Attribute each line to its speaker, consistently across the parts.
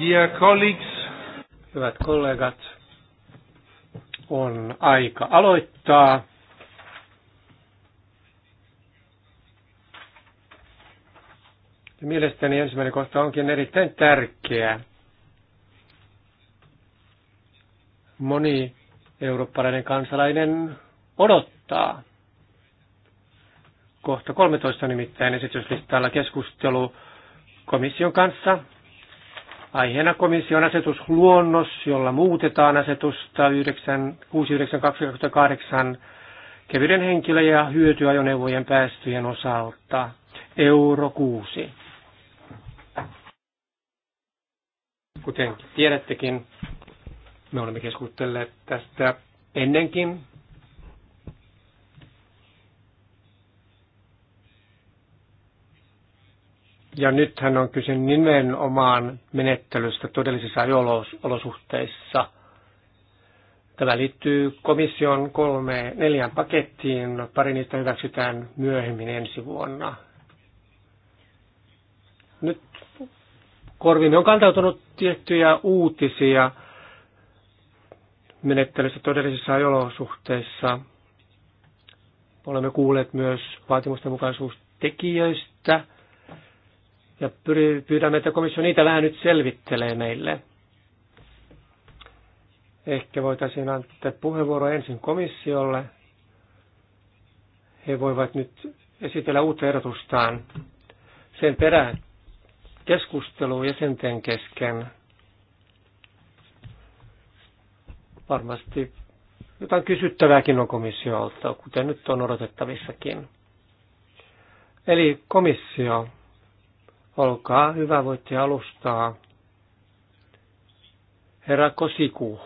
Speaker 1: Dear colleagues, hyvät kollegat, on aika aloittaa. mielestäni ensimmäinen kohta onkin erittäin tärkeä. Moni eurooppalainen kansalainen odottaa. Kohta 13 nimittäin esityslistalla keskustelu komission kanssa. Aiheena komission asetusluonnos, jolla muutetaan asetusta 692 kevyden henkilö- ja hyötyajoneuvojen päästöjen osalta. Euro 6. Kuten tiedättekin, me olemme keskustelleet tästä ennenkin. Ja nythän on kyse nimenomaan menettelystä todellisissa ajolosuhteissa. Tämä liittyy komission kolme neljän pakettiin. Pari niistä hyväksytään myöhemmin ensi vuonna. Nyt korvimme on kantautunut tiettyjä uutisia – menettelyssä todellisissa ajolosuhteissa. Olemme kuulleet myös vaatimusten mukaisuustekijöistä ja pyydämme, että komissio niitä vähän nyt selvittelee meille. Ehkä voitaisiin antaa puheenvuoro ensin komissiolle. He voivat nyt esitellä uutta ehdotustaan. Sen perään keskustelu jäsenten kesken Varmasti jotain kysyttävääkin on komissiolta, kuten nyt on odotettavissakin. Eli komissio, olkaa hyvä, voitte alustaa. Herra Kosiku,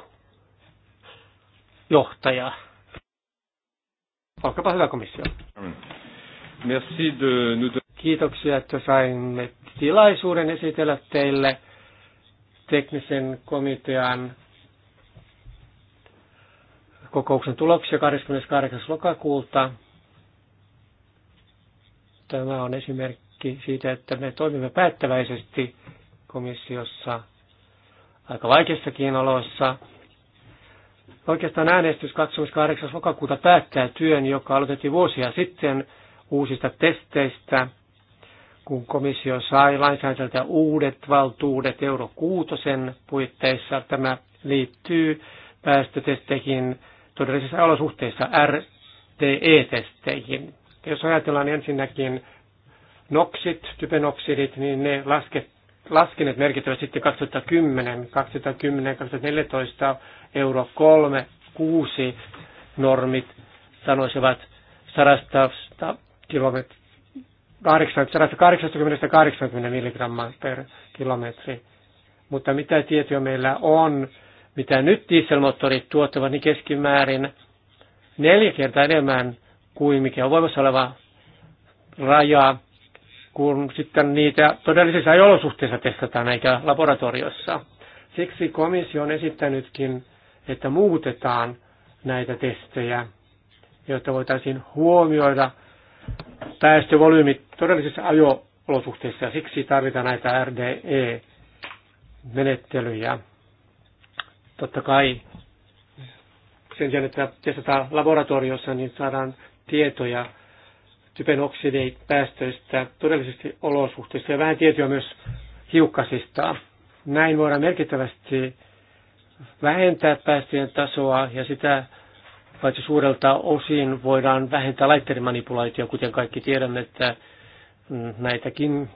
Speaker 1: johtaja. Olkaapa hyvä komissio. Merci de Kiitoksia, että saimme tilaisuuden esitellä teille teknisen komitean kokouksen tuloksia 28. lokakuulta. Tämä on esimerkki siitä, että me toimimme päättäväisesti komissiossa aika vaikeissakin oloissa. Oikeastaan äänestys 28. lokakuuta päättää työn, joka aloitettiin vuosia sitten uusista testeistä, kun komissio sai lainsäädäntöä uudet valtuudet euro kuutosen puitteissa. Tämä liittyy päästötesteihin todellisissa olosuhteissa RTE-testeihin. Jos ajatellaan ensinnäkin noksit, typenoksidit, niin ne lasket, laskenet merkittävästi sitten 2010, 2010, 2014 euro 3, 6 normit sanoisivat 100 kilometriä. 180-80 milligrammaa per kilometri. Mutta mitä tietoja meillä on mitä nyt dieselmoottorit tuottavat, niin keskimäärin neljä kertaa enemmän kuin mikä on voimassa oleva raja, kun sitten niitä todellisissa olosuhteissa testataan eikä laboratoriossa. Siksi komissio on esittänytkin, että muutetaan näitä testejä, jotta voitaisiin huomioida päästövolyymit todellisissa ajo-olosuhteissa. Siksi tarvitaan näitä RDE-menettelyjä. Totta kai sen sijaan, että testataan laboratoriossa, niin saadaan tietoja typen päästöistä todellisesti olosuhteista ja vähän tietoja myös hiukkasista. Näin voidaan merkittävästi vähentää päästöjen tasoa ja sitä paitsi suurelta osin voidaan vähentää laitteiden manipulaatio, kuten kaikki tiedämme, että mm, näitäkin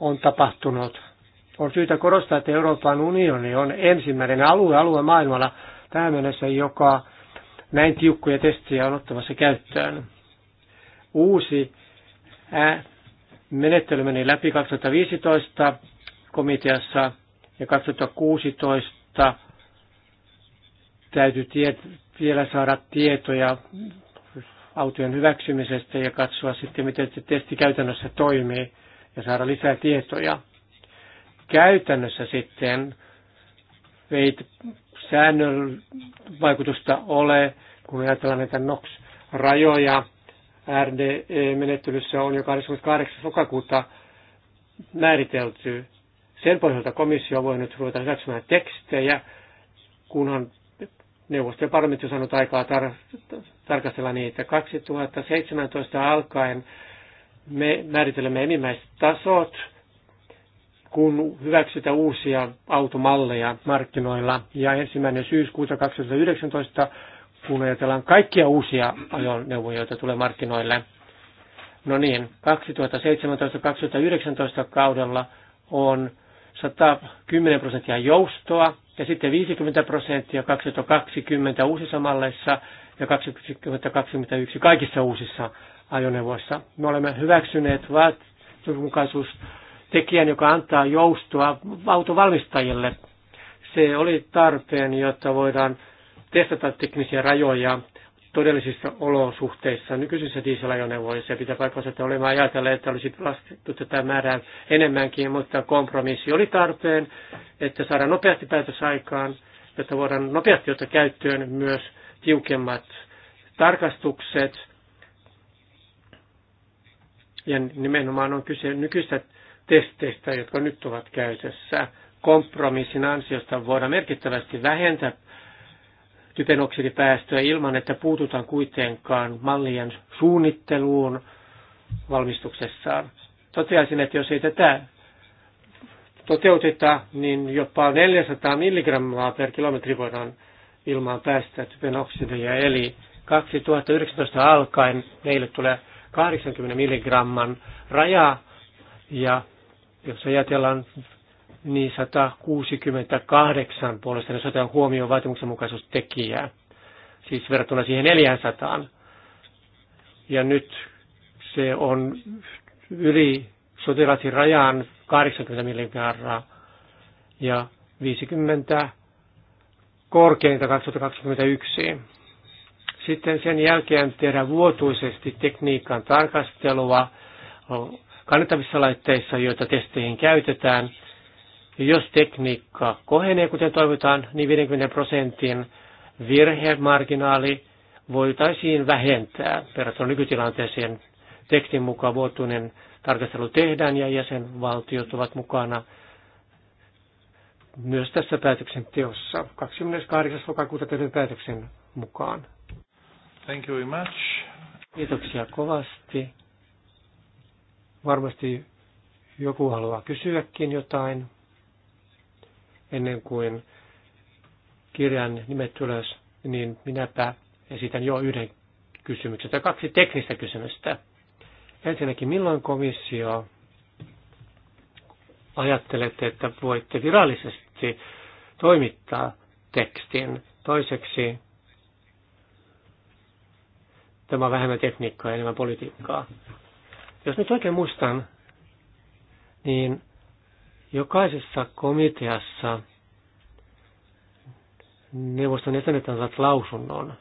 Speaker 1: on tapahtunut. On syytä korostaa, että Euroopan unioni on ensimmäinen alue, alue maailmalla tähän mennessä, joka näin tiukkoja testejä on ottamassa käyttöön. Uusi menettely meni läpi 2015 komiteassa ja 2016 täytyy tiet, vielä saada tietoja autojen hyväksymisestä ja katsoa sitten, miten se testi käytännössä toimii ja saada lisää tietoja käytännössä sitten ei säännön vaikutusta ole, kun ajatellaan näitä NOX-rajoja. RDE-menettelyssä on jo 28. lokakuuta määritelty. Sen pohjalta komissio voi nyt ruveta hyväksymään tekstejä, kunhan neuvosto ja parlamentti on saanut aikaa tar- tarkastella niitä. 2017 alkaen me määrittelemme enimmäistasot kun hyväksytään uusia automalleja markkinoilla. Ja ensimmäinen syyskuuta 2019, kun ajatellaan kaikkia uusia ajoneuvoja, joita tulee markkinoille, no niin, 2017-2019 kaudella on 110 prosenttia joustoa ja sitten 50 prosenttia 2020 uusissa malleissa ja 2021 kaikissa uusissa ajoneuvoissa. Me olemme hyväksyneet vaatimukaisuus tekijän, joka antaa joustoa autovalmistajille. Se oli tarpeen, jotta voidaan testata teknisiä rajoja todellisissa olosuhteissa nykyisissä dieselajoneuvoissa. Pitää paikkansa, että olemme ajatelleet, että olisi laskettu tätä määrää enemmänkin, mutta kompromissi oli tarpeen, että saadaan nopeasti päätös aikaan, jotta voidaan nopeasti ottaa käyttöön myös tiukemmat tarkastukset. Ja nimenomaan on kyse nykyistä testeistä, jotka nyt ovat käytössä. Kompromissin ansiosta voidaan merkittävästi vähentää typenoksidipäästöä ilman, että puututaan kuitenkaan mallien suunnitteluun valmistuksessaan. Toteaisin, että jos ei tätä toteuteta, niin jopa 400 milligrammaa per kilometri voidaan ilmaan päästä typenoksidia. Eli 2019 alkaen meille tulee 80 milligramman raja ja jos ajatellaan niin 168 puolesta, jos niin otetaan huomioon vaatimuksenmukaisuustekijää, siis verrattuna siihen 400. Ja nyt se on yli sotilasin rajan 80 milligrammaa ja 50 korkeinta 2021. Sitten sen jälkeen tehdään vuotuisesti tekniikan tarkastelua kannettavissa laitteissa, joita testeihin käytetään. Ja jos tekniikka kohenee, kuten toivotaan, niin 50 prosentin virhemarginaali voitaisiin vähentää verrattuna nykytilanteeseen. Tekstin mukaan vuotuinen tarkastelu tehdään ja jäsenvaltiot ovat mukana myös tässä päätöksenteossa 28. lokakuuta tehdyn päätöksen mukaan.
Speaker 2: Thank you very much.
Speaker 1: Kiitoksia kovasti. Varmasti joku haluaa kysyäkin jotain ennen kuin kirjan nimet ylös, niin minäpä esitän jo yhden kysymyksen tai kaksi teknistä kysymystä. Ensinnäkin, milloin komissio ajattelette, että voitte virallisesti toimittaa tekstin? Toiseksi, tämä on vähemmän tekniikkaa ja enemmän politiikkaa. Jos nyt oikein muistan, niin jokaisessa komiteassa neuvoston jäsenet antavat lausunnon.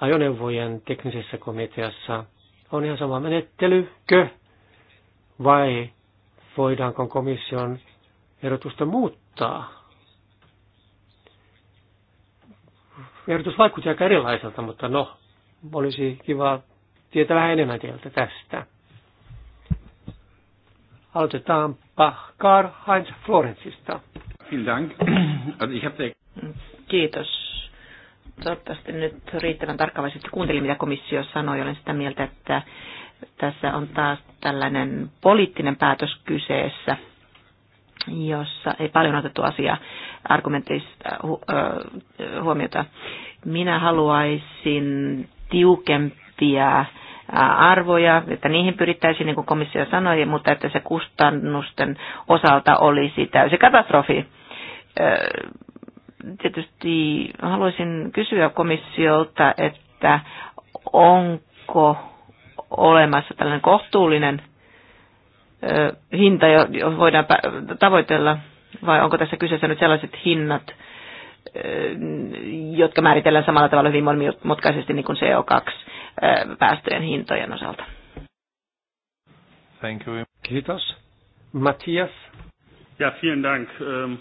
Speaker 1: Ajoneuvojen teknisessä komiteassa on ihan sama menettelykö vai voidaanko komission erotusta muuttaa. Erotus vaikutti aika erilaiselta, mutta no, olisi kiva tietää vähän enemmän teiltä tästä. Aloitetaanpa Karl Heinz Florensista.
Speaker 2: Kiitos. Toivottavasti nyt riittävän tarkkaavaisesti kuuntelin, mitä komissio sanoi. Olen sitä mieltä, että tässä on taas tällainen poliittinen päätös kyseessä, jossa ei paljon otettu asiaa argumenteista huomiota. Minä haluaisin tiukempi tiettyjä arvoja, että niihin pyrittäisiin, niin kuin komissio sanoi, mutta että se kustannusten osalta olisi täysi katastrofi. Tietysti haluaisin kysyä komissiolta, että onko olemassa tällainen kohtuullinen hinta, jo voidaan tavoitella, vai onko tässä kyseessä nyt sellaiset hinnat, jotka määritellään samalla tavalla hyvin monimutkaisesti niin kuin CO2-päästöjen hintojen osalta.
Speaker 1: Thank you. Kiitos. Matthias. Ja, vielen dank. Ähm.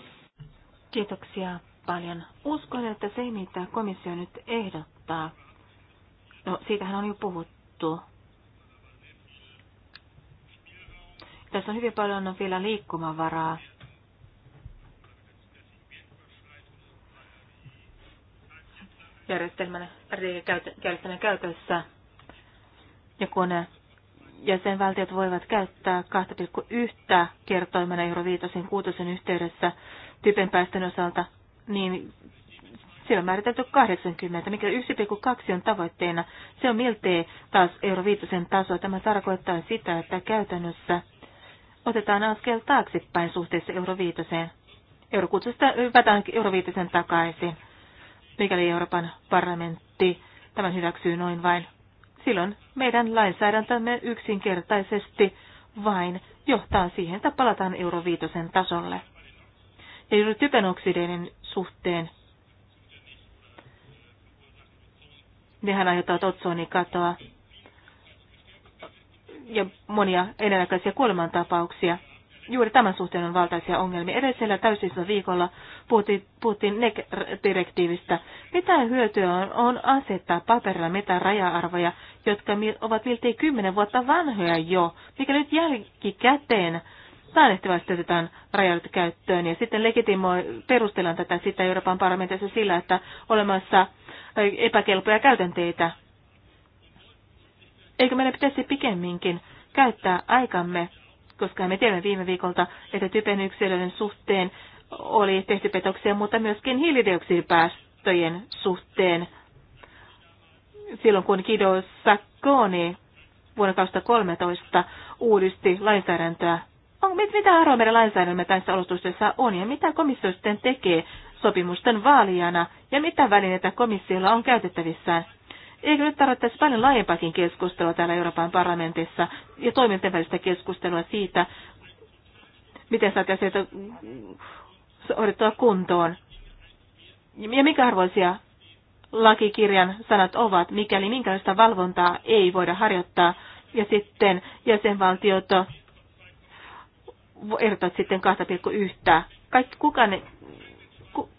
Speaker 2: Kiitoksia paljon. Uskon, että se, mitä komissio nyt ehdottaa, no siitähän on jo puhuttu. Tässä on hyvin paljon vielä liikkumavaraa järjestelmän, järjestelmän käytössä. Ja kun jäsenvaltiot voivat käyttää 2,1 kertoimena euroviitosen kuutosen yhteydessä typen päästön osalta, niin siellä on määritelty 80, mikä 1,2 on tavoitteena. Se on miltei taas euroviitosen taso. Tämä tarkoittaa sitä, että käytännössä otetaan askel taaksepäin suhteessa euroviitoseen. 5. Euro 6 hypätään takaisin mikäli Euroopan parlamentti tämän hyväksyy noin vain. Silloin meidän lainsäädäntömme yksinkertaisesti vain johtaa siihen, että palataan Euroviitosen tasolle. Ja juuri typenoksideiden suhteen nehän aiheuttavat otsonikatoa ja monia ennenaikaisia kuolemantapauksia juuri tämän suhteen on valtaisia ongelmia. Edellisellä täysistunnon viikolla puhuttiin, puhuttiin NEC-direktiivistä. Mitä hyötyä on, on asettaa paperilla mitä raja-arvoja, jotka ovat miltei kymmenen vuotta vanhoja jo, mikä nyt jälkikäteen taannehtivasti otetaan rajoilta käyttöön ja sitten legitimoi, perustellaan tätä sitä Euroopan parlamentissa sillä, että olemassa epäkelpoja käytänteitä. Eikö meidän pitäisi pikemminkin käyttää aikamme koska me tiedämme viime viikolta, että typen yksilöiden suhteen oli tehty petoksia, mutta myöskin hiilidioksidipäästöjen suhteen. Silloin kun Kido Sakoni vuonna 2013 uudisti lainsäädäntöä, on, mit, mitä eroa meidän lainsäädännömme tässä olosuhteessa on ja mitä komissio sitten tekee sopimusten vaalijana ja mitä välineitä komissiolla on käytettävissään Eikö nyt tarvittaisi paljon laajempaakin keskustelua täällä Euroopan parlamentissa ja toimintavälistä keskustelua siitä, miten saataisiin hoidettua kuntoon? Ja mikä arvoisia lakikirjan sanat ovat, mikäli minkälaista valvontaa ei voida harjoittaa, ja sitten jäsenvaltiot ehdotat sitten 2,1. Kaikki, kukaan,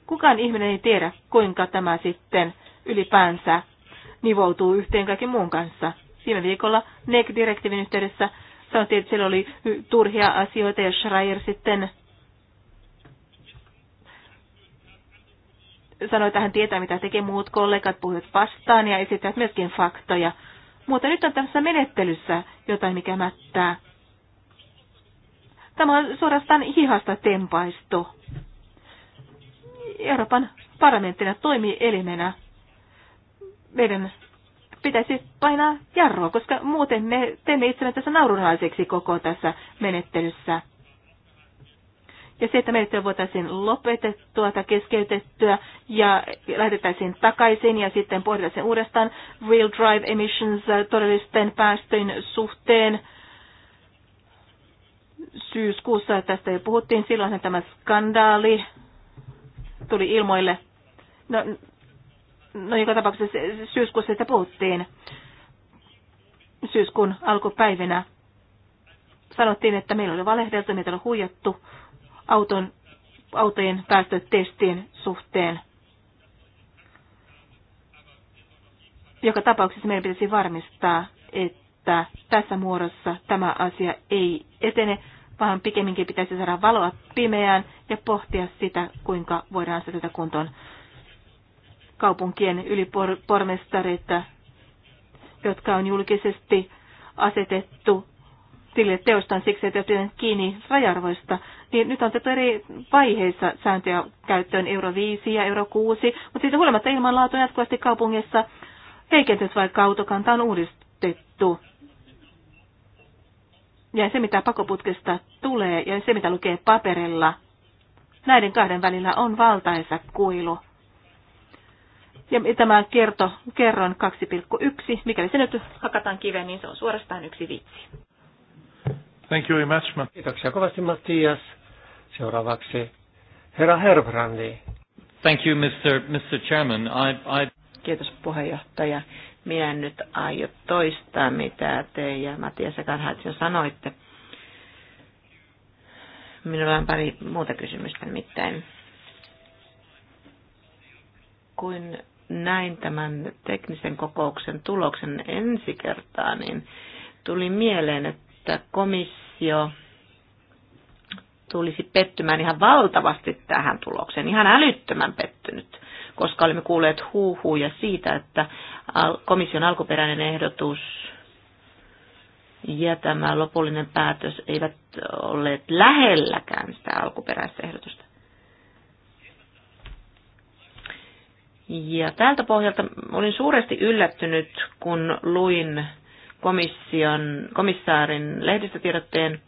Speaker 2: kukaan ihminen ei tiedä, kuinka tämä sitten ylipäänsä nivoutuu yhteen kaiken muun kanssa. Viime viikolla NEC-direktiivin yhteydessä sanottiin, että siellä oli turhia asioita ja Schreier sitten sanoi, että hän tietää, mitä tekee muut kollegat, puhuvat vastaan ja esittävät myöskin faktoja. Mutta nyt on tässä menettelyssä jotain, mikä mättää. Tämä on suorastaan hihasta tempaistu. Euroopan parlamenttina toimielimenä meidän pitäisi painaa jarrua, koska muuten me teemme itsemme tässä naurunhaiseksi koko tässä menettelyssä. Ja se, että menettely voitaisiin lopetettua tai keskeytettyä ja lähetettäisiin takaisin ja sitten pohditaan sen uudestaan real drive emissions todellisten päästöjen suhteen. Syyskuussa tästä jo puhuttiin, silloin tämä skandaali tuli ilmoille. No, no joka tapauksessa syyskuussa sitä puhuttiin, syyskuun alkupäivinä. Sanottiin, että meillä oli valehdeltu, meitä oli huijattu auton, autojen päästötestien suhteen. Joka tapauksessa meidän pitäisi varmistaa, että tässä muodossa tämä asia ei etene, vaan pikemminkin pitäisi saada valoa pimeään ja pohtia sitä, kuinka voidaan tätä kuntoon kaupunkien ylipormestareita, jotka on julkisesti asetettu sille teostan siksi, että pidän kiinni rajarvoista, niin nyt on tätä eri vaiheissa sääntöjä käyttöön euro 5 ja euro 6, mutta siitä huolimatta ilmanlaatu on jatkuvasti kaupungissa heikentynyt, vaikka autokanta on uudistettu. Ja se, mitä pakoputkesta tulee ja se, mitä lukee paperilla, näiden kahden välillä on valtaisa kuilu. Ja tämä kerto, kerron 2,1. Mikäli se nyt hakataan kiveen, niin se on suorastaan yksi vitsi.
Speaker 1: Thank you very much, Matt. Kiitoksia kovasti, Mattias. Seuraavaksi herra Herbrandi. Thank you, Mr. Mr. Chairman. I, I... Kiitos
Speaker 2: puheenjohtaja. Minä en nyt aio toistaa, mitä te ja Matias Karhats jo sanoitte. Minulla on pari muuta kysymystä nimittäin. Kuin näin tämän teknisen kokouksen tuloksen ensi kertaa, niin tuli mieleen, että komissio tulisi pettymään ihan valtavasti tähän tulokseen, ihan älyttömän pettynyt, koska olimme kuulleet huuhuja siitä, että komission alkuperäinen ehdotus ja tämä lopullinen päätös eivät olleet lähelläkään sitä alkuperäistä ehdotusta. Ja tältä pohjalta olin suuresti yllättynyt, kun luin komission, komissaarin lehdistötiedotteen,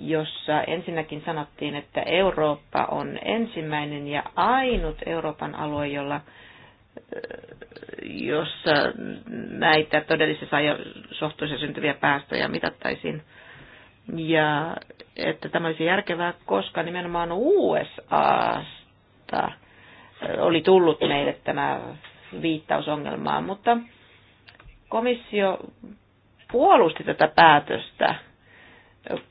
Speaker 2: jossa ensinnäkin sanottiin, että Eurooppa on ensimmäinen ja ainut Euroopan alue, jolla jossa näitä todellisissa ajosohtuissa syntyviä päästöjä mitattaisiin. Ja että tämä olisi järkevää, koska nimenomaan USAsta oli tullut meille tämä viittausongelma, mutta komissio puolusti tätä päätöstä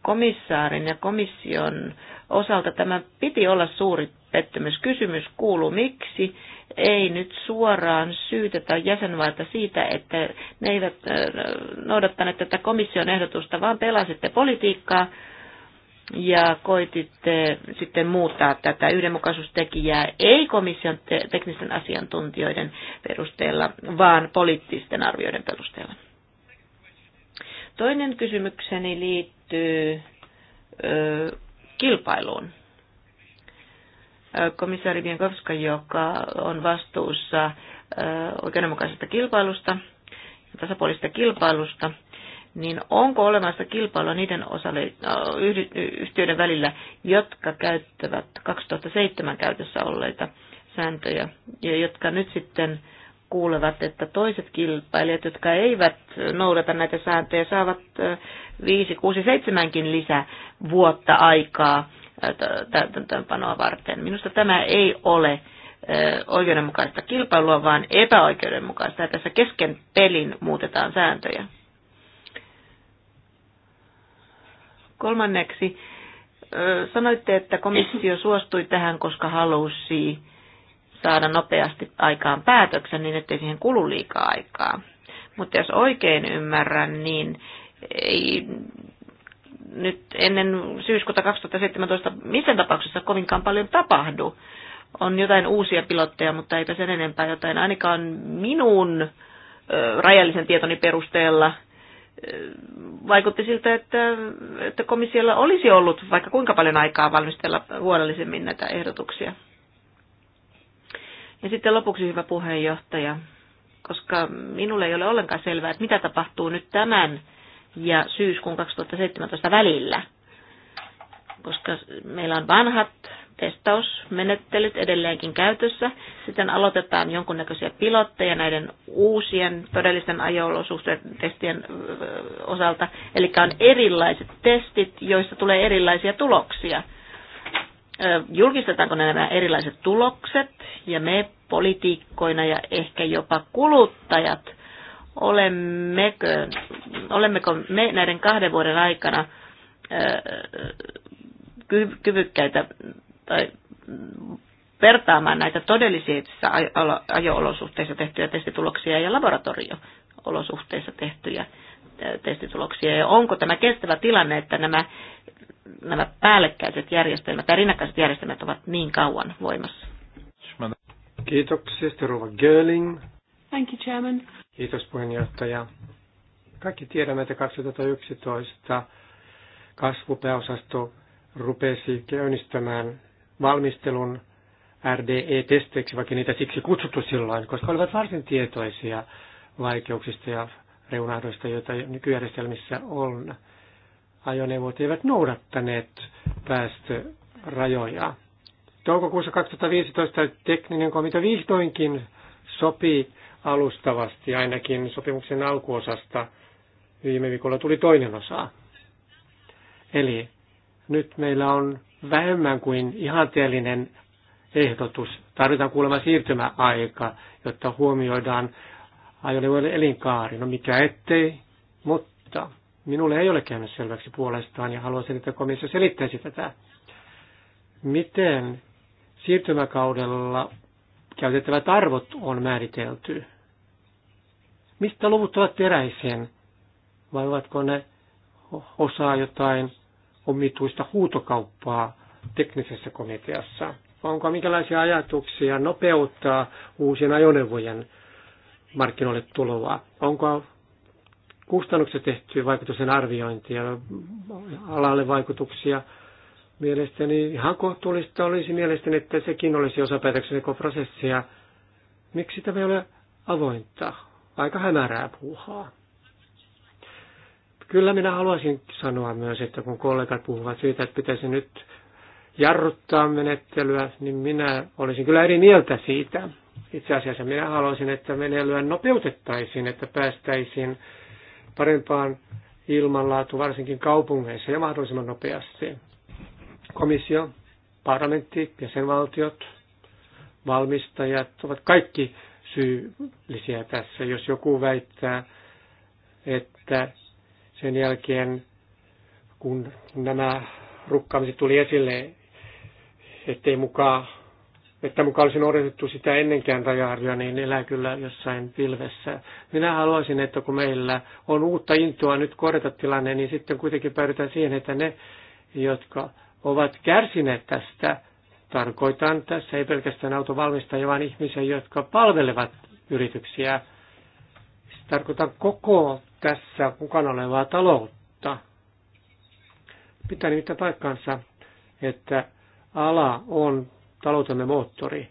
Speaker 2: komissaarin ja komission osalta tämä piti olla suuri pettymys. Kysymys kuuluu, miksi ei nyt suoraan syytetä jäsenvalta siitä, että ne eivät äh, noudattaneet tätä komission ehdotusta, vaan pelasitte politiikkaa ja koititte sitten muuttaa tätä yhdenmukaisuustekijää ei komission te- teknisten asiantuntijoiden perusteella, vaan poliittisten arvioiden perusteella. Toinen kysymykseni liittyy ö, kilpailuun. Komissaari Bienkovska, joka on vastuussa ö, oikeudenmukaisesta kilpailusta, tasapuolisesta kilpailusta, niin onko olemassa kilpailua niiden osalle, äh, yhtiöiden välillä, jotka käyttävät 2007 käytössä olleita sääntöjä, ja jotka nyt sitten kuulevat, että toiset kilpailijat, jotka eivät noudata näitä sääntöjä, saavat 5, 6, 7 lisää vuotta aikaa äh, täytäntöönpanoa varten. Minusta tämä ei ole äh, oikeudenmukaista kilpailua, vaan epäoikeudenmukaista. tässä kesken pelin muutetaan sääntöjä. Kolmanneksi, sanoitte, että komissio suostui tähän, koska halusi saada nopeasti aikaan päätöksen niin, ettei siihen kulu liikaa aikaa. Mutta jos oikein ymmärrän, niin ei nyt ennen syyskuuta 2017 missään tapauksessa kovinkaan paljon tapahdu. On jotain uusia pilotteja, mutta eipä sen enempää jotain. Ainakaan minun rajallisen tietoni perusteella – vaikutti siltä, että, että komissiolla olisi ollut vaikka kuinka paljon aikaa valmistella huolellisemmin näitä ehdotuksia. Ja sitten lopuksi hyvä puheenjohtaja, koska minulle ei ole ollenkaan selvää, että mitä tapahtuu nyt tämän ja syyskuun 2017 välillä. Koska meillä on vanhat testausmenettelyt edelleenkin käytössä. Sitten aloitetaan jonkunnäköisiä pilotteja näiden uusien todellisten ajo testien osalta. Eli on erilaiset testit, joista tulee erilaisia tuloksia. Julkistetaanko nämä erilaiset tulokset ja me politiikkoina ja ehkä jopa kuluttajat, olemmekö, olemmeko me näiden kahden vuoden aikana kyvykkäitä tai vertaamaan näitä todellisissa ajo-olosuhteissa tehtyjä testituloksia ja laboratorioolosuhteissa tehtyjä testituloksia. Ja onko tämä kestävä tilanne, että nämä, nämä päällekkäiset järjestelmät tai rinnakkaiset järjestelmät ovat niin kauan voimassa?
Speaker 1: Kiitoksia, Rova Görling. Thank you, Chairman. Kiitos puheenjohtaja. Kaikki tiedämme, että 2011 kasvupääosasto rupesi käynnistämään valmistelun RDE-testeiksi, vaikka niitä siksi kutsuttu silloin, koska olivat varsin tietoisia vaikeuksista ja reunahdoista, joita nykyjärjestelmissä on. Ajoneuvot eivät noudattaneet päästörajoja. Toukokuussa 2015 tekninen komitea vihdoinkin sopi alustavasti, ainakin sopimuksen alkuosasta. Viime viikolla tuli toinen osa. Eli nyt meillä on vähemmän kuin ihanteellinen ehdotus. Tarvitaan kuulemma siirtymäaika, jotta huomioidaan ajoneuvojen elinkaari. No mikä ettei, mutta minulle ei ole käynyt selväksi puolestaan ja haluaisin, että komissio selittäisi tätä. Miten siirtymäkaudella käytettävät arvot on määritelty? Mistä luvut ovat peräisin? Vai ovatko ne osaa jotain omituista huutokauppaa teknisessä komiteassa? Onko minkälaisia ajatuksia nopeuttaa uusien ajoneuvojen markkinoille tuloa? Onko kustannukset tehty vaikutusten arviointia, alalle vaikutuksia? Mielestäni ihan kohtuullista olisi mielestäni, että sekin olisi osa päätöksentekoprosessia. Miksi tämä ei ole avointa? Aika hämärää puuhaa. Kyllä minä haluaisin sanoa myös, että kun kollegat puhuvat siitä, että pitäisi nyt jarruttaa menettelyä, niin minä olisin kyllä eri mieltä siitä. Itse asiassa minä haluaisin, että menettelyä nopeutettaisiin, että päästäisiin parempaan ilmanlaatu varsinkin kaupungeissa ja mahdollisimman nopeasti. Komissio, parlamentti, jäsenvaltiot, valmistajat ovat kaikki syyllisiä tässä. Jos joku väittää, että sen jälkeen, kun nämä rukkaamiset tuli esille, ettei mukaan, että mukaan olisi noudatettu sitä ennenkään raja niin elää kyllä jossain pilvessä. Minä haluaisin, että kun meillä on uutta intoa nyt korjata tilanne, niin sitten kuitenkin päädytään siihen, että ne, jotka ovat kärsineet tästä, tarkoitan tässä ei pelkästään autovalmistajia, vaan ihmisiä, jotka palvelevat yrityksiä. Siis tarkoitan koko tässä mukana olevaa taloutta. Pitää nimittäin paikkansa, että ala on taloutemme moottori.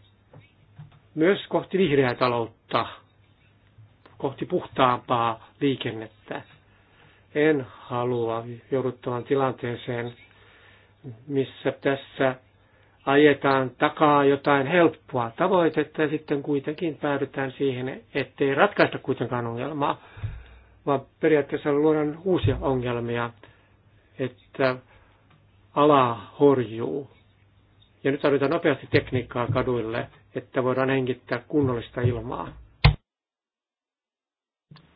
Speaker 1: Myös kohti vihreää taloutta, kohti puhtaampaa liikennettä. En halua jouduttavan tilanteeseen, missä tässä ajetaan takaa jotain helppoa tavoitetta ja sitten kuitenkin päädytään siihen, ettei ratkaista kuitenkaan ongelmaa vaan periaatteessa luodaan uusia ongelmia, että ala horjuu. Ja nyt tarvitaan nopeasti tekniikkaa kaduille, että voidaan hengittää kunnollista ilmaa.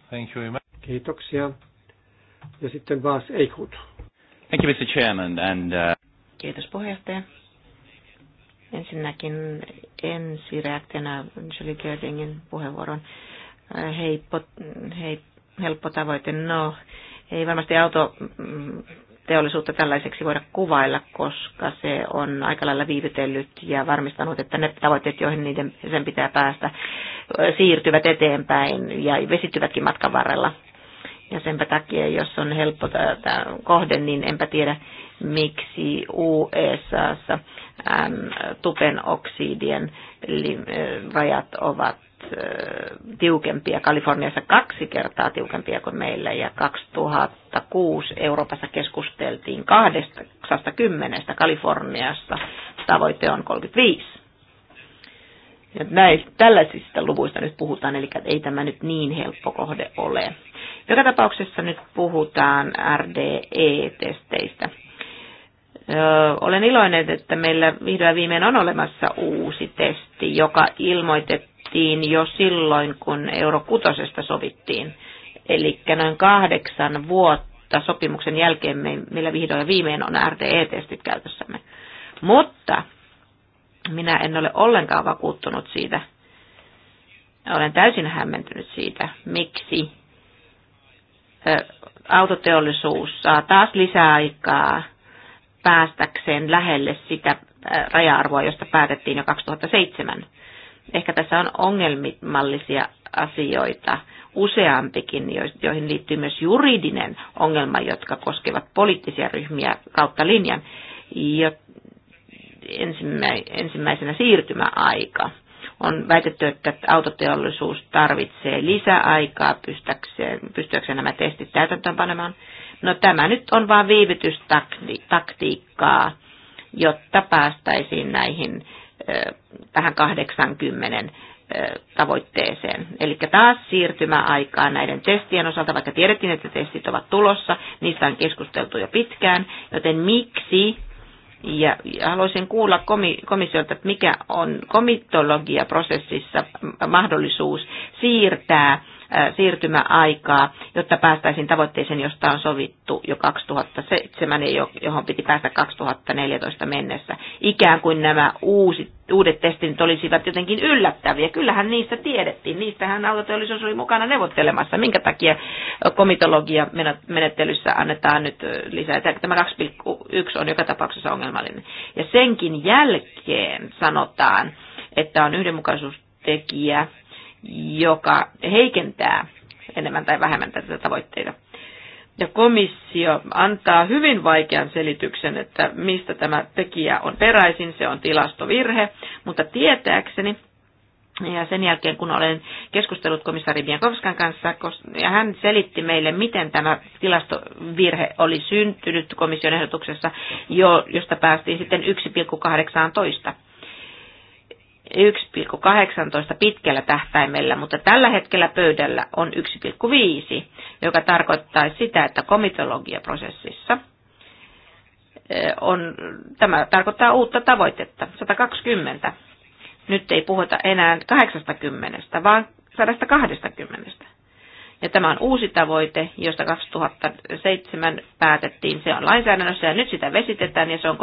Speaker 1: Thank you. Kiitoksia. Ja sitten Vaas Eichhut.
Speaker 2: Thank you, Mr. Chairman. And, uh... Kiitos puheenjohtaja. Ensinnäkin ensireaktiona Julie Gerdingin puheenvuoron. Äh, heippo, heippo helppo tavoite. No, ei varmasti auto teollisuutta tällaiseksi voida kuvailla, koska se on aika lailla viivytellyt ja varmistanut, että ne tavoitteet, joihin niiden sen pitää päästä, siirtyvät eteenpäin ja vesittyvätkin matkan varrella. Ja senpä takia, jos on helppo tämä kohde, niin enpä tiedä, miksi USAssa e tupen oksidien rajat ovat tiukempia, Kaliforniassa kaksi kertaa tiukempia kuin meillä ja 2006 Euroopassa keskusteltiin 80, Kaliforniassa tavoite on 35. Ja näistä, tällaisista luvuista nyt puhutaan, eli ei tämä nyt niin helppo kohde ole. Joka tapauksessa nyt puhutaan RDE-testeistä. Öö, olen iloinen, että meillä vihdoin viimein on olemassa uusi testi, joka ilmoitettiin sovittiin jo silloin, kun euro kutosesta sovittiin. Eli noin kahdeksan vuotta sopimuksen jälkeen meillä vihdoin ja viimein on RTE testit käytössämme. Mutta minä en ole ollenkaan vakuuttunut siitä, olen täysin hämmentynyt siitä, miksi autoteollisuus saa taas lisää aikaa päästäkseen lähelle sitä raja-arvoa, josta päätettiin jo 2007. Ehkä tässä on ongelmallisia asioita useampikin, joihin liittyy myös juridinen ongelma, jotka koskevat poliittisia ryhmiä kautta linjan. Ensimmäisenä siirtymäaika. On väitetty, että autoteollisuus tarvitsee lisäaikaa pystyäkseen, pystyäkseen nämä testit täytäntöönpanemaan. No tämä nyt on vain viivytystaktiikkaa, jotta päästäisiin näihin tähän 80 tavoitteeseen. Eli taas siirtymäaikaa näiden testien osalta, vaikka tiedettiin, että testit ovat tulossa, niistä on keskusteltu jo pitkään, joten miksi, ja haluaisin kuulla komissiolta, että mikä on komitologiaprosessissa mahdollisuus siirtää siirtymäaikaa, jotta päästäisiin tavoitteeseen, josta on sovittu jo 2007 ja johon piti päästä 2014 mennessä. Ikään kuin nämä uusit, uudet testit olisivat jotenkin yllättäviä. Kyllähän niistä tiedettiin. Niistähän autoteollisuus oli mukana neuvottelemassa. Minkä takia komitologia menettelyssä annetaan nyt lisää. Tämä 2,1 on joka tapauksessa ongelmallinen. Ja senkin jälkeen sanotaan, että on yhdenmukaisuustekijä joka heikentää enemmän tai vähemmän tätä tavoitteita. Ja komissio antaa hyvin vaikean selityksen, että mistä tämä tekijä on peräisin, se on tilastovirhe, mutta tietääkseni, ja sen jälkeen kun olen keskustellut komissaari Biankovskan kanssa, ja hän selitti meille, miten tämä tilastovirhe oli syntynyt komission ehdotuksessa, josta päästiin sitten 1,18. 1,18 pitkällä tähtäimellä, mutta tällä hetkellä pöydällä on 1,5, joka tarkoittaa sitä, että komitologiaprosessissa on, tämä tarkoittaa uutta tavoitetta, 120. Nyt ei puhuta enää 80, vaan 120. Ja tämä on uusi tavoite, josta 2007 päätettiin. Se on lainsäädännössä ja nyt sitä vesitetään ja se on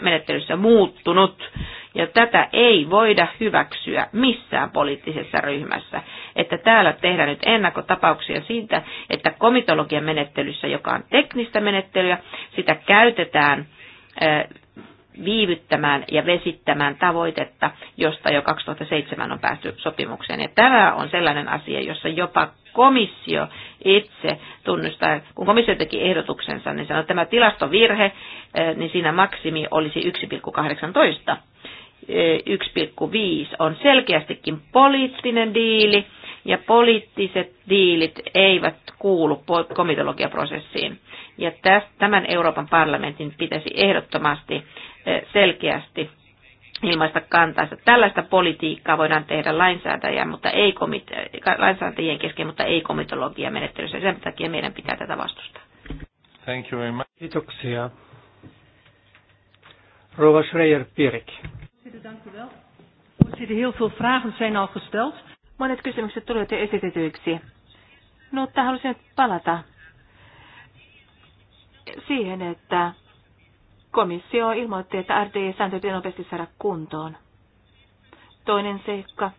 Speaker 2: menettelyssä muuttunut. Ja tätä ei voida hyväksyä missään poliittisessa ryhmässä. Että täällä tehdään nyt ennakkotapauksia siitä, että komitologian menettelyssä, joka on teknistä menettelyä, sitä käytetään eh, viivyttämään ja vesittämään tavoitetta, josta jo 2007 on päästy sopimukseen. Ja tämä on sellainen asia, jossa jopa komissio itse tunnustaa, kun komissio teki ehdotuksensa, niin sanoi, että tämä tilastovirhe, eh, niin siinä maksimi olisi 1,18. 1,5 eh, on selkeästikin poliittinen diili, ja poliittiset diilit eivät kuulu komitologiaprosessiin. Ja tämän Euroopan parlamentin pitäisi ehdottomasti eh, selkeästi ilmaista että Tällaista politiikkaa voidaan tehdä lainsäätäjien, mutta ei komite- lainsäätäjien kesken, mutta ei komitologia menettelyssä. Sen takia meidän pitää tätä vastustaa.
Speaker 1: Thank you very much. Kiitoksia. Rova Schreier-Pierik.
Speaker 2: Voorzitter, heel veel vragen zijn al gesteld. Monet kysymykset tulivat jo esitetyiksi, no, mutta halusin palata siihen, että komissio ilmoitti, että RDE-sääntö pitää nopeasti saada kuntoon. Toinen seikka,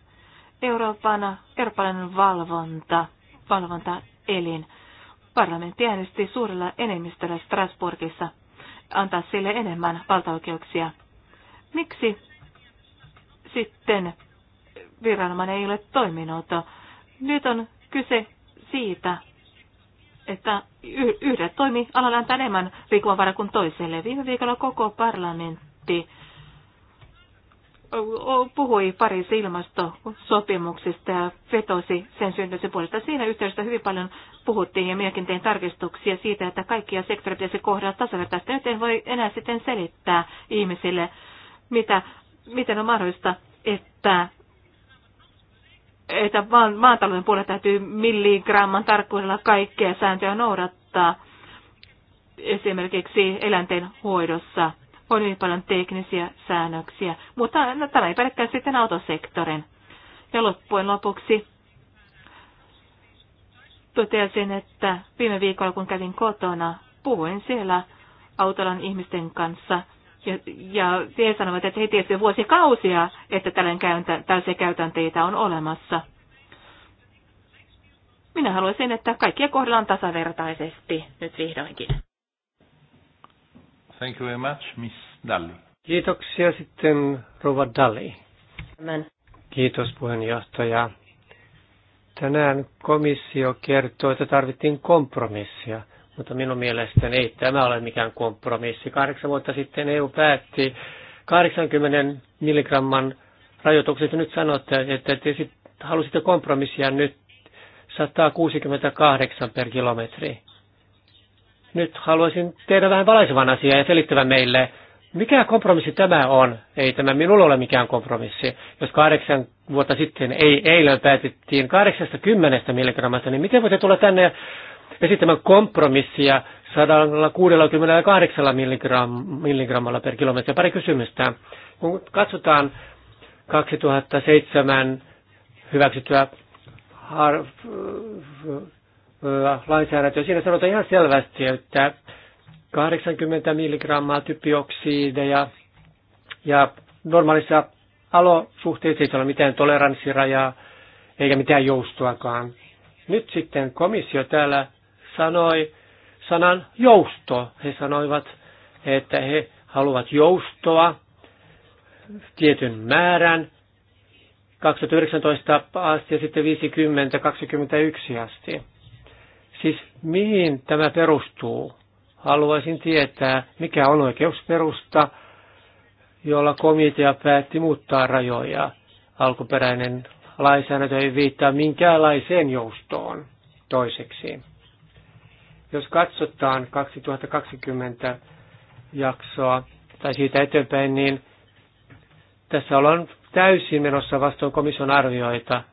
Speaker 2: Euroopan, Euroopan valvonta, valvontaelin. Parlamentti äänesti suurella enemmistöllä Strasbourgissa antaa sille enemmän valtaoikeuksia. Miksi sitten viranomainen ei ole toiminut. Nyt on kyse siitä, että yhdet toimialalle antaa enemmän liikkumavaraa kuin toiselle. Viime viikolla koko parlamentti puhui Pariisin ilmastosopimuksesta ja vetosi sen syntyisen puolesta. Siinä yhteydessä hyvin paljon puhuttiin ja minäkin tein tarkistuksia siitä, että kaikkia sektoreita pitäisi kohdella tasavertaisesti. Nyt en voi enää sitten selittää ihmisille, mitä, miten on mahdollista, että että maatalouden puolella täytyy milligramman tarkkuudella kaikkea sääntöjä noudattaa esimerkiksi eläinten hoidossa. On hyvin paljon teknisiä säännöksiä, mutta no, tämä ei pelkkää sitten autosektorin. Ja loppujen lopuksi totesin, että viime viikolla kun kävin kotona, puhuin siellä autolan ihmisten kanssa ja, ja he sanovat, että he tiesivät vuosikausia, että tällaisia käytänteitä on olemassa. Minä haluaisin, että kaikkia kohdellaan tasavertaisesti nyt vihdoinkin.
Speaker 1: Thank you very much, Miss Dalli. Kiitoksia sitten Rova Dalli. Amen. Kiitos puheenjohtaja. Tänään komissio kertoi, että tarvittiin kompromissia – mutta minun mielestäni ei tämä ole mikään kompromissi. Kahdeksan vuotta sitten EU päätti 80 milligramman rajoitukset. Nyt sanotte, että te halusitte kompromissia nyt 168 per kilometri. Nyt haluaisin tehdä vähän valaisevan asiaa ja selittävä meille, mikä kompromissi tämä on? Ei tämä minulla ole mikään kompromissi. Jos kahdeksan vuotta sitten ei eilen päätettiin 80 milligrammasta, niin miten voitte tulla tänne ja esittämään kompromissia 168 milligrammalla per kilometri. Pari kysymystä. Kun katsotaan 2007 hyväksyttyä har- äh, äh, lainsäädäntöä, siinä sanotaan ihan selvästi, että 80 milligrammaa typioksideja ja normaalissa alosuhteissa ei ole mitään toleranssirajaa eikä mitään joustoakaan. Nyt sitten komissio täällä sanoi sanan jousto. He sanoivat, että he haluavat joustoa tietyn määrän 2019 asti ja sitten 50-21 asti. Siis mihin tämä perustuu? Haluaisin tietää, mikä on oikeusperusta, jolla komitea päätti muuttaa rajoja. Alkuperäinen lainsäädäntö ei viittaa minkäänlaiseen joustoon toiseksi. Jos katsotaan 2020 jaksoa tai siitä eteenpäin, niin tässä ollaan täysin menossa vastoin komission arvioita.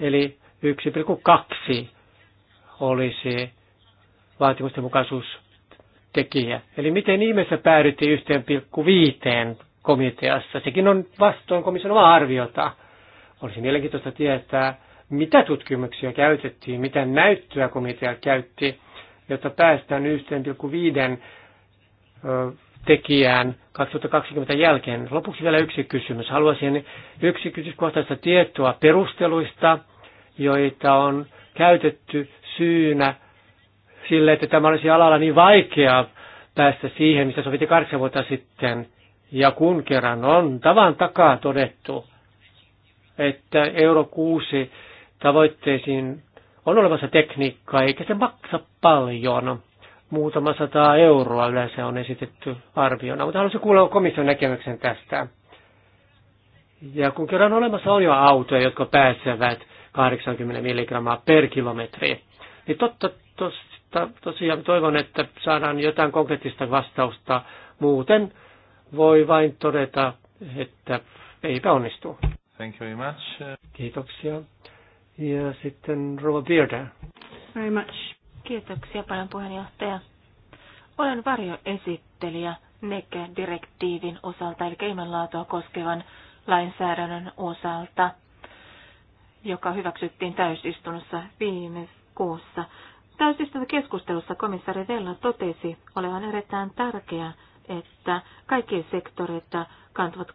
Speaker 1: Eli 1,2 olisi vaatimusten mukaisuustekijä. Eli miten ihmeessä päädyttiin 1,5 komiteassa? Sekin on vastoin komission omaa arviota. Olisi mielenkiintoista tietää, mitä tutkimuksia käytettiin, mitä näyttöä komitea käytti jotta päästään 1,5 tekijään 2020 jälkeen. Lopuksi vielä yksi kysymys. Haluaisin yksityiskohtaista tietoa perusteluista, joita on käytetty syynä sille, että tämä olisi alalla niin vaikeaa päästä siihen, mistä sovittiin kahdeksan vuotta sitten. Ja kun kerran on tavan takaa todettu, että euro 6 tavoitteisiin on olemassa tekniikkaa, eikä se maksa paljon. Muutama sata euroa yleensä on esitetty arviona, mutta haluaisin kuulla komission näkemyksen tästä. Ja kun kerran olemassa on jo autoja, jotka pääsevät 80 milligrammaa per kilometri, niin totta tosta, tosiaan toivon, että saadaan jotain konkreettista vastausta. Muuten voi vain todeta, että eipä onnistu. Thank you very much. Kiitoksia. Ja sitten Rova Birda.
Speaker 2: Very much. Kiitoksia paljon puheenjohtaja. Olen varjoesittelijä NEC-direktiivin osalta, eli ilmanlaatua koskevan lainsäädännön osalta, joka hyväksyttiin täysistunnossa viime kuussa. Täysistuntokeskustelussa komissaari Vella totesi olevan erittäin tärkeää, että kaikki sektorit kantavat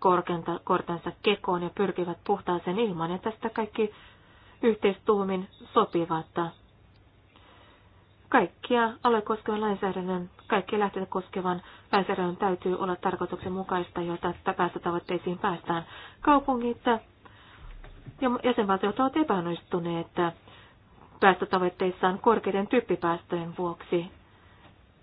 Speaker 2: kortensa kekoon ja pyrkivät puhtaaseen ilmaan, ja tästä kaikki yhteistuumin sopivata. Kaikkia alle koskevan lainsäädännön, kaikkia lähteitä koskevan lainsäädännön täytyy olla tarkoituksenmukaista, jotta päästötavoitteisiin päästään. Kaupungit ja jäsenvaltiot ovat epäonnistuneet päästötavoitteissaan korkeiden typpipäästöjen vuoksi.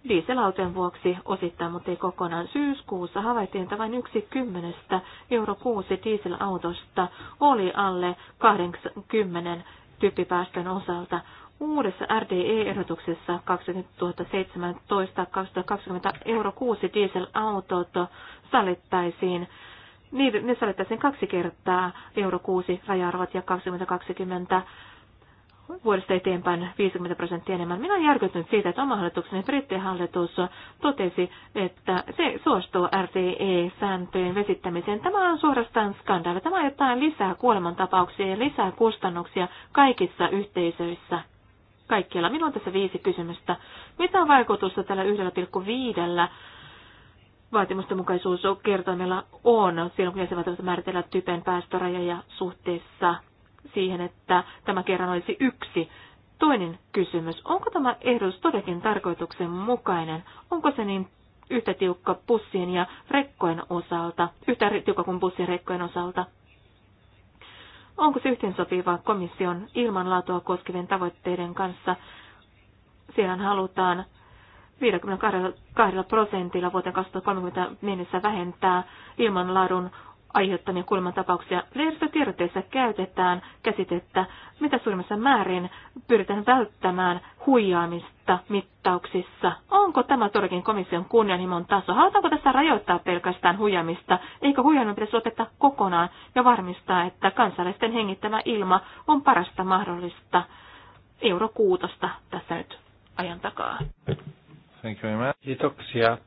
Speaker 2: Dieselauteen vuoksi osittain, mutta ei kokonaan. Syyskuussa havaittiin, että vain yksi kymmenestä euro kuusi dieselautosta oli alle 20 typpipäästön osalta. Uudessa RDE-ehdotuksessa 2017-2020 euro 6 dieselautot sallittaisiin Niin, ne sallittaisiin kaksi kertaa euro 6 raja-arvot ja 2020 vuodesta eteenpäin 50 prosenttia enemmän. Minä olen järkyttynyt siitä, että oma hallitukseni hallitus totesi, että se suostuu RTE-sääntöjen vesittämiseen. Tämä on suorastaan skandaali. Tämä ajetaan lisää kuolemantapauksia ja lisää kustannuksia kaikissa yhteisöissä. Kaikkialla. Minulla on tässä viisi kysymystä. Mitä on vaikutusta tällä 1,5 vaatimustenmukaisuuskertoimella on silloin, kun jäsenvaltiot määritellään typen päästörajoja suhteessa siihen, että tämä kerran olisi yksi. Toinen kysymys, onko tämä ehdotus todellakin tarkoituksenmukainen? Onko se niin yhtä tiukka pussien ja rekkojen osalta, yhtä tiukka kuin bussien rekkojen osalta? Onko se yhteensopiva komission ilmanlaatua koskevien tavoitteiden kanssa? Siellä halutaan 52 prosentilla vuoteen 2030 mennessä vähentää ilmanlaadun aiheuttamia kuolemantapauksia. Lehdistötiedotteessa käytetään käsitettä, mitä suurimmassa määrin pyritään välttämään huijaamista mittauksissa. Onko tämä todellakin komission kunnianhimon taso? Halutaanko tässä rajoittaa pelkästään huijaamista? Eikö huijaaminen pitäisi lopettaa kokonaan ja varmistaa, että kansalaisten hengittämä ilma on parasta mahdollista euro kuutosta tässä nyt ajan takaa?
Speaker 1: Thank you very much. Kiitoksia.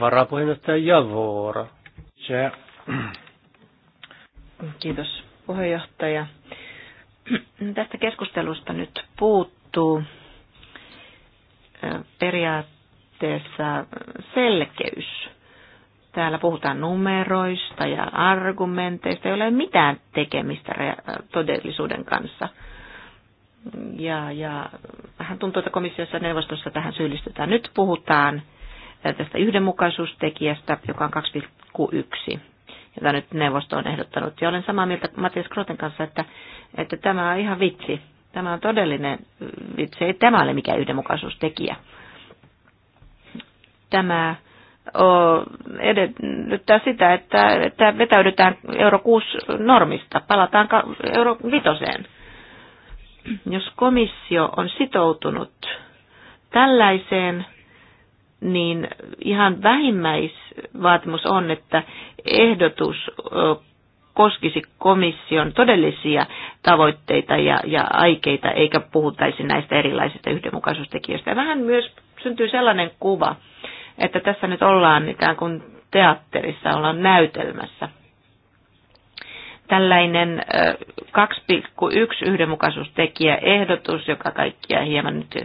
Speaker 1: Varapuheenjohtaja Javora. Yeah.
Speaker 2: Kiitos puheenjohtaja. Tästä keskustelusta nyt puuttuu periaatteessa selkeys. Täällä puhutaan numeroista ja argumenteista, joilla ei ole mitään tekemistä todellisuuden kanssa. Ja, ja vähän tuntuu, että komissiossa ja neuvostossa tähän syyllistetään. Nyt puhutaan tästä yhdenmukaisuustekijästä, joka on 2,1 jota nyt neuvosto on ehdottanut. Ja olen samaa mieltä Matias Kroten kanssa, että, että tämä on ihan vitsi. Tämä on todellinen vitsi. Ei tämä ole mikään yhdenmukaisuustekijä. Tämä edellyttää sitä, että, että vetäydytään euro 6 normista, palataan euro 5. Jos komissio on sitoutunut tällaiseen niin ihan vähimmäisvaatimus on, että ehdotus koskisi komission todellisia tavoitteita ja, ja aikeita, eikä puhuttaisi näistä erilaisista yhdenmukaisuustekijöistä. Ja vähän myös syntyy sellainen kuva, että tässä nyt ollaan ikään kuin teatterissa, ollaan näytelmässä tällainen 2,1 ehdotus, joka kaikkia hieman nyt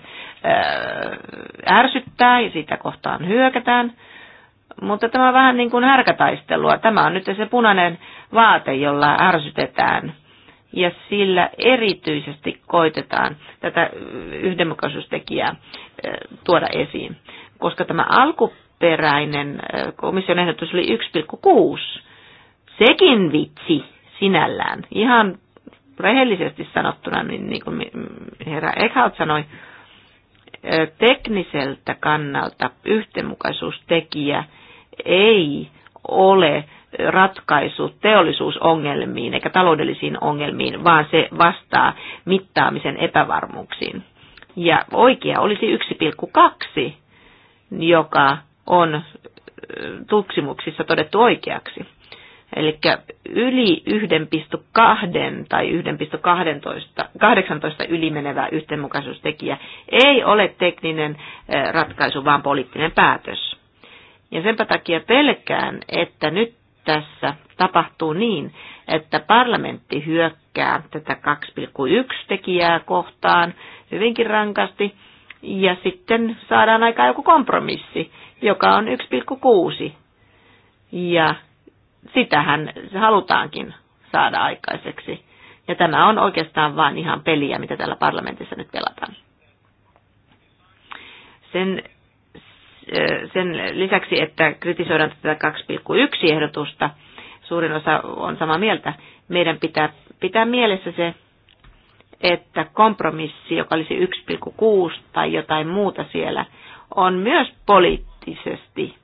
Speaker 2: ärsyttää ja sitä kohtaan hyökätään. Mutta tämä on vähän niin kuin härkätaistelua. Tämä on nyt se punainen vaate, jolla ärsytetään. Ja sillä erityisesti koitetaan tätä yhdenmukaisuustekijää tuoda esiin. Koska tämä alkuperäinen komission ehdotus oli 1,6. Sekin vitsi sinällään. Ihan rehellisesti sanottuna, niin, niin kuin herra Eckhout sanoi, tekniseltä kannalta yhtenmukaisuustekijä ei ole ratkaisu teollisuusongelmiin eikä taloudellisiin ongelmiin, vaan se vastaa mittaamisen epävarmuuksiin. Ja oikea olisi 1,2, joka on tutkimuksissa todettu oikeaksi. Eli yli 1,2 tai 1,18 ylimenevä yhteenmukaisuustekijä ei ole tekninen eh, ratkaisu, vaan poliittinen päätös. Ja senpä takia pelkään, että nyt tässä tapahtuu niin, että parlamentti hyökkää tätä 2,1 tekijää kohtaan hyvinkin rankasti, ja sitten saadaan aikaan joku kompromissi, joka on 1,6. Ja sitähän halutaankin saada aikaiseksi. Ja tämä on oikeastaan vain ihan peliä, mitä täällä parlamentissa nyt pelataan. Sen, sen lisäksi, että kritisoidaan tätä 2,1 ehdotusta, suurin osa on samaa mieltä. Meidän pitää pitää mielessä se, että kompromissi, joka olisi 1,6 tai jotain muuta siellä, on myös poliittisesti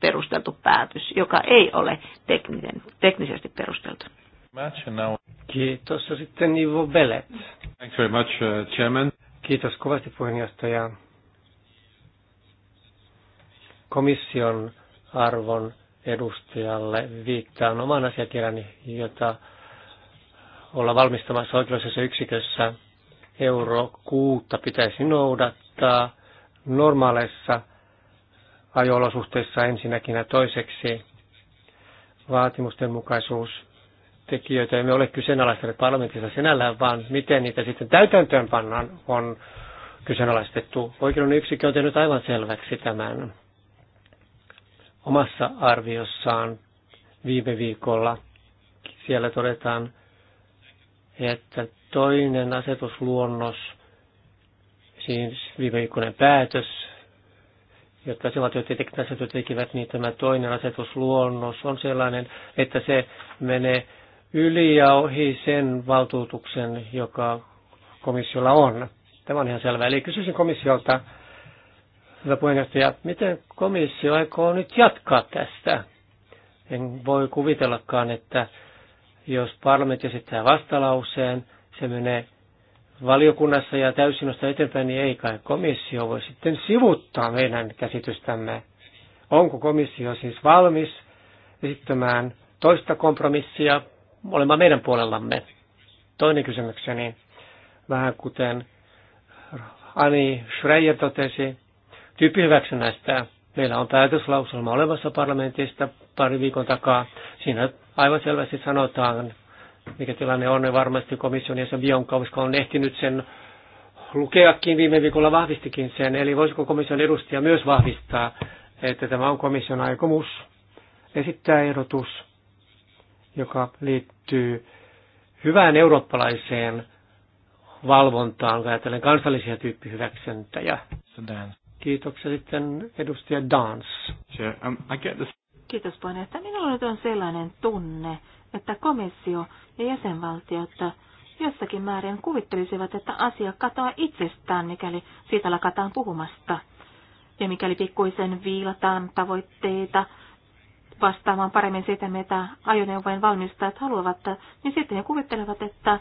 Speaker 2: perusteltu päätös, joka ei ole tekninen, teknisesti
Speaker 1: perusteltu. Kiitos. Ja sitten Ivo Belet. Thanks very much, uh, Chairman. Kiitos kovasti puheenjohtaja. Komission arvon edustajalle viittaan oman asiakirjani, jota olla valmistamassa oikeudellisessa yksikössä. Euro kuutta pitäisi noudattaa normaaleissa ajo ensinnäkin ja toiseksi vaatimusten mukaisuus tekijöitä emme ole kyseenalaistaneet parlamentissa sinällään, vaan miten niitä sitten täytäntöön pannaan on kyseenalaistettu. Oikeuden yksikkö on tehnyt aivan selväksi tämän omassa arviossaan viime viikolla. Siellä todetaan, että toinen asetusluonnos, siis viime viikkoinen päätös, jotka jäsenvaltiot ja tekniset asetus tekivät, niin tämä toinen asetusluonnos on sellainen, että se menee yli ja ohi sen valtuutuksen, joka komissiolla on. Tämä on ihan selvä. Eli kysyisin komissiolta, hyvä puheenjohtaja, miten komissio aikoo nyt jatkaa tästä? En voi kuvitellakaan, että jos parlamentti esittää vastalauseen, se menee valiokunnassa ja täysinosta eteenpäin, niin ei kai komissio voi sitten sivuttaa meidän käsitystämme. Onko komissio siis valmis esittämään toista kompromissia olemaan meidän puolellamme? Toinen kysymykseni, vähän kuten Ani Schreier totesi, tyyppihyväksynnästä. Meillä on päätöslauselma olemassa parlamentista pari viikon takaa. Siinä aivan selvästi sanotaan, mikä tilanne on. Varmasti komission sen Bionkovska on ehtinyt sen lukeakin viime viikolla vahvistikin sen. Eli voisiko komission edustaja myös vahvistaa, että tämä on komission aikomus esittää ehdotus, joka liittyy hyvään eurooppalaiseen valvontaan, ajatellen kansallisia tyyppihyväksyntäjä. Kiitoksia sitten edustaja Dans. Um,
Speaker 2: Kiitos puheenjohtaja. Minulla nyt on sellainen tunne, että komissio ja jäsenvaltiot jossakin määrin kuvittelisivat, että asia katoaa itsestään, mikäli siitä lakataan puhumasta. Ja mikäli pikkuisen viilataan tavoitteita vastaamaan paremmin sitä, mitä ajoneuvojen valmistajat haluavat, niin sitten he kuvittelevat, että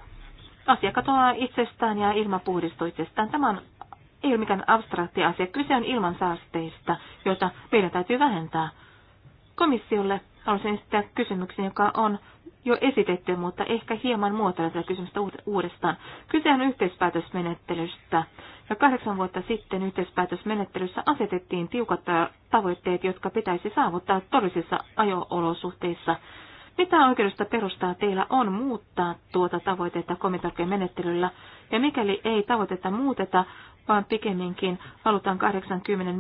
Speaker 2: asia katoaa itsestään ja ilma puhdistuu itsestään. Tämä on ei ole mikään abstrakti asia. Kyse on ilman saasteista, joita meidän täytyy vähentää. Komissiolle haluaisin esittää kysymyksen, joka on jo esitetty, mutta ehkä hieman muotoilla tätä kysymystä uudestaan. Kyse on yhteispäätösmenettelystä, ja kahdeksan vuotta sitten yhteispäätösmenettelyssä asetettiin tiukat tavoitteet, jotka pitäisi saavuttaa todellisissa ajo-olosuhteissa. Mitä oikeudesta perustaa teillä on muuttaa tuota tavoitetta komitarkkeen menettelyllä, ja mikäli ei tavoitetta muuteta, vaan pikemminkin halutaan 80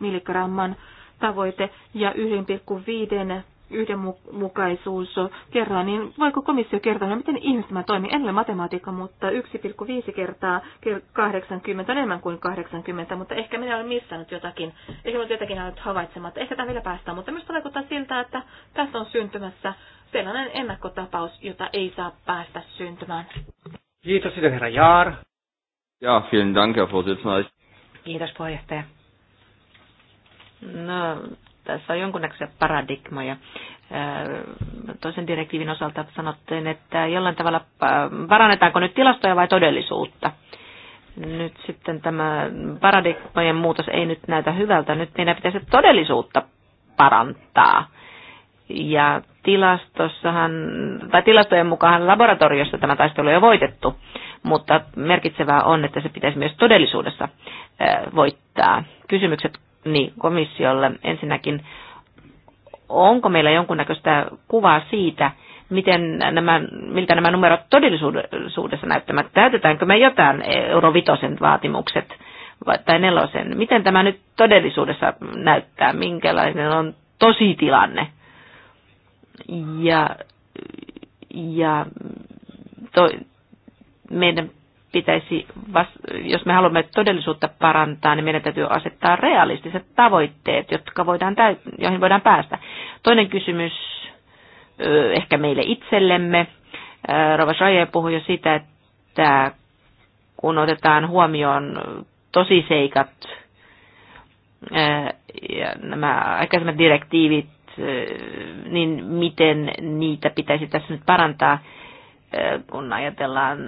Speaker 2: milligramman tavoite ja 1,5 yhdenmukaisuus kerran, niin voiko komissio kertoa, miten ihmiset tämä toimii? En ole matematiikka, mutta 1,5 kertaa 80 on enemmän kuin 80, mutta ehkä minä olen missannut jotakin. Ehkä minä jotakin ollut havaitsematta. Ehkä tämä vielä päästään, mutta minusta vaikuttaa siltä, että tässä on syntymässä sellainen ennakkotapaus, jota ei saa päästä syntymään.
Speaker 1: Kiitos sitten herra Jaar.
Speaker 2: Ja, vielen dank, Herr Vorsitzender. Kiitos puheenjohtaja. No, tässä on jonkunnäköisiä paradigmoja. Toisen direktiivin osalta sanottiin, että jollain tavalla parannetaanko nyt tilastoja vai todellisuutta. Nyt sitten tämä paradigmojen muutos ei nyt näytä hyvältä. Nyt meidän pitäisi todellisuutta parantaa. Ja tilastossahan, tai tilastojen mukaan laboratoriossa tämä taistelu on jo voitettu, mutta merkitsevää on, että se pitäisi myös todellisuudessa voittaa. Kysymykset niin komissiolle. Ensinnäkin, onko meillä jonkunnäköistä kuvaa siitä, miten nämä, miltä nämä numerot todellisuudessa näyttävät? Täytetäänkö me jotain eurovitosen vaatimukset tai nelosen? Miten tämä nyt todellisuudessa näyttää? Minkälainen on tositilanne? Ja, ja to, meidän pitäisi, jos me haluamme todellisuutta parantaa, niin meidän täytyy asettaa realistiset tavoitteet, jotka voidaan täyt- joihin voidaan päästä. Toinen kysymys ehkä meille itsellemme. Rova Shaye puhui jo siitä, että kun otetaan huomioon tosiseikat, ja nämä aikaisemmat direktiivit, niin miten niitä pitäisi tässä nyt parantaa – kun ajatellaan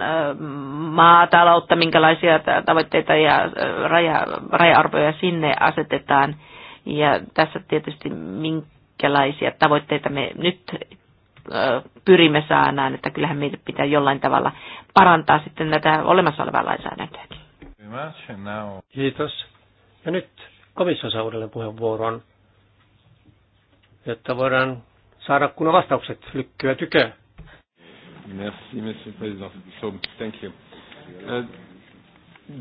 Speaker 2: maataloutta, minkälaisia tavoitteita ja raja, raja-arvoja sinne asetetaan. Ja tässä tietysti minkälaisia tavoitteita me nyt pyrimme saamaan, että kyllähän meidän pitää jollain tavalla parantaa sitten näitä olemassa olevaa lainsäädäntöä.
Speaker 1: Kiitos. Ja nyt komissio saa uudelleen puheenvuoron, jotta voidaan saada kunnon vastaukset lykkyä tyköön. Merci, Monsieur le Président. So, thank you. Uh,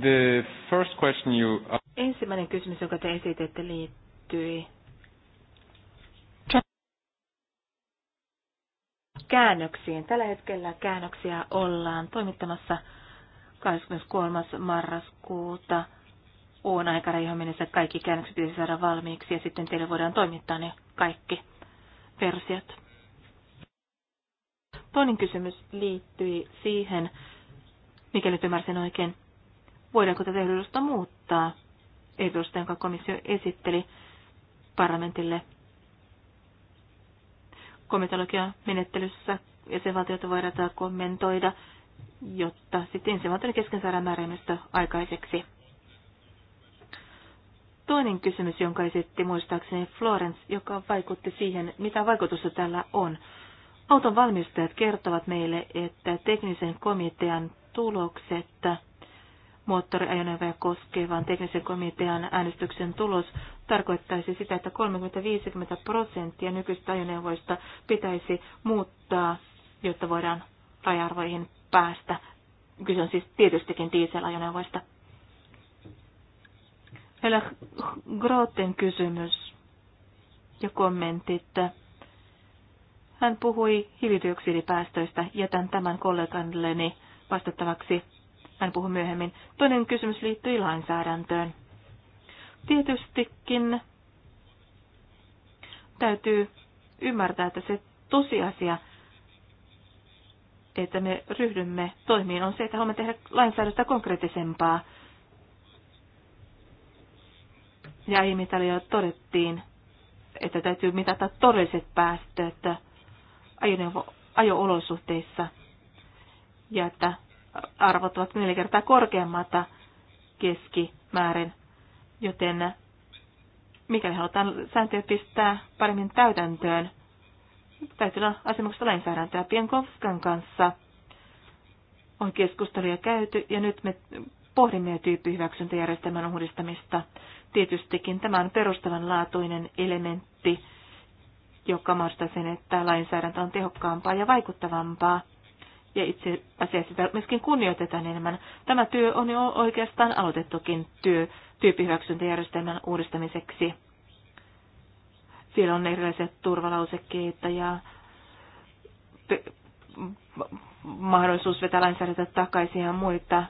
Speaker 1: the first question you...
Speaker 2: Ensimmäinen kysymys, jonka te esitette, liittyi käännöksiin. Tällä hetkellä käännöksiä ollaan toimittamassa 23. marraskuuta uun aikarajoihin mennessä kaikki käännökset pitäisi saada valmiiksi ja sitten teille voidaan toimittaa ne kaikki versiot. Toinen kysymys liittyi siihen, mikäli ymmärsin oikein, voidaanko tätä ehdotusta muuttaa, ehdotusta, jonka komissio esitteli parlamentille komitologian menettelyssä jäsenvaltioita voidaan kommentoida, jotta sitten jäsenvaltioiden kesken saadaan määräämistä aikaiseksi. Toinen kysymys, jonka esitti muistaakseni Florence, joka vaikutti siihen, mitä vaikutusta tällä on. Auton valmistajat kertovat meille, että teknisen komitean tulokset moottoriajoneuvoja koskevan teknisen komitean äänestyksen tulos tarkoittaisi sitä, että 30-50 prosenttia nykyistä ajoneuvoista pitäisi muuttaa, jotta voidaan rajarvoihin päästä. Kyse on siis tietystikin dieselajoneuvoista. Meillä Groten kysymys ja kommentit hän puhui hiilidioksidipäästöistä. Jätän tämän kollegalleni vastattavaksi. Hän puhui myöhemmin. Toinen kysymys liittyi lainsäädäntöön. Tietystikin täytyy ymmärtää, että se tosiasia, että me ryhdymme toimiin, on se, että haluamme tehdä lainsäädäntöä konkreettisempaa. Ja aiemmin täällä jo todettiin, että täytyy mitata todelliset päästöt ajoneuvo, ajo-olosuhteissa ja että arvot ovat neljä kertaa korkeammata keskimäärin, joten mikäli halutaan sääntöjä pistää paremmin täytäntöön, täytyy olla asemuksesta lainsäädäntöä Pienkovskan kanssa. On keskusteluja käyty ja nyt me pohdimme tyyppihyväksyntäjärjestelmän uudistamista. Tietystikin tämä on perustavanlaatuinen elementti joka mahdollistaa sen, että lainsäädäntö on tehokkaampaa ja vaikuttavampaa. Ja itse asiassa sitä myöskin kunnioitetaan enemmän. Tämä työ on jo oikeastaan aloitettukin työ tyyppihyväksyntäjärjestelmän uudistamiseksi. Siellä on erilaisia turvalausekkeita ja mahdollisuus vetää lainsäädäntöä takaisin ja muita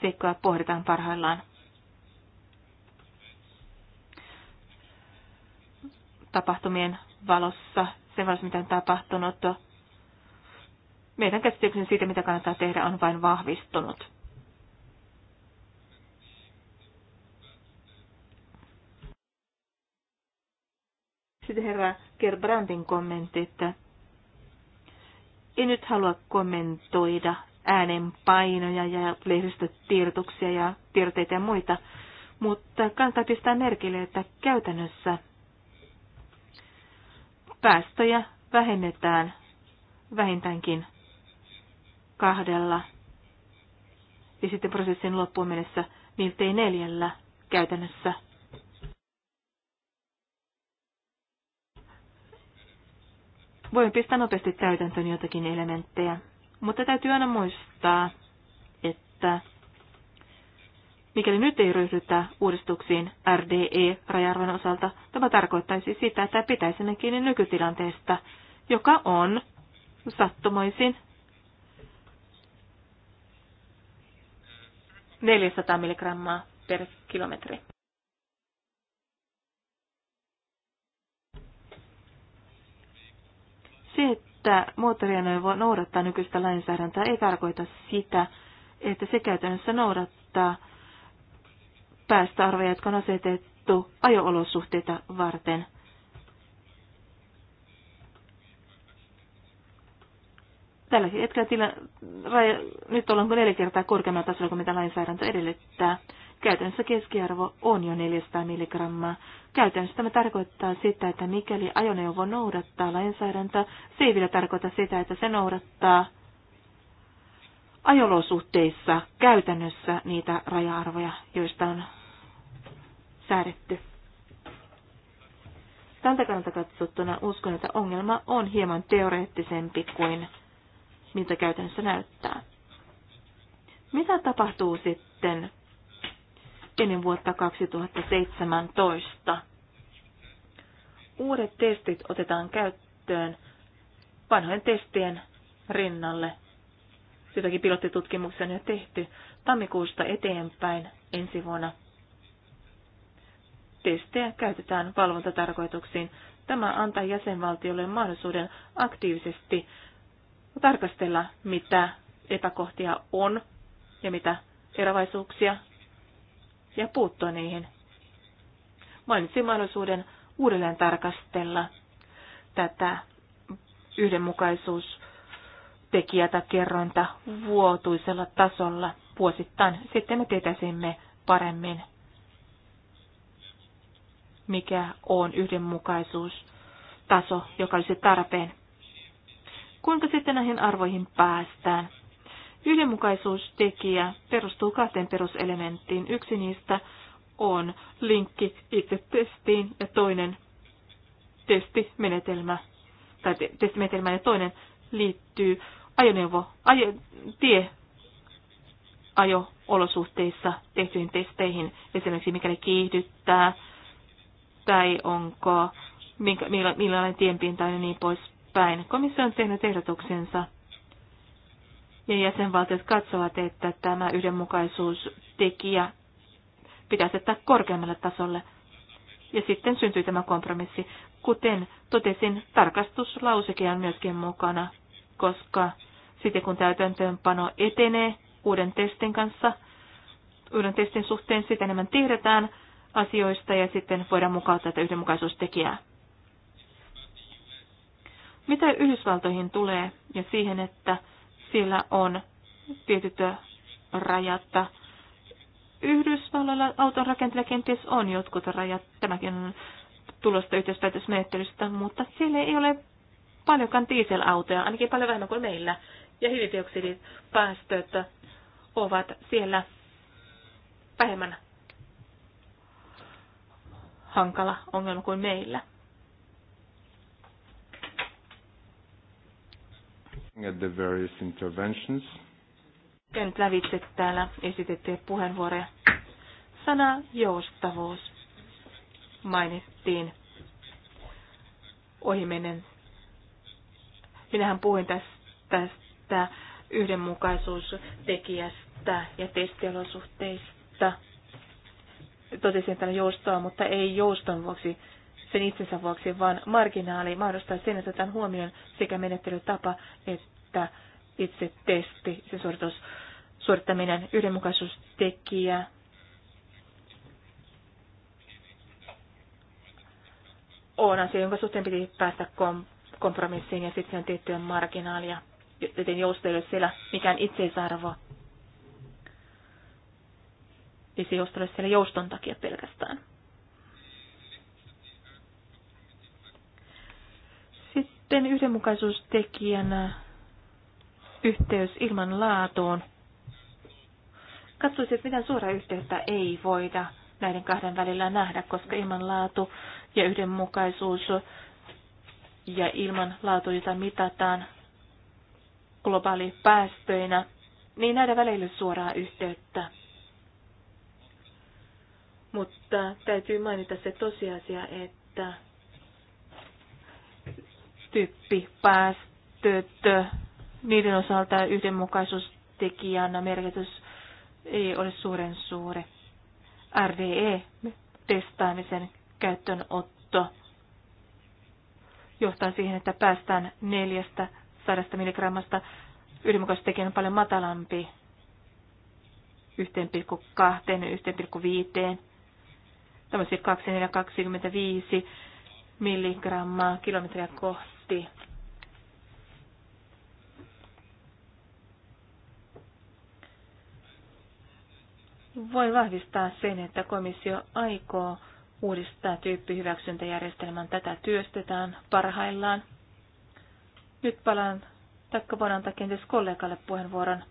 Speaker 2: seikkoja pohditaan parhaillaan. tapahtumien valossa, sen valossa mitä on tapahtunut, meidän käsityksen siitä, mitä kannattaa tehdä, on vain vahvistunut. Sitten herra Gerbrandin kommentti, että en nyt halua kommentoida äänenpainoja ja lehdistötiedotuksia ja tiedotteita ja muita, mutta kannattaa pistää merkille, että käytännössä päästöjä vähennetään vähintäänkin kahdella ja sitten prosessin loppuun mennessä miltei neljällä käytännössä. Voin pistää nopeasti täytäntöön jotakin elementtejä, mutta täytyy aina muistaa, että Mikäli nyt ei ryhdytä uudistuksiin RDE-rajarvon osalta, tämä tarkoittaisi sitä, että pitäisimme kiinni nykytilanteesta, joka on sattumoisin 400 mg per kilometri. Se, että moottoriajoneuvo noudattaa nykyistä lainsäädäntöä, ei tarkoita sitä, että se käytännössä noudattaa päästöarvoja, jotka on asetettu ajoolosuhteita varten. Tällä hetkellä tila, raja, nyt ollaanko neljä kertaa korkeammalla tasolla kuin mitä lainsäädäntö edellyttää. Käytännössä keskiarvo on jo 400 milligrammaa. Käytännössä tämä tarkoittaa sitä, että mikäli ajoneuvo noudattaa lainsäädäntöä, se ei vielä tarkoita sitä, että se noudattaa ajolosuhteissa käytännössä niitä raja-arvoja, joista on säädetty. Tältä kannalta katsottuna uskon, että ongelma on hieman teoreettisempi kuin miltä käytännössä näyttää. Mitä tapahtuu sitten ennen vuotta 2017? Uudet testit otetaan käyttöön vanhojen testien rinnalle Sitäkin pilottitutkimuksia on jo tehty tammikuusta eteenpäin ensi vuonna. Testejä käytetään valvontatarkoituksiin. Tämä antaa jäsenvaltiolle mahdollisuuden aktiivisesti tarkastella, mitä epäkohtia on ja mitä eroavaisuuksia ja puuttua niihin. Mainitsin mahdollisuuden uudelleen tarkastella tätä yhdenmukaisuus tekijä- tai kerrointa vuotuisella tasolla vuosittain. Sitten me tietäisimme paremmin, mikä on yhdenmukaisuustaso, joka olisi tarpeen. Kuinka sitten näihin arvoihin päästään? Yhdenmukaisuustekijä perustuu kahteen peruselementtiin. Yksi niistä on linkki itse testiin ja toinen testimenetelmä, tai testimenetelmä ja toinen liittyy ajoneuvo, ajo, tie ajo-olosuhteissa tehtyihin testeihin, esimerkiksi mikäli kiihdyttää tai onko, minkä, millä, millainen tienpinta on ja niin poispäin. Komissio on tehnyt ehdotuksensa ja jäsenvaltiot katsovat, että tämä yhdenmukaisuustekijä pitäisi ottaa korkeammalle tasolle. Ja sitten syntyi tämä kompromissi. Kuten totesin, tarkastuslauseke on myöskin mukana koska sitten kun täytäntöönpano etenee uuden testin kanssa, uuden testin suhteen sitä enemmän tiedetään asioista ja sitten voidaan mukauttaa tätä yhdenmukaisuustekijää. Mitä Yhdysvaltoihin tulee ja siihen, että siellä on tietyt rajat, Yhdysvalloilla auton rakentajilla kenties on jotkut rajat, tämäkin on tulosta yhteispäätösmenettelystä, mutta siellä ei ole paljonkaan dieselautoja, ainakin paljon vähemmän kuin meillä. Ja hiilidioksidipäästöt ovat siellä vähemmän hankala ongelma kuin meillä.
Speaker 1: At the various interventions.
Speaker 2: Käyn lävitse täällä esitettyjä puheenvuoroja. Sana joustavuus mainittiin ohimenen. Minähän puhuin tästä yhdenmukaisuustekijästä ja testiolosuhteista. Totesin tällä joustoa, mutta ei jouston vuoksi sen itsensä vuoksi, vaan marginaali mahdollistaa sen, että otetaan huomioon sekä menettelytapa että itse testi, se suoritus, suorittaminen, yhdenmukaisuustekijä. On asia, jonka suhteen piti päästä kom- kompromissiin ja sitten on tiettyä marginaalia, joten jousto ei ole siellä mikään itseisarvo. Ja se jousto ei ole siellä jouston takia pelkästään. Sitten yhdenmukaisuustekijänä yhteys ilman laatuun. Katsoisin, että mitään suoraa yhteyttä ei voida näiden kahden välillä nähdä, koska ilmanlaatu ja yhdenmukaisuus ja ilman laatu, jota mitataan globaalipäästöinä, niin näiden välillä suoraa yhteyttä. Mutta täytyy mainita se tosiasia, että typpipäästöt, niiden osalta yhdenmukaisuustekijänä merkitys ei ole suuren suuri. RDE-testaamisen käyttöönotto johtaa siihen, että päästään neljästä 100 milligrammasta yhdenmukaistekijän paljon matalampi 1,2-1,5, tämmöisiä 24-25 milligrammaa kilometriä kohti. Voin vahvistaa sen, että komissio aikoo uudistaa tyyppihyväksyntäjärjestelmän. Tätä työstetään parhaillaan. Nyt palaan, taikka voin antaa kenties kollegalle puheenvuoron,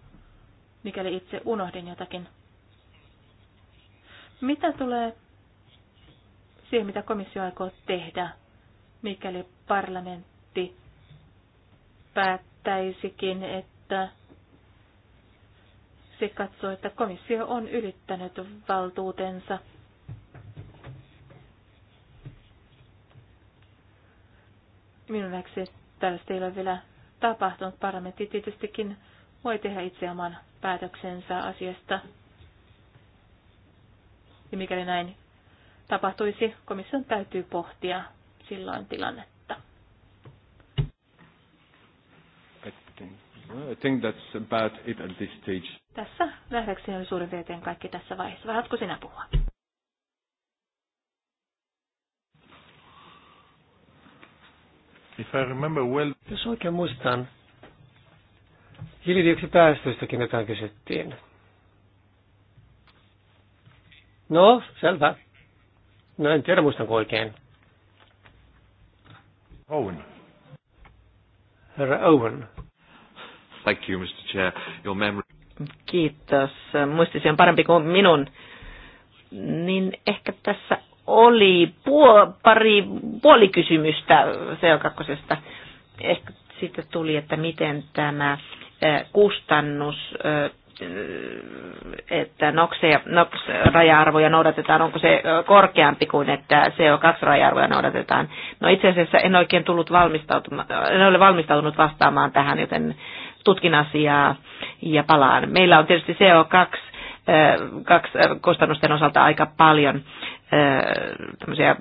Speaker 2: mikäli itse unohdin jotakin. Mitä tulee siihen, mitä komissio aikoo tehdä, mikäli parlamentti päättäisikin, että se katsoo, että komissio on ylittänyt valtuutensa – Minun nähdäkseni tällaista ei ole vielä tapahtunut. Parlamentti tietystikin voi tehdä itse oman päätöksensä asiasta. Ja mikäli näin tapahtuisi, komission täytyy pohtia silloin tilannetta.
Speaker 1: I think that's about it at this stage.
Speaker 2: Tässä nähdäkseni oli suurin piirtein kaikki tässä vaiheessa. Vai sinä puhua?
Speaker 1: If I remember well... Jos oikein muistan, hiilidioksipäästöistäkin jotain kysyttiin. No, selvä. No en tiedä muistanko oikein. Owen. Herra Owen.
Speaker 2: Thank you, Mr. Chair. Your memory... Kiitos. Muistisi on parempi kuin minun. Niin ehkä tässä oli puo, pari puolikysymystä CO2. Ehkä sitten tuli, että miten tämä kustannus, että NOx-raja-arvoja noudatetaan, onko se korkeampi kuin että CO2-raja-arvoja noudatetaan. No itse asiassa en oikein tullut en ole valmistautunut vastaamaan tähän, joten tutkin asiaa ja palaan. Meillä on tietysti CO2 kaksi kustannusten osalta aika paljon tämmöisiä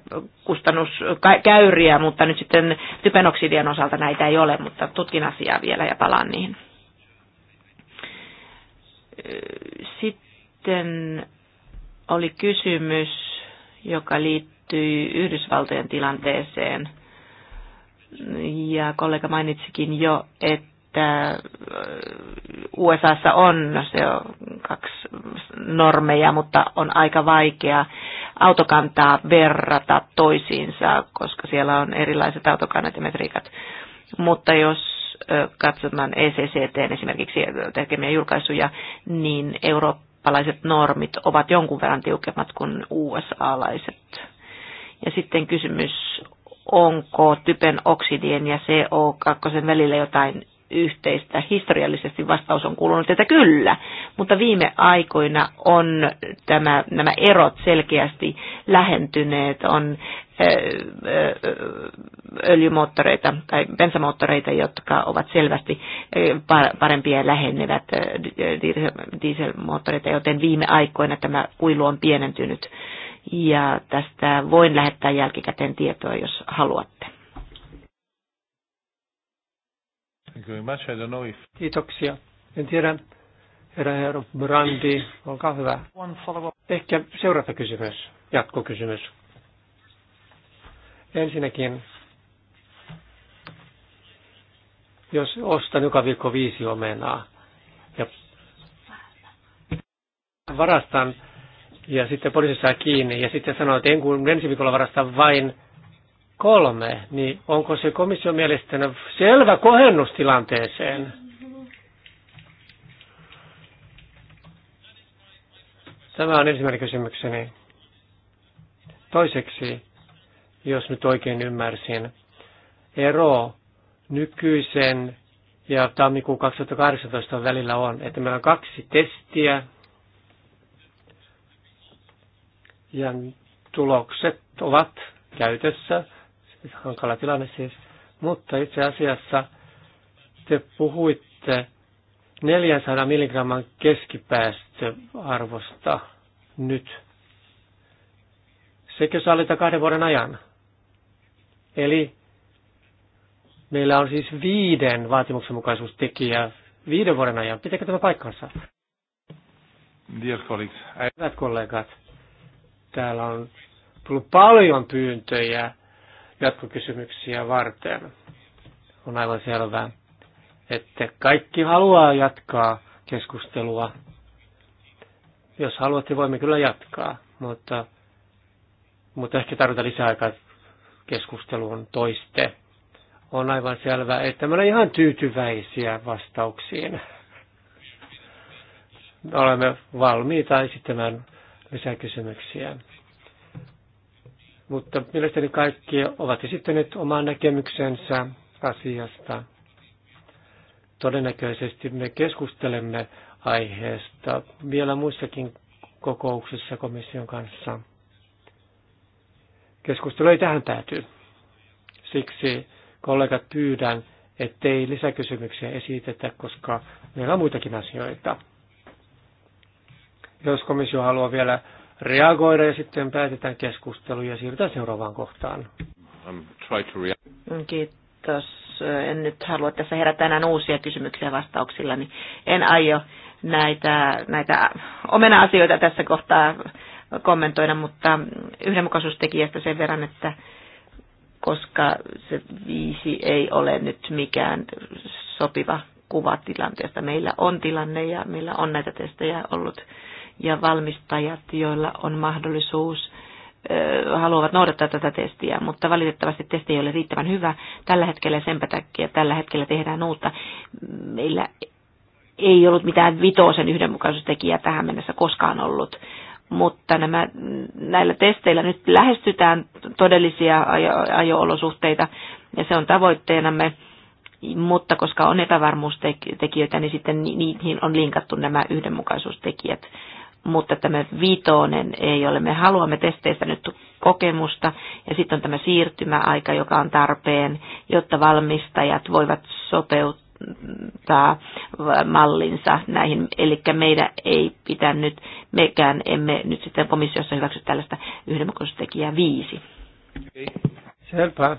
Speaker 2: kustannuskäyriä, mutta nyt sitten typenoksidien osalta näitä ei ole, mutta tutkin asiaa vielä ja palaan niihin. Sitten oli kysymys, joka liittyy Yhdysvaltojen tilanteeseen. Ja kollega mainitsikin jo, että että USAssa on se on kaksi normeja, mutta on aika vaikea autokantaa verrata toisiinsa, koska siellä on erilaiset autokannat ja metriikat. Mutta jos katsotaan ECCT esimerkiksi tekemiä julkaisuja, niin eurooppalaiset normit ovat jonkun verran tiukemmat kuin USA-laiset. Ja sitten kysymys onko typen oksidien ja CO2 välillä jotain yhteistä. Historiallisesti vastaus on kuulunut, että kyllä, mutta viime aikoina on tämä, nämä erot selkeästi lähentyneet, on öljymoottoreita tai bensamoottoreita, jotka ovat selvästi parempia ja lähenevät dieselmoottoreita, joten viime aikoina tämä kuilu on pienentynyt. Ja tästä voin lähettää jälkikäteen tietoa, jos haluatte.
Speaker 1: Thank you very much. I don't know if... Kiitoksia. En tiedä, herra herra Brandi, olkaa hyvä. One follow-up. Ehkä seuraava kysymys, jatkokysymys. Ensinnäkin, jos ostan joka viikko viisi omenaa ja varastan ja sitten poliisi saa kiinni ja sitten sanoo, että en kun ensi viikolla varastan vain kolme, niin onko se komission mielestäni selvä kohennus tilanteeseen? Tämä on ensimmäinen kysymykseni. Toiseksi, jos nyt oikein ymmärsin, ero nykyisen ja tammikuun 2018 välillä on, että meillä on kaksi testiä ja tulokset ovat käytössä hankala tilanne siis. Mutta itse asiassa te puhuitte 400 milligramman keskipäästöarvosta nyt. Sekö sallita kahden vuoden ajan? Eli meillä on siis viiden vaatimuksenmukaisuustekijä viiden vuoden ajan. Pitääkö tämä paikkansa? Dear colleagues, Hyvät kollegat, täällä on tullut paljon pyyntöjä jatkokysymyksiä varten. On aivan selvää, että kaikki haluaa jatkaa keskustelua. Jos haluatte, voimme kyllä jatkaa, mutta, mutta ehkä tarvitaan lisää aikaa keskusteluun toiste. On aivan selvää, että me ollaan ihan tyytyväisiä vastauksiin. Me olemme valmiita esittämään lisäkysymyksiä. Mutta mielestäni kaikki ovat esittäneet oman näkemyksensä asiasta. Todennäköisesti me keskustelemme aiheesta vielä muissakin kokouksissa komission kanssa. Keskustelu ei tähän pääty. Siksi kollegat pyydän, ettei lisäkysymyksiä esitetä, koska meillä on muitakin asioita. Jos komissio haluaa vielä reagoida ja sitten päätetään keskustelu ja siirrytään seuraavaan kohtaan. Um,
Speaker 2: Kiitos. En nyt halua tässä herätä enää uusia kysymyksiä vastauksilla, niin en aio näitä, näitä omena-asioita tässä kohtaa kommentoida, mutta yhdenmukaisuustekijästä sen verran, että koska se viisi ei ole nyt mikään sopiva kuva tilanteesta. Meillä on tilanne ja meillä on näitä testejä ollut ja valmistajat, joilla on mahdollisuus haluavat noudattaa tätä testiä, mutta valitettavasti testi ei ole riittävän hyvä tällä hetkellä senpä takia tällä hetkellä tehdään uutta. Meillä ei ollut mitään vitosen yhdenmukaisuustekijää tähän mennessä koskaan ollut, mutta nämä, näillä testeillä nyt lähestytään todellisia ajo-olosuhteita ja se on tavoitteenamme, mutta koska on epävarmuustekijöitä, niin sitten niihin on linkattu nämä yhdenmukaisuustekijät mutta tämä viitoinen ei ole. Me haluamme testeistä nyt kokemusta ja sitten on tämä siirtymäaika, joka on tarpeen, jotta valmistajat voivat sopeuttaa mallinsa näihin. Eli meidän ei pitänyt nyt, mekään emme nyt sitten komissiossa hyväksy tällaista yhdenmukaisuustekijää viisi.
Speaker 1: Selvä.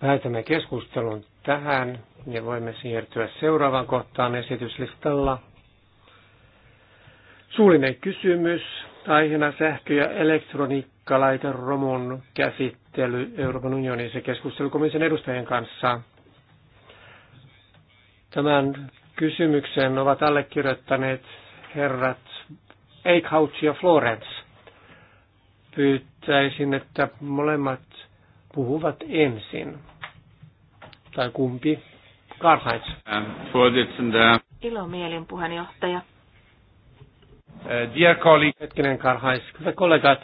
Speaker 1: Päätämme keskustelun tähän ja voimme siirtyä seuraavaan kohtaan esityslistalla. Suullinen kysymys aiheena sähkö- ja elektroniikkalaiten romun käsittely Euroopan ja keskustelukomission edustajien kanssa. Tämän kysymyksen ovat allekirjoittaneet herrat Eichhaut ja Florence. Pyytäisin, että molemmat puhuvat ensin. Tai kumpi? Karl-Heinz. Ähm,
Speaker 2: Ilomielin puheenjohtaja.
Speaker 1: Eh, dear colleague. Hetkinen Karhais. Hyvät kollegat,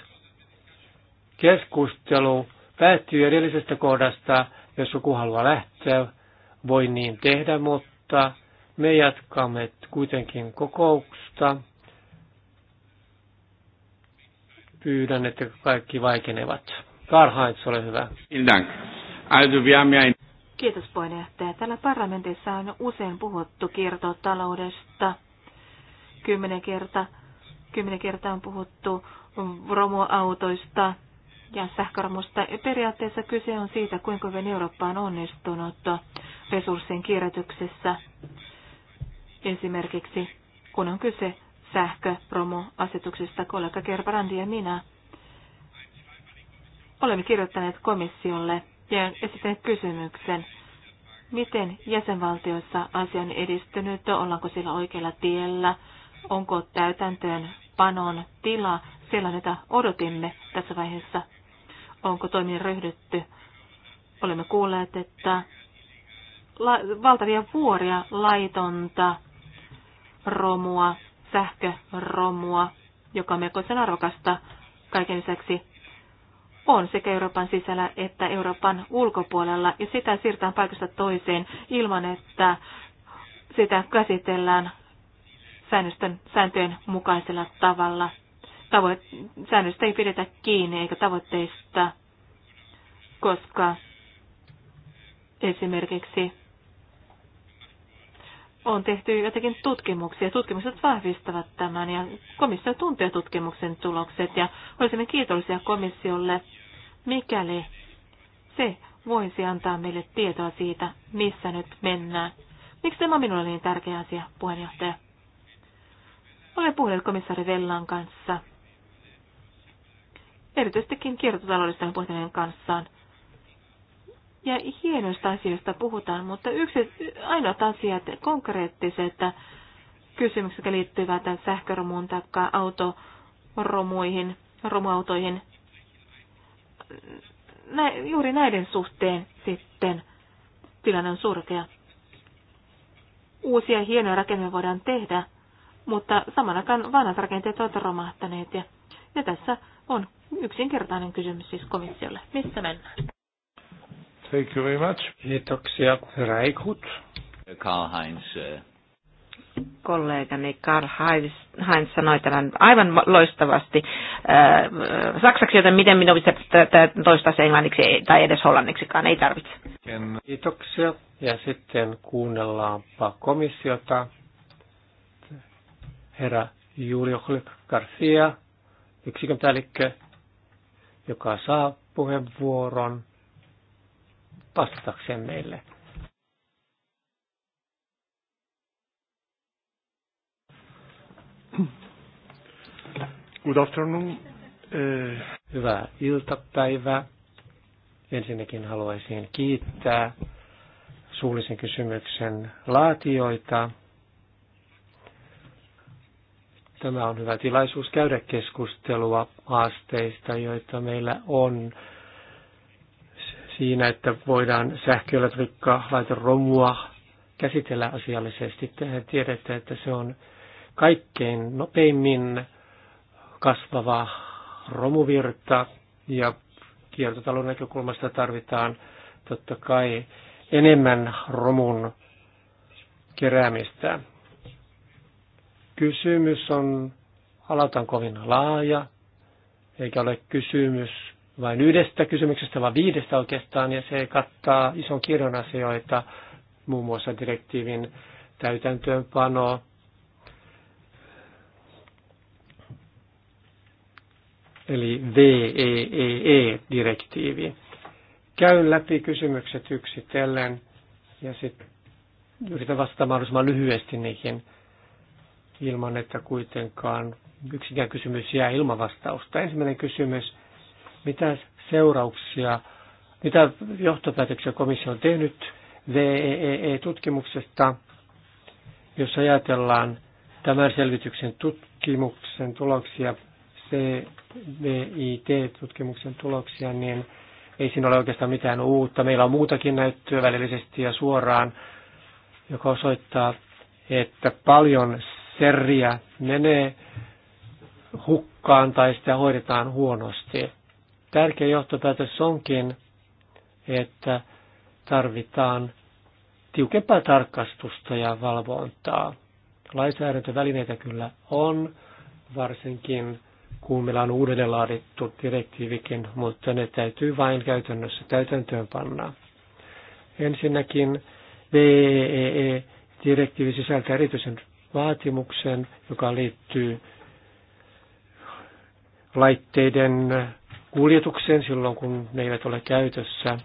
Speaker 1: keskustelu päättyy edellisestä kohdasta. Jos joku haluaa lähteä, voi niin tehdä, mutta me jatkamme kuitenkin kokousta. Pyydän, että kaikki vaikenevat. Karhais, ole hyvä.
Speaker 2: Kiitos puheenjohtaja. Täällä parlamentissa on usein puhuttu kiertotaloudesta. Kymmenen kertaa Kymmenen kertaa on puhuttu romuautoista ja sähköromusta. Periaatteessa kyse on siitä, kuinka hyvin Eurooppa on onnistunut resurssien kierrätyksessä. Esimerkiksi kun on kyse sähköromuasetuksista, kollega Gerbrandi ja minä olemme kirjoittaneet komissiolle ja esittäneet kysymyksen, miten jäsenvaltioissa asia on edistynyt, ollaanko sillä oikealla tiellä, onko täytäntöön panon tila sellainen, jota odotimme tässä vaiheessa. Onko toimiin ryhdytty? Olemme kuulleet, että valtavia vuoria laitonta romua, sähköromua, joka on melkoisen arvokasta kaiken lisäksi on sekä Euroopan sisällä että Euroopan ulkopuolella, ja sitä siirtää paikasta toiseen ilman, että sitä käsitellään säännösten, sääntöjen mukaisella tavalla. Tavo- säännöstä ei pidetä kiinni eikä tavoitteista, koska esimerkiksi on tehty jotakin tutkimuksia. Tutkimukset vahvistavat tämän ja komissio tuntee tutkimuksen tulokset ja olisimme kiitollisia komissiolle, mikäli se voisi antaa meille tietoa siitä, missä nyt mennään. Miksi tämä on minulle niin tärkeä asia, puheenjohtaja? Olen puhunut komissaari Vellan kanssa, erityisestikin kiertotaloudesta on puhunut kanssaan. Ja hienoista asioista puhutaan, mutta yksi ainoat asiat, konkreettiset kysymykset, jotka liittyvät sähköromuun tai autoromuihin, romuautoihin, nä, juuri näiden suhteen sitten tilanne on surkea. Uusia hienoja rakennelmia voidaan tehdä, mutta samanakaan vanhat rakenteet ovat romahtaneet. Ja, ja tässä on yksinkertainen kysymys siis komissiolle. Missä mennään?
Speaker 1: Thank you very much. Kiitoksia. Räikut. Karl-Heinz. Eh.
Speaker 2: Kollegani Karl-Heinz sanoi tämän aivan loistavasti äh, saksaksi, joten miten minun pitäisi toistaa se englanniksi tai edes hollanniksikaan, ei tarvitse.
Speaker 1: Kiitoksia. Ja sitten kuunnellaanpa komissiota herra Julio Garcia, yksikön päällikkö, joka saa puheenvuoron vastatakseen meille. Good afternoon. Eh. Hyvää iltapäivää. Ensinnäkin haluaisin kiittää suullisen kysymyksen laatioita Tämä on hyvä tilaisuus käydä keskustelua haasteista, joita meillä on siinä, että voidaan sähköelektriikka laita romua käsitellä asiallisesti. Tehän tiedätte, että se on kaikkein nopeimmin kasvava romuvirta ja kiertotalouden näkökulmasta tarvitaan totta kai enemmän romun keräämistä. Kysymys on alatan kovin laaja, eikä ole kysymys vain yhdestä kysymyksestä, vaan viidestä oikeastaan, ja se kattaa ison kirjon asioita, muun muassa direktiivin täytäntöönpano, eli VEEE-direktiivi. Käyn läpi kysymykset yksitellen ja sitten yritän vastata mahdollisimman lyhyesti niihin ilman, että kuitenkaan yksikään kysymys jää ilman vastausta. Ensimmäinen kysymys, mitä seurauksia, mitä johtopäätöksiä komissio on tehnyt VEE-tutkimuksesta, e jos ajatellaan tämän selvityksen tutkimuksen tuloksia, CVIT-tutkimuksen tuloksia, niin ei siinä ole oikeastaan mitään uutta. Meillä on muutakin näyttöä välillisesti ja suoraan, joka osoittaa, että paljon terriä menee hukkaan tai sitä hoidetaan huonosti. Tärkeä johtopäätös onkin, että tarvitaan tiukempaa tarkastusta ja valvontaa. Lainsäädäntövälineitä kyllä on, varsinkin kun meillä on uudelleen laadittu direktiivikin, mutta ne täytyy vain käytännössä täytäntöön panna. Ensinnäkin VEE-direktiivi e sisältää erityisen vaatimuksen, joka liittyy laitteiden kuljetukseen silloin, kun ne eivät ole käytössä.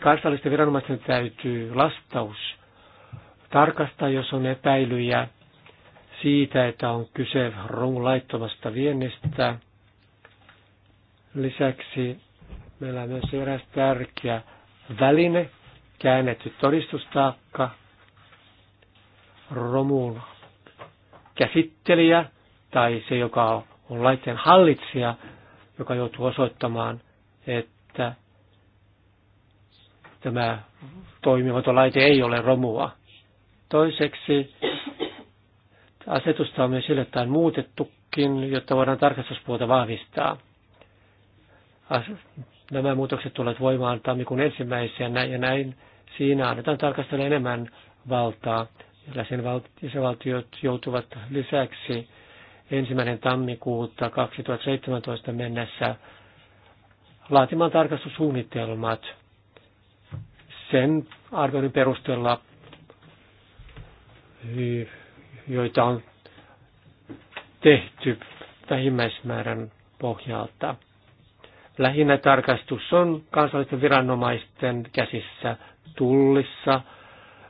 Speaker 1: Kansallisten viranomaisten täytyy lastaus tarkastaa, jos on epäilyjä siitä, että on kyse rungun laittomasta viennistä. Lisäksi meillä on myös eräs tärkeä väline käännetty todistustaakka, romuun käsittelijä tai se, joka on laitteen hallitsija, joka joutuu osoittamaan, että tämä toimimaton laite ei ole romua. Toiseksi asetusta on myös hiljattain muutettukin, jotta voidaan tarkastuspuolta vahvistaa. Nämä muutokset tulevat voimaan tammikuun ensimmäisenä ja näin Siinä annetaan tarkastella enemmän valtaa. Jäsenvaltiot joutuvat lisäksi ensimmäinen tammikuuta 2017 mennessä laatimaan tarkastussuunnitelmat sen arvioinnin perusteella, joita on tehty vähimmäismäärän pohjalta. Lähinnä tarkastus on kansallisten viranomaisten käsissä tullissa,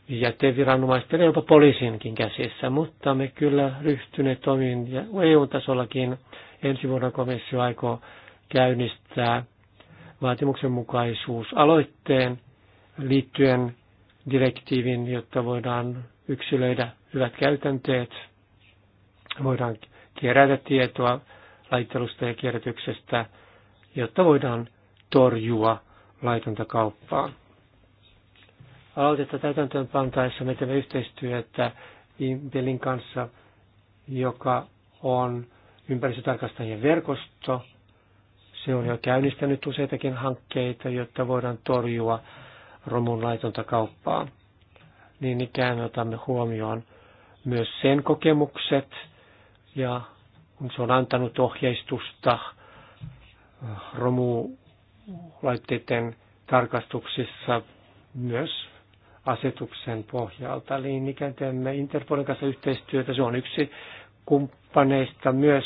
Speaker 1: jäteviranomaisten ja jopa poliisinkin käsissä, mutta me kyllä ryhtyneet toimiin ja EU-tasollakin ensi vuonna komissio aikoo käynnistää vaatimuksenmukaisuusaloitteen liittyen direktiivin, jotta voidaan yksilöidä hyvät käytänteet, voidaan kerätä tietoa laittelusta ja kierrätyksestä, jotta voidaan torjua laitonta kauppaa aloitetta täytäntöön pantaessa me teemme yhteistyötä Impelin kanssa, joka on ympäristötarkastajien verkosto. Se on jo käynnistänyt useitakin hankkeita, jotta voidaan torjua romun laitonta kauppaa. Niin ikään otamme huomioon myös sen kokemukset ja kun se on antanut ohjeistusta eh, romulaitteiden tarkastuksissa myös asetuksen pohjalta. Eli niin ikään teemme Interpolin kanssa yhteistyötä. Se on yksi kumppaneista myös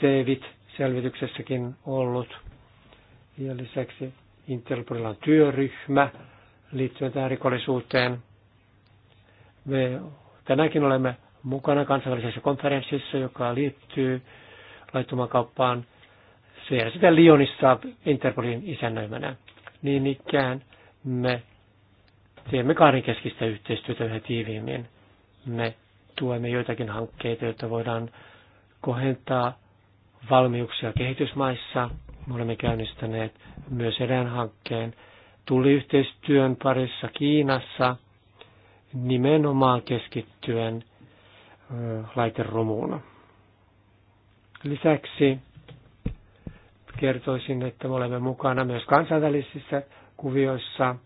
Speaker 1: SEVIT-selvityksessäkin ollut. Ja lisäksi Interpolilla on työryhmä liittyen tähän rikollisuuteen. Me tänäänkin olemme mukana kansainvälisessä konferenssissa, joka liittyy laittoman kauppaan. Se järjestetään Lionissa Interpolin isännöimänä. Niin ikään me teemme kahdenkeskistä yhteistyötä yhä tiiviimmin. Me tuemme joitakin hankkeita, joita voidaan kohentaa valmiuksia kehitysmaissa. Me olemme käynnistäneet myös erään hankkeen tuliyhteistyön parissa Kiinassa nimenomaan keskittyen laiterumuun. Lisäksi kertoisin, että me olemme mukana myös kansainvälisissä kuvioissa –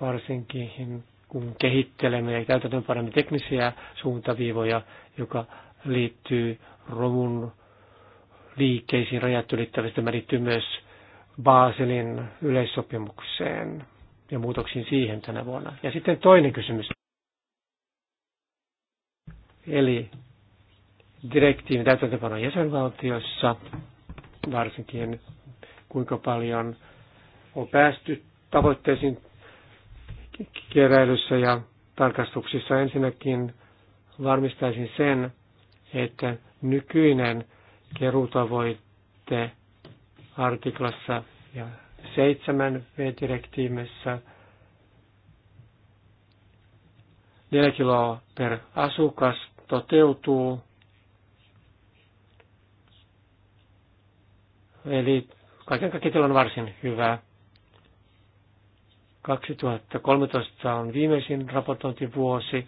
Speaker 1: varsinkin kun kehittelemme ja käytetään paremmin teknisiä suuntaviivoja, joka liittyy romun liikkeisiin rajat ylittävästi. Tämä liittyy myös Baselin yleissopimukseen ja muutoksiin siihen tänä vuonna. Ja sitten toinen kysymys. Eli direktiivin täytäntöpanon jäsenvaltioissa, varsinkin kuinka paljon on päästy tavoitteisiin keräilyssä ja tarkastuksissa. Ensinnäkin varmistaisin sen, että nykyinen keruutavoitte artiklassa ja seitsemän V-direktiivissä neljä kiloa per asukas toteutuu. Eli kaiken kaikkiaan on varsin hyvä 2013 on viimeisin raportointivuosi,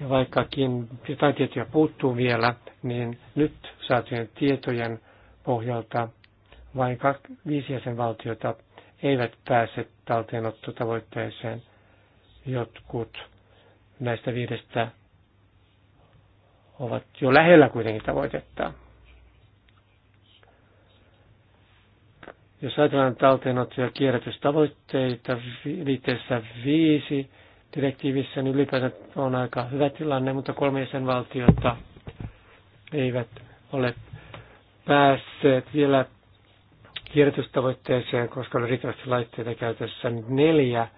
Speaker 1: ja vaikkakin jotain tietoja puuttuu vielä, niin nyt saatujen tietojen pohjalta vain viisi jäsenvaltiota eivät pääse talteenottotavoitteeseen. Jotkut näistä viidestä ovat jo lähellä kuitenkin tavoitetta. Jos ajatellaan talteenotto- ja kierrätystavoitteita liitteessä viisi direktiivissä, niin ylipäätään on aika hyvä tilanne, mutta kolme jäsenvaltiota eivät ole päässeet vielä kierrätystavoitteeseen, koska oli riittävästi laitteita käytössä. Neljä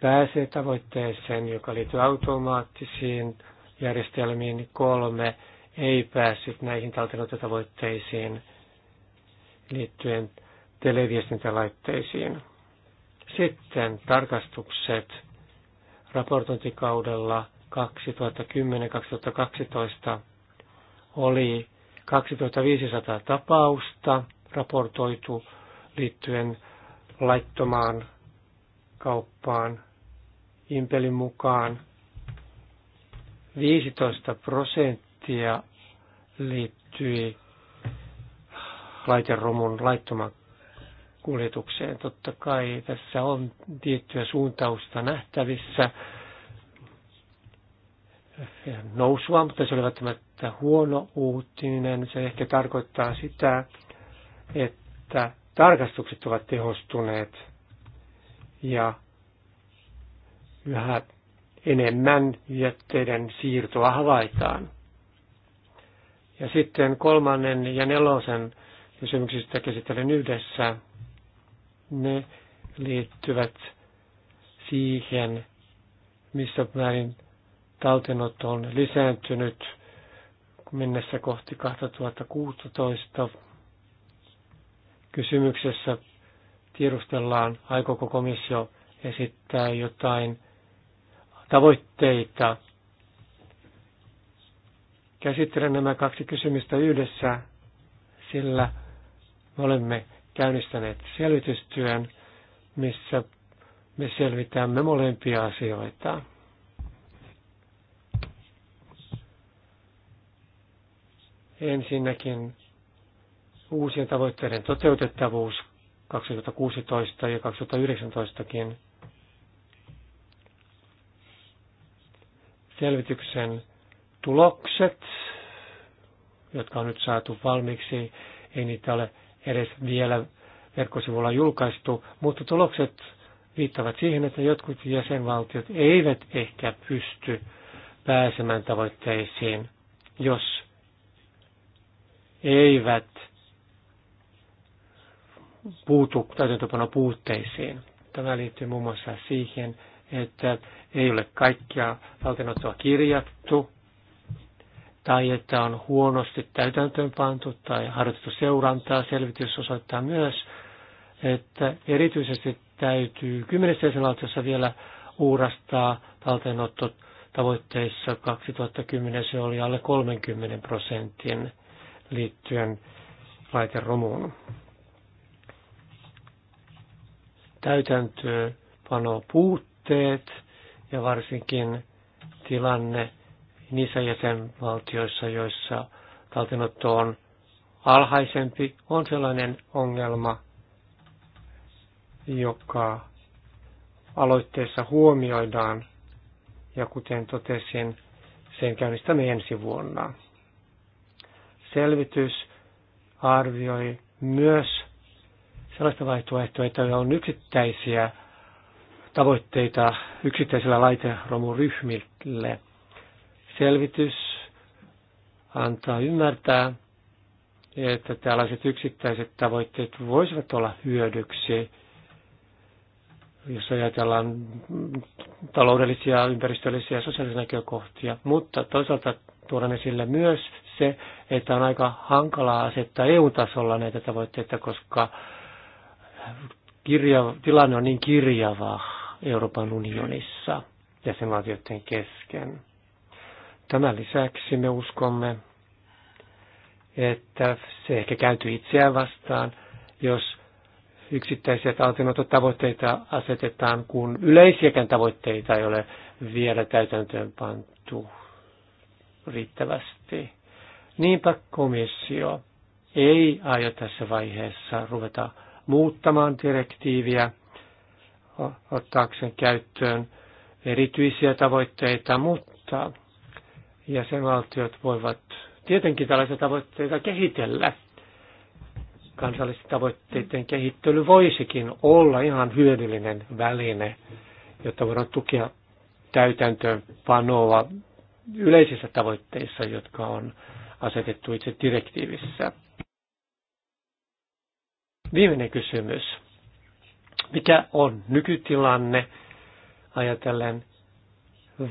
Speaker 1: pääsee tavoitteeseen, joka liittyy automaattisiin järjestelmiin. Kolme ei päässyt näihin talteenotto-tavoitteisiin liittyen televiestintälaitteisiin. Sitten tarkastukset raportointikaudella 2010-2012 oli 2500 tapausta raportoitu liittyen laittomaan kauppaan Impelin mukaan 15 prosenttia liittyi laiteromun laittomaan kuljetukseen. Totta kai tässä on tiettyä suuntausta nähtävissä nousua, mutta se oli välttämättä huono uutinen. Se ehkä tarkoittaa sitä, että tarkastukset ovat tehostuneet ja yhä enemmän jätteiden siirtoa havaitaan. Ja sitten kolmannen ja nelosen kysymyksistä käsittelen yhdessä ne liittyvät siihen, missä määrin talteenotto on lisääntynyt mennessä kohti 2016. Kysymyksessä tiedustellaan, aikooko komissio esittää jotain tavoitteita. Käsittelen nämä kaksi kysymystä yhdessä, sillä me olemme käynnistäneet selvitystyön, missä me selvitämme molempia asioita. Ensinnäkin uusien tavoitteiden toteutettavuus 2016 ja 2019kin selvityksen tulokset, jotka on nyt saatu valmiiksi, ei niitä ole edes vielä verkkosivulla julkaistu, mutta tulokset viittavat siihen, että jotkut jäsenvaltiot eivät ehkä pysty pääsemään tavoitteisiin, jos eivät puutu täytäntöpano puutteisiin. Tämä liittyy muun muassa siihen, että ei ole kaikkia valtionottoa kirjattu tai että on huonosti täytäntöönpantu tai harjoitettu seurantaa. Selvitys osoittaa myös, että erityisesti täytyy kymmenessä jäsenvaltiossa vielä uurastaa talteenotto tavoitteissa 2010 se oli alle 30 prosentin liittyen laiteromuun. Täytäntöönpano puutteet ja varsinkin tilanne niissä jäsenvaltioissa, joissa talteenotto on alhaisempi, on sellainen ongelma, joka aloitteessa huomioidaan, ja kuten totesin, sen käynnistämme ensi vuonna. Selvitys arvioi myös sellaista vaihtoehtoa, että on yksittäisiä tavoitteita yksittäisillä laiteromuryhmille – Selvitys antaa ymmärtää, että tällaiset yksittäiset tavoitteet voisivat olla hyödyksi, jos ajatellaan taloudellisia, ympäristöllisiä ja sosiaalisia näkökohtia. Mutta toisaalta tuodaan esille myös se, että on aika hankalaa asettaa EU-tasolla näitä tavoitteita, koska kirja, tilanne on niin kirjava Euroopan unionissa jäsenvaltioiden kesken. Tämän lisäksi me uskomme, että se ehkä kääntyy itseään vastaan, jos yksittäisiä tavoitteita asetetaan, kun yleisiäkään tavoitteita ei ole vielä täytäntöön pantu riittävästi. Niinpä komissio ei aio tässä vaiheessa ruveta muuttamaan direktiiviä, ottaakseen käyttöön erityisiä tavoitteita, mutta jäsenvaltiot voivat tietenkin tällaisia tavoitteita kehitellä. Kansallisten tavoitteiden kehittely voisikin olla ihan hyödyllinen väline, jotta voidaan tukea täytäntöönpanoa yleisissä tavoitteissa, jotka on asetettu itse direktiivissä. Viimeinen kysymys. Mikä on nykytilanne ajatellen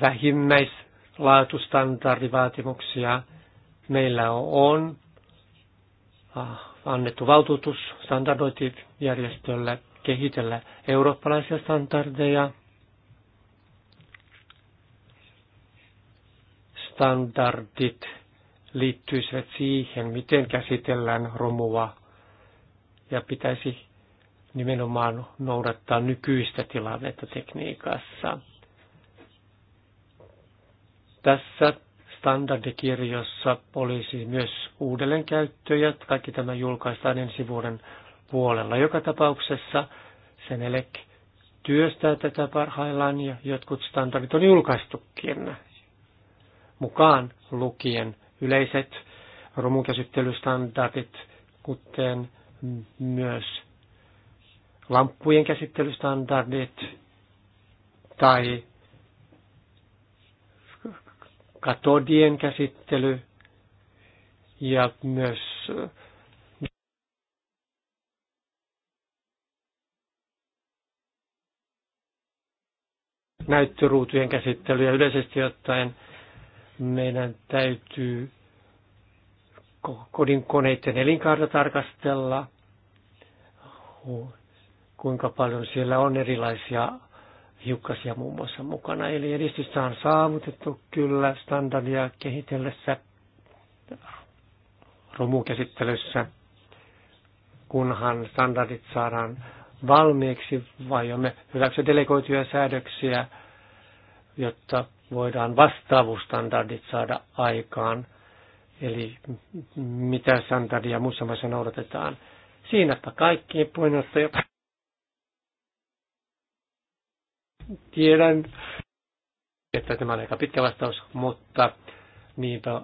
Speaker 1: vähimmäis laatustandardivaatimuksia. Meillä on ah, annettu valtuutus standardointijärjestölle kehitellä eurooppalaisia standardeja, standardit liittyisivät siihen, miten käsitellään romua ja pitäisi nimenomaan noudattaa nykyistä tilannetta tekniikassa. Tässä standardikirjossa olisi myös uudelleenkäyttöjä. Kaikki tämä julkaistaan ensi vuoden puolella. Joka tapauksessa Senelek työstää tätä parhaillaan ja jotkut standardit on julkaistukin mukaan lukien yleiset romukäsittelystandardit, kuten myös lamppujen käsittelystandardit tai katodien käsittely ja myös näyttöruutujen käsittely ja yleisesti ottaen meidän täytyy kodin koneiden elinkaarta tarkastella, kuinka paljon siellä on erilaisia hiukkasia muun muassa mukana. Eli edistystä on saavutettu kyllä standardia kehitellessä romukäsittelyssä, kunhan standardit saadaan valmiiksi, vai me hyväksy delegoituja säädöksiä, jotta voidaan vastaavuustandardit saada aikaan, eli mitä standardia muussa maissa noudatetaan. Siinäpä kaikki puheenjohtaja. Tiedän, että tämä on aika pitkä vastaus, mutta niinpä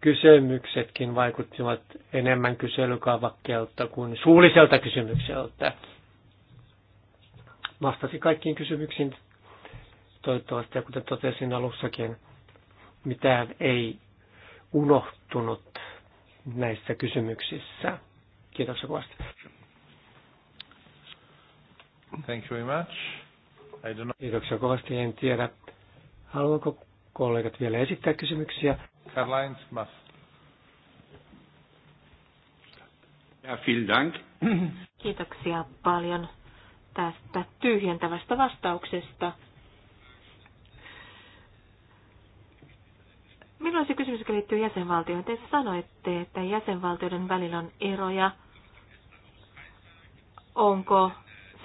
Speaker 1: kysymyksetkin vaikuttivat enemmän kyselykaavakkeelta kuin suulliselta kysymykseltä. Vastasin kaikkiin kysymyksiin toivottavasti, ja kuten totesin alussakin, mitään ei unohtunut näissä kysymyksissä. Kiitos kovasti. Thank you very much. Kiitoksia kovasti, en tiedä. Haluanko kollegat vielä esittää kysymyksiä? Karl-Heinz Ja, vielen Dank.
Speaker 2: Kiitoksia paljon tästä tyhjentävästä vastauksesta. Minulla se kysymys, joka liittyy jäsenvaltioon. Te sanoitte, että jäsenvaltioiden välillä on eroja. Onko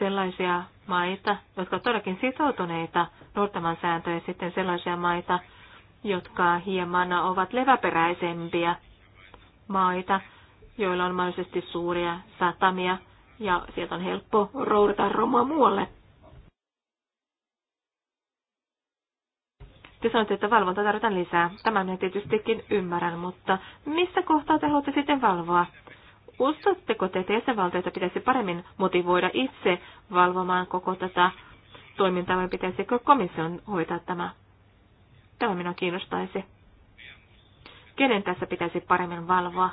Speaker 2: sellaisia maita, jotka ovat todellakin sitoutuneita noudattamaan sääntöjä, ja sitten sellaisia maita, jotka hieman ovat leväperäisempiä maita, joilla on mahdollisesti suuria satamia, ja sieltä on helppo roudata romua muualle. Te sanoitte, että valvonta tarvitaan lisää. Tämän minä tietystikin ymmärrän, mutta missä kohtaa te haluatte sitten valvoa? Uskotteko te, että jäsenvaltioita pitäisi paremmin motivoida itse valvomaan koko tätä toimintaa vai pitäisikö komission hoitaa tämä? Tämä minua kiinnostaisi. Kenen tässä pitäisi paremmin valvoa?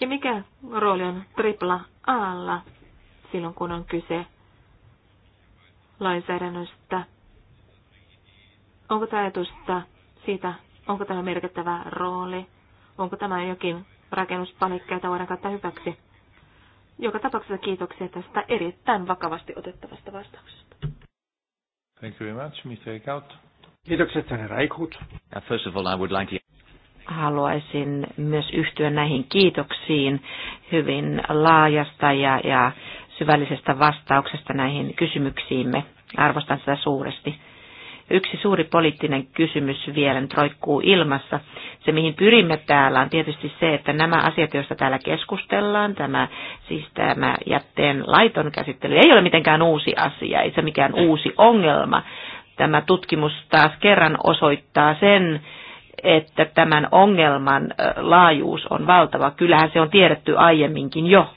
Speaker 2: Ja mikä rooli on tripla alla silloin, kun on kyse lainsäädännöstä? Onko tämä ajatusta siitä, onko tämä merkittävä rooli? Onko tämä jokin rakennuspanikka, jota voidaan käyttää hyväksi? Joka tapauksessa kiitoksia tästä erittäin vakavasti otettavasta vastauksesta.
Speaker 1: Thank you very much, Mr. Eichhout. Kiitokset, herra Eichhout. First of all, I would like to
Speaker 2: haluaisin myös yhtyä näihin kiitoksiin hyvin laajasta ja, ja syvällisestä vastauksesta näihin kysymyksiimme. Arvostan sitä suuresti. Yksi suuri poliittinen kysymys vielä nyt roikkuu ilmassa. Se, mihin pyrimme täällä, on tietysti se, että nämä asiat, joista täällä keskustellaan, tämä, siis tämä jätteen laiton käsittely, ei ole mitenkään uusi asia, ei se mikään uusi ongelma. Tämä tutkimus taas kerran osoittaa sen, että tämän ongelman laajuus on valtava. Kyllähän se on tiedetty aiemminkin jo.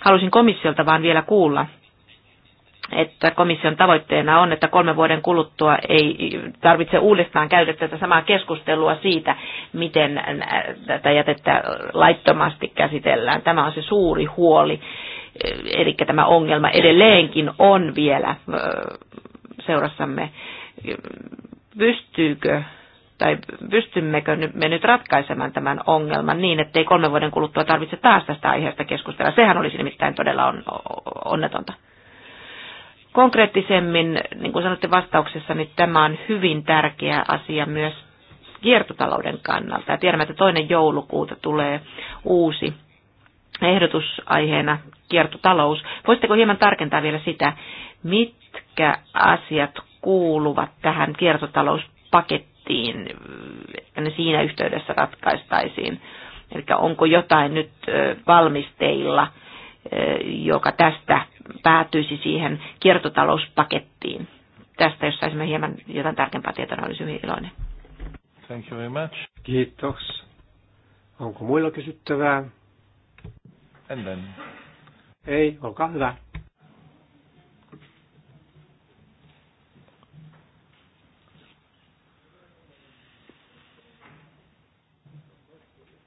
Speaker 2: Halusin komissiolta vaan vielä kuulla, että komission tavoitteena on, että kolmen vuoden kuluttua ei tarvitse uudestaan käydä tätä samaa keskustelua siitä, miten tätä jätettä laittomasti käsitellään. Tämä on se suuri huoli, eli tämä ongelma edelleenkin on vielä seurassamme. Pystyykö tai pystymmekö me nyt ratkaisemaan tämän ongelman niin, ei kolmen vuoden kuluttua tarvitse taas tästä aiheesta keskustella. Sehän olisi nimittäin todella on, onnetonta konkreettisemmin, niin kuin sanotte vastauksessa, niin tämä on hyvin tärkeä asia myös kiertotalouden kannalta. Ja tiedämme, että toinen joulukuuta tulee uusi ehdotusaiheena kiertotalous. Voisitteko hieman tarkentaa vielä sitä, mitkä asiat kuuluvat tähän kiertotalouspakettiin, että ne siinä yhteydessä ratkaistaisiin? Eli onko jotain nyt valmisteilla, joka tästä päätyisi siihen kiertotalouspakettiin. Tästä, jos saisimme hieman jotain tarkempaa
Speaker 1: tietoa, niin olisi hyvin iloinen. Thank you very much. Kiitos. Onko muilla kysyttävää? And then. Ei, olkaa hyvä.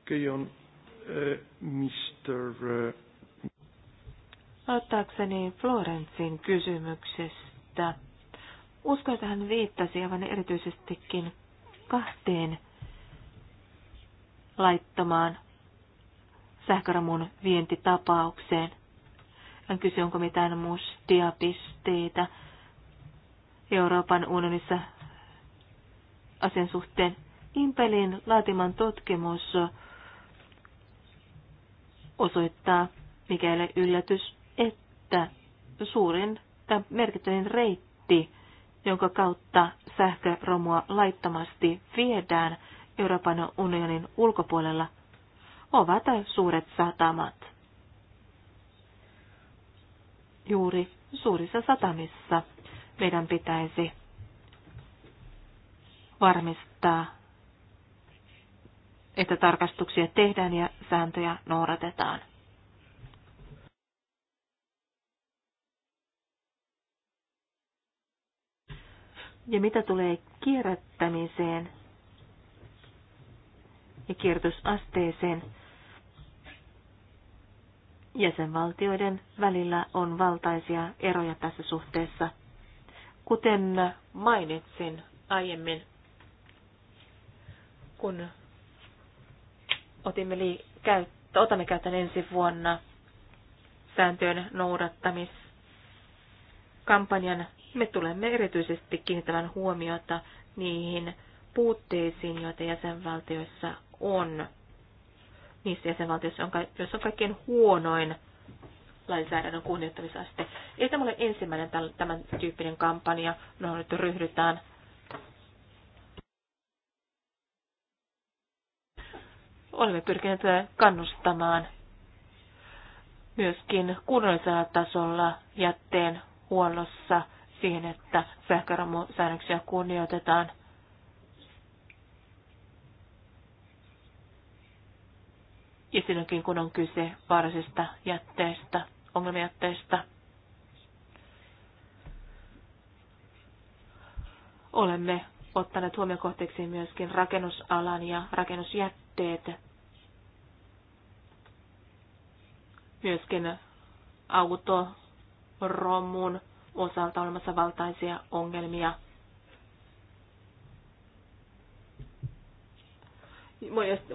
Speaker 1: Okay, on uh, eh, Mr. Uh, eh,
Speaker 2: aloittaakseni Florensin kysymyksestä. Uskon, että hän viittasi aivan erityisestikin kahteen laittomaan sähköramun vientitapaukseen. Hän kysyi, onko mitään mustia pisteitä Euroopan unionissa asian suhteen. Impelin laatiman tutkimus osoittaa, mikä ei ole yllätys, että suurin tai merkittävin reitti, jonka kautta sähköromua laittomasti viedään Euroopan unionin ulkopuolella, ovat suuret satamat. Juuri suurissa satamissa meidän pitäisi varmistaa, että tarkastuksia tehdään ja sääntöjä noudatetaan. Ja mitä tulee kierrättämiseen ja kierrätysasteeseen, jäsenvaltioiden välillä on valtaisia eroja tässä suhteessa. Kuten mainitsin aiemmin, kun otimme li- otamme käyttöön ensi vuonna sääntöjen noudattamis kampanjan me tulemme erityisesti kiinnittämään huomiota niihin puutteisiin, joita jäsenvaltioissa on. Niissä jäsenvaltioissa, on, joissa on kaikkein huonoin lainsäädännön kunnioittamisaste. Ei tämä ole ensimmäinen tämän tyyppinen kampanja, no nyt ryhdytään. Olemme pyrkineet kannustamaan myöskin kunnallisella tasolla jätteen huollossa siihen, että sähköromusäännöksiä kunnioitetaan. Ja silloinkin, kun on kyse varsista jätteistä, ongelmajätteistä, olemme ottaneet huomioon kohteeksi myöskin rakennusalan ja rakennusjätteet, myöskin auto, romun osalta olemassa valtaisia ongelmia.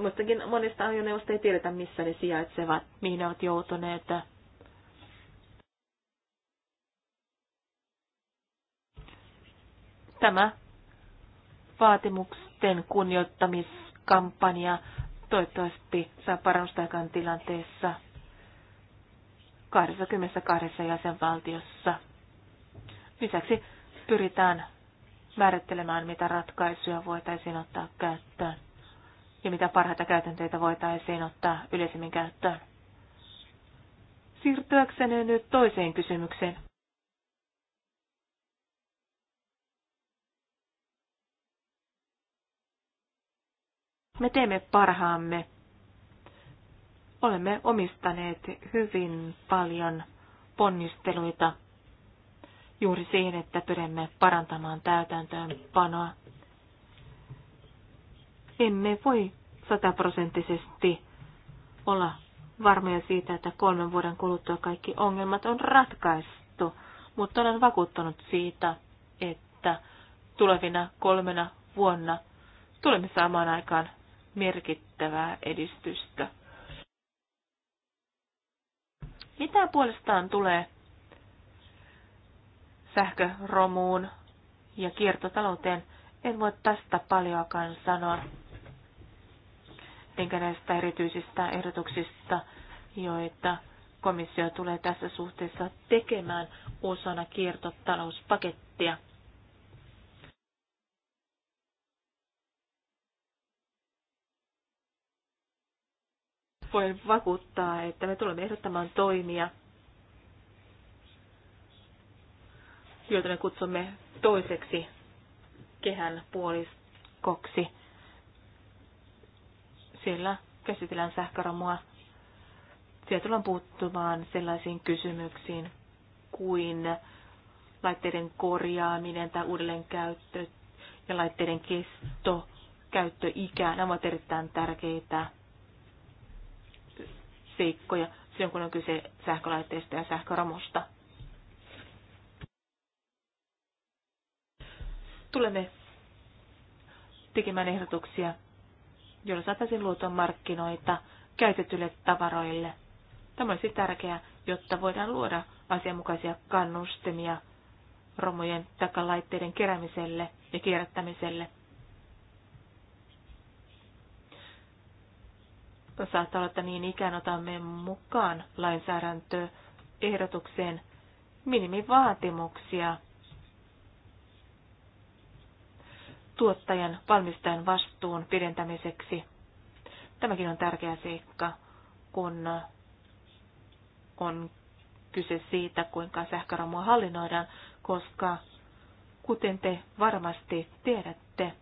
Speaker 2: Muistakin monista ajoneuvosta ei tiedetä, missä ne sijaitsevat, mihin ne ovat joutuneet. Tämä vaatimusten kunnioittamiskampanja toivottavasti saa parannusta tilanteessa. 22 jäsenvaltiossa. Lisäksi pyritään määrittelemään, mitä ratkaisuja voitaisiin ottaa käyttöön ja mitä parhaita käytänteitä voitaisiin ottaa yleisemmin käyttöön. Siirtyäkseni nyt toiseen kysymykseen. Me teemme parhaamme olemme omistaneet hyvin paljon ponnisteluita juuri siihen, että pyrimme parantamaan täytäntöönpanoa. Emme voi sataprosenttisesti olla varmoja siitä, että kolmen vuoden kuluttua kaikki ongelmat on ratkaistu, mutta olen vakuuttunut siitä, että tulevina kolmena vuonna tulemme saamaan aikaan merkittävää edistystä. Mitä puolestaan tulee sähköromuun ja kiertotalouteen? En voi tästä paljoakaan sanoa, enkä näistä erityisistä ehdotuksista, joita komissio tulee tässä suhteessa tekemään osana kiertotalouspakettia. voin vakuuttaa, että me tulemme ehdottamaan toimia, joita me kutsumme toiseksi kehän puoliskoksi. Siellä käsitellään sähköromua. Siellä tullaan puuttumaan sellaisiin kysymyksiin kuin laitteiden korjaaminen tai uudelleenkäyttö ja laitteiden kesto, käyttöikä. Nämä ovat erittäin tärkeitä seikkoja silloin, kun on kyse sähkölaitteista ja sähköramosta. Tulemme tekemään ehdotuksia, joilla saataisiin luotua markkinoita käytetylle tavaroille. Tämä olisi tärkeää, jotta voidaan luoda asianmukaisia kannustimia romujen takalaitteiden keräämiselle ja kierrättämiselle. saattaa olla, että niin ikään otamme mukaan lainsäädäntöehdotukseen minimivaatimuksia tuottajan valmistajan vastuun pidentämiseksi. Tämäkin on tärkeä seikka, kun on kyse siitä, kuinka sähköromua hallinnoidaan, koska kuten te varmasti tiedätte,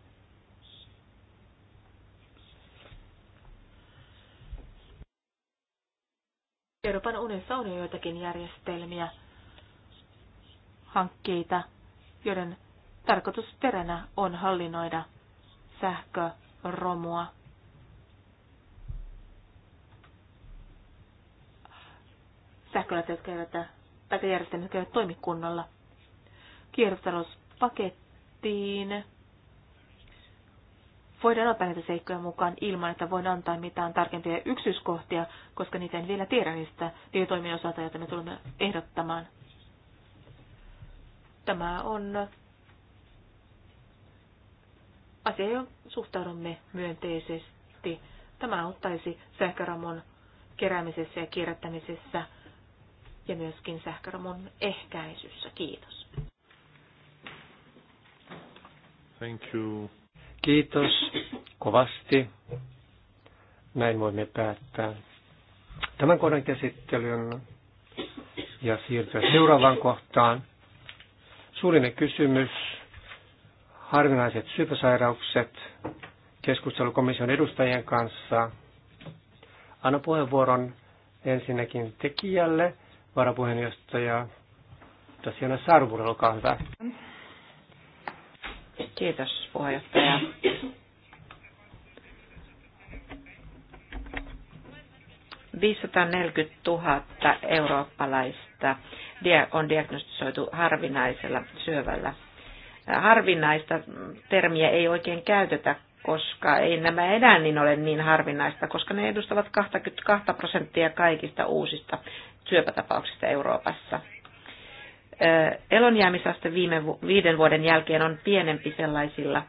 Speaker 2: Euroopan unessa on jo joitakin järjestelmiä, hankkeita, joiden tarkoitusperänä on hallinnoida sähköromua. Sähkölaitteet käyvät, tai järjestelmät käyvät toimikunnolla. pakettiin voidaan ottaa näitä seikkoja mukaan ilman, että voin antaa mitään tarkempia yksityiskohtia, koska niitä en vielä tiedä niistä tietoimien osalta, joita me tulemme ehdottamaan. Tämä on asia, johon suhtaudumme myönteisesti. Tämä auttaisi sähköramon keräämisessä ja kierrättämisessä ja myöskin sähköramon ehkäisyssä. Kiitos.
Speaker 1: Thank you. Kiitos kovasti. Näin voimme päättää tämän kohdan käsittelyn ja siirtyä seuraavaan kohtaan. Suurinen kysymys. Harvinaiset syöpäsairaukset. Keskustelu komission edustajien kanssa. Anna puheenvuoron ensinnäkin tekijälle, varapuheenjohtaja Tasiana Sarvur, olkaa hyvä. Kiitos puheenjohtaja.
Speaker 2: tuhatta eurooppalaista on diagnostisoitu harvinaisella syövällä. Harvinaista termiä ei oikein käytetä, koska ei nämä enää niin ole niin harvinaista, koska ne edustavat 22 prosenttia kaikista uusista syöpätapauksista Euroopassa elonjäämisaste viime viiden vuoden jälkeen on pienempi sellaisilla,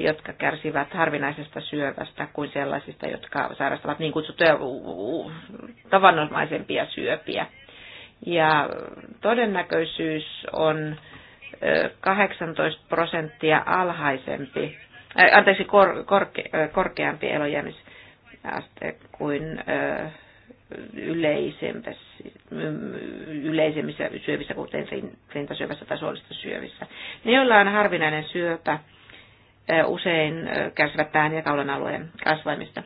Speaker 2: jotka kärsivät harvinaisesta syövästä kuin sellaisista, jotka sairastavat niin kutsuttuja tavanomaisempia syöpiä. Ja todennäköisyys on 18 prosenttia alhaisempi, äh, anteeksi, kor, korke, korkeampi elonjäämisaste kuin äh, Mm, yleisemmissä, syövissä, kuten rintasyövässä tai suolista syövissä. Ne, joilla on harvinainen syöpä, usein kärsivät pään ja kaulan alueen kasvaimista.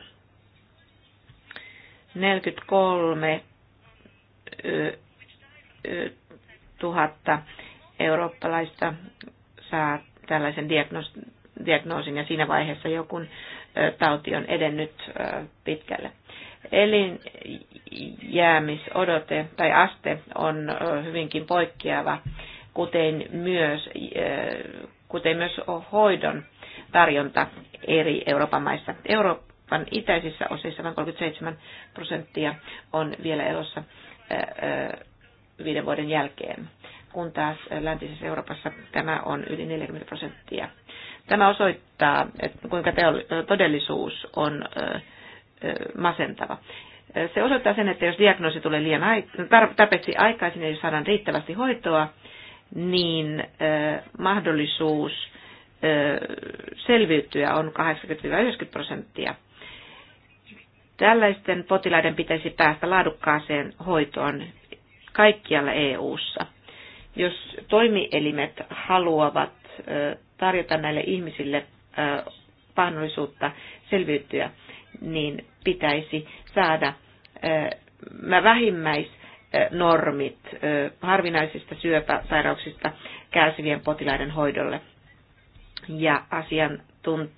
Speaker 2: 43 tuhatta eurooppalaista saa tällaisen diagnoosin ja siinä vaiheessa joku tauti on edennyt pitkälle elinjäämisodote tai aste on hyvinkin poikkeava, kuten myös, kuten myös hoidon tarjonta eri Euroopan maissa. Euroopan itäisissä osissa vain 37 prosenttia on vielä elossa viiden vuoden jälkeen, kun taas läntisessä Euroopassa tämä on yli 40 prosenttia. Tämä osoittaa, että kuinka todellisuus on masentava. Se osoittaa sen, että jos diagnoosi tulee liian tarpeeksi aikaisin ja jos saadaan riittävästi hoitoa, niin mahdollisuus selviytyä on 80-90 prosenttia. Tällaisten potilaiden pitäisi päästä laadukkaaseen hoitoon kaikkialla EU:ssa. Jos toimielimet haluavat tarjota näille ihmisille mahdollisuutta selviytyä, niin pitäisi saada vähimmäisnormit harvinaisista syöpäsairauksista kärsivien potilaiden hoidolle ja asiantunt-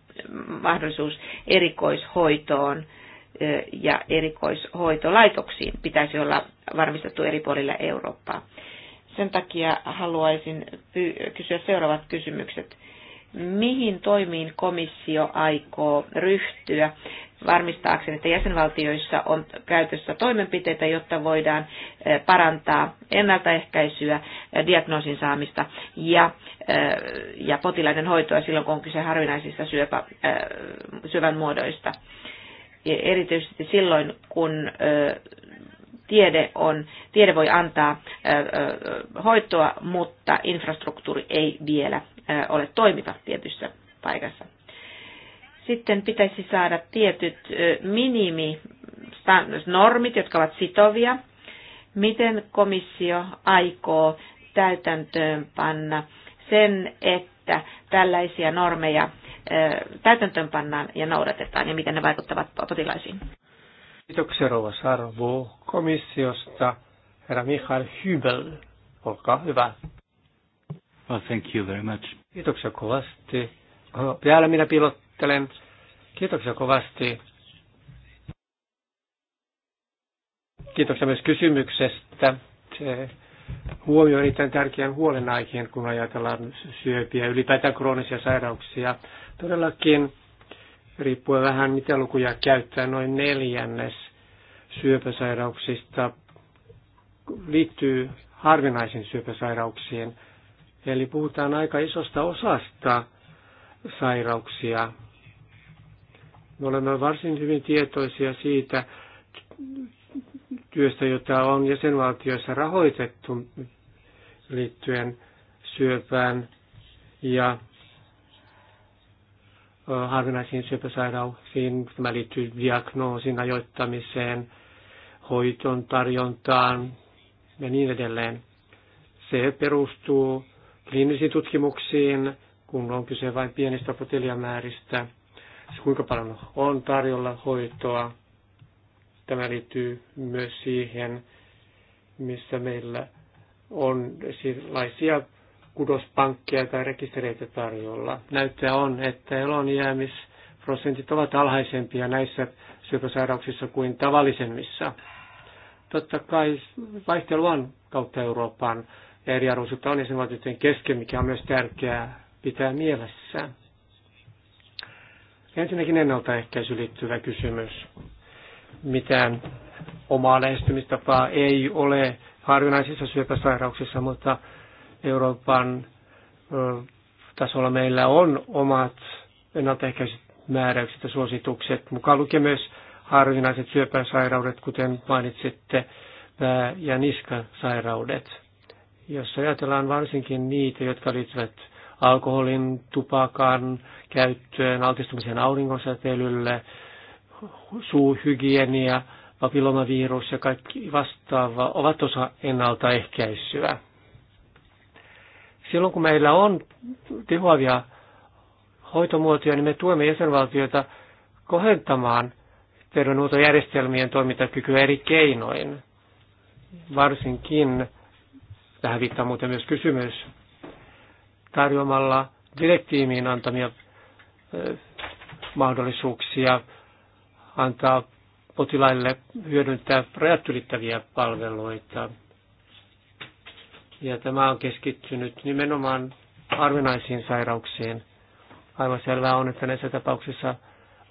Speaker 2: mahdollisuus erikoishoitoon ja erikoishoitolaitoksiin pitäisi olla varmistettu eri puolille Eurooppaa. Sen takia haluaisin kysyä seuraavat kysymykset mihin toimiin komissio aikoo ryhtyä varmistaakseen, että jäsenvaltioissa on käytössä toimenpiteitä, jotta voidaan eh, parantaa ennaltaehkäisyä, eh, diagnoosin saamista ja, eh, ja potilaiden hoitoa silloin, kun on kyse harvinaisista syöpä, syövän muodoista. Erityisesti silloin, kun tiede, on, tiede voi antaa hoitoa, mutta infrastruktuuri ei vielä ole toimiva tietyssä paikassa. Sitten pitäisi saada tietyt normit, jotka ovat sitovia. Miten komissio aikoo täytäntöönpanna sen, että tällaisia normeja pannaan ja noudatetaan ja miten ne vaikuttavat potilaisiin?
Speaker 1: Kiitoksia Rova Sarvo komissiosta. Herra Michael Hybel, olkaa hyvä. Well, thank you very much. Kiitoksia kovasti. Oh, vielä minä pilottelen. Kiitoksia kovasti. Kiitoksia myös kysymyksestä. Se huomio on erittäin tärkeän huolenaiheen, kun ajatellaan syöpiä, ylipäätään kroonisia sairauksia. Todellakin riippuen vähän mitä lukuja käyttää, noin neljännes syöpäsairauksista liittyy harvinaisiin syöpäsairauksiin – Eli puhutaan aika isosta osasta sairauksia. Me olemme varsin hyvin tietoisia siitä työstä, jota on jäsenvaltioissa rahoitettu liittyen syöpään ja harvinaisiin syöpäsairauksiin. Tämä liittyy diagnoosin ajoittamiseen, hoiton tarjontaan ja niin edelleen. Se perustuu kliinisiin tutkimuksiin, kun on kyse vain pienistä potilamääristä, kuinka paljon on tarjolla hoitoa. Tämä liittyy myös siihen, missä meillä on erilaisia kudospankkeja tai rekistereitä tarjolla. Näyttää on, että elonjäämisprosentit ovat alhaisempia näissä syöpäsairauksissa kuin tavallisemmissa. Totta kai vaihtelu on kautta Euroopan ja eriarvoisuutta on jäsenvaltioiden kesken, mikä on myös tärkeää pitää mielessä. Ensinnäkin ennaltaehkäisy liittyvä kysymys. Mitään omaa lähestymistapaa ei ole harvinaisissa syöpäsairauksissa, mutta Euroopan tasolla meillä on omat ennaltaehkäiset määräykset ja suositukset, mukaan lukee myös harvinaiset syöpäsairaudet, kuten mainitsitte, pää- ja niskasairaudet. Jos ajatellaan varsinkin niitä, jotka liittyvät alkoholin, tupakan käyttöön, altistumiseen auringonsäteilylle, suuhygienia, papillomavirus ja kaikki vastaava ovat osa ennaltaehkäisyä. Silloin kun meillä on tehoavia hoitomuotoja, niin me tuemme jäsenvaltioita kohentamaan terveydenhuoltojärjestelmien toimintakykyä eri keinoin, varsinkin Tähän viittaa muuten myös kysymys. tarjoamalla direktiimiin antamia mahdollisuuksia antaa potilaille hyödyntää rajat ylittäviä palveluita. Ja tämä on keskittynyt nimenomaan harvinaisiin sairauksiin. Aivan selvää on, että näissä tapauksissa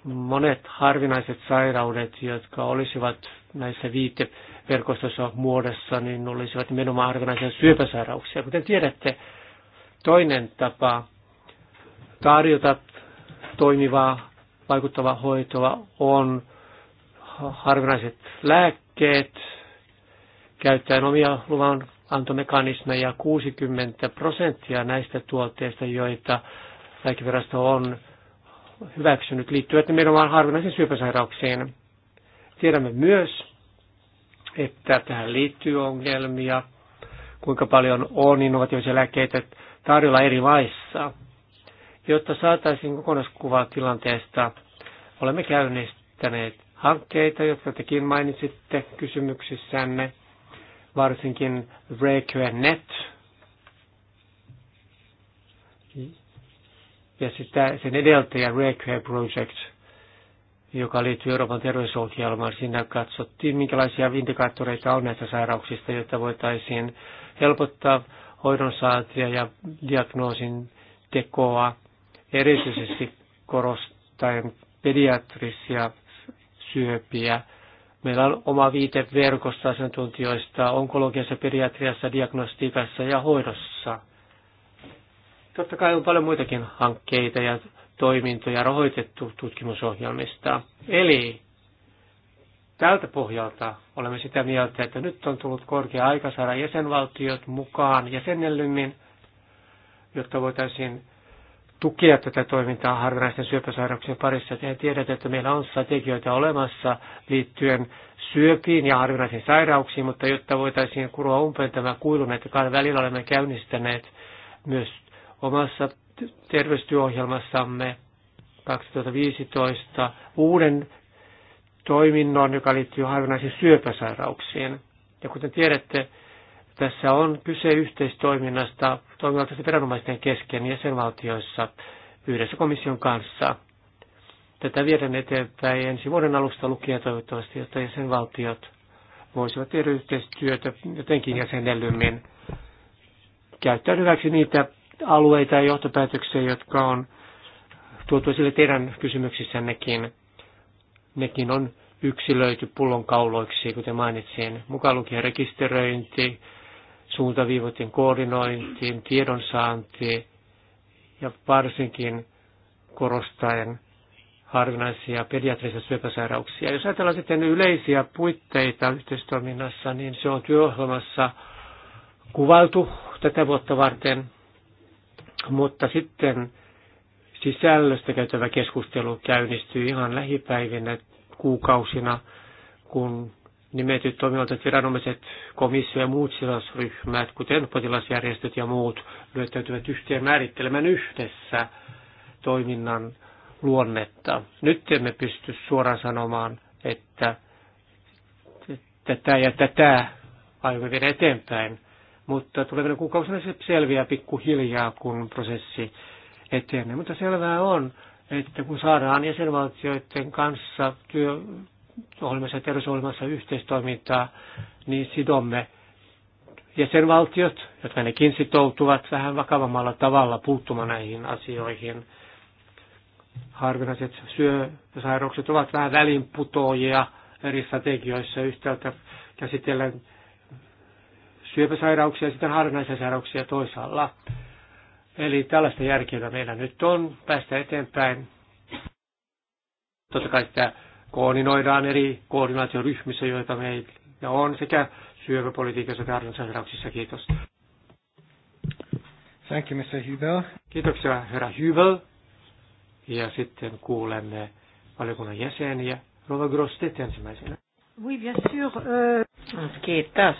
Speaker 1: monet harvinaiset sairaudet, jotka olisivat näissä viite verkostossa muodossa, niin olisivat nimenomaan harvinaisia syöpäsairauksia. Kuten tiedätte, toinen tapa tarjota toimivaa, vaikuttavaa hoitoa on harvinaiset lääkkeet, käyttäen omia luvan antomekanismeja 60 prosenttia näistä tuotteista, joita lääkevirasto on hyväksynyt, liittyvät nimenomaan harvinaisiin syöpäsairauksiin. Tiedämme myös, että tähän liittyy ongelmia, kuinka paljon on innovatiivisia lääkkeitä tarjolla eri maissa. Jotta saataisiin kokonaiskuvaa tilanteesta, olemme käynnistäneet hankkeita, jotka tekin mainitsitte kysymyksissänne, varsinkin Requenet, ja sitä, sen edeltäjä Requer Project – joka liittyy Euroopan terveysohjelmaan. Siinä katsottiin, minkälaisia indikaattoreita on näistä sairauksista, jotta voitaisiin helpottaa hoidon saatia ja diagnoosin tekoa, erityisesti korostaen pediatrisia syöpiä. Meillä on oma viite verkosta asiantuntijoista onkologiassa, pediatriassa, diagnostiikassa ja hoidossa. Totta kai on paljon muitakin hankkeita ja toimintoja rahoitettu tutkimusohjelmista. Eli tältä pohjalta olemme sitä mieltä, että nyt on tullut korkea aika saada jäsenvaltiot mukaan jäsennellymmin, jotta voitaisiin tukea tätä toimintaa harvinaisten syöpäsairauksien parissa. Tehän tiedät, että meillä on strategioita olemassa liittyen syöpiin ja harvinaisiin sairauksiin, mutta jotta voitaisiin kuroa umpeen tämä kuilu että välillä, olemme käynnistäneet myös omassa terveystyöohjelmassamme 2015 uuden toiminnon, joka liittyy harvinaisiin syöpäsairauksiin. Ja kuten tiedätte, tässä on kyse yhteistoiminnasta toimivaltaisten viranomaisten kesken jäsenvaltioissa yhdessä komission kanssa. Tätä viedään eteenpäin ensi vuoden alusta lukien toivottavasti, jotta jäsenvaltiot voisivat tehdä yhteistyötä jotenkin jäsenellymmin käyttää hyväksi niitä alueita ja johtopäätöksiä, jotka on tuotu esille teidän kysymyksissännekin. Nekin on yksilöity pullonkauloiksi, kuten mainitsin, mukaan lukien rekisteröinti, suuntaviivojen koordinointi, tiedonsaanti ja varsinkin korostaen harvinaisia pediatrisia syöpäsairauksia. Jos ajatellaan sitten yleisiä puitteita yhteistoiminnassa, niin se on työohjelmassa kuvailtu tätä vuotta varten. Mutta sitten sisällöstä käytävä keskustelu käynnistyy ihan lähipäivinä, kuukausina, kun nimetyt toimivaltaiset viranomaiset, komissio ja muut sidosryhmät, kuten potilasjärjestöt ja muut, löytäytyvät yhteen määrittelemään yhdessä toiminnan luonnetta. Nyt emme pysty suoraan sanomaan, että tätä ja tätä aiomme viedä eteenpäin, mutta tulevina kuukausina se selviää pikkuhiljaa, kun prosessi etenee. Mutta selvää on, että kun saadaan jäsenvaltioiden kanssa työohjelmassa ja terveysohjelmassa yhteistoimintaa, niin sidomme jäsenvaltiot, jotka nekin sitoutuvat vähän vakavammalla tavalla puuttumaan näihin asioihin. Harvinaiset syösairaukset ovat vähän välinputoajia eri strategioissa. Yhtäältä käsitellään syöpäsairauksia ja sitten harvinaisia sairauksia toisaalla. Eli tällaista järkeä meillä nyt on päästä eteenpäin. Totta kai sitä koordinoidaan eri koordinaatioryhmissä, joita meillä on sekä syöpäpolitiikassa että sairauksissa Kiitos. Thank you, Mr. Hubel. Kiitoksia, herra Hyvel. Ja sitten kuulemme valiokunnan jäseniä. Rova Grostet ensimmäisenä.
Speaker 2: Oui, bien sûr. Euh... Kiitos.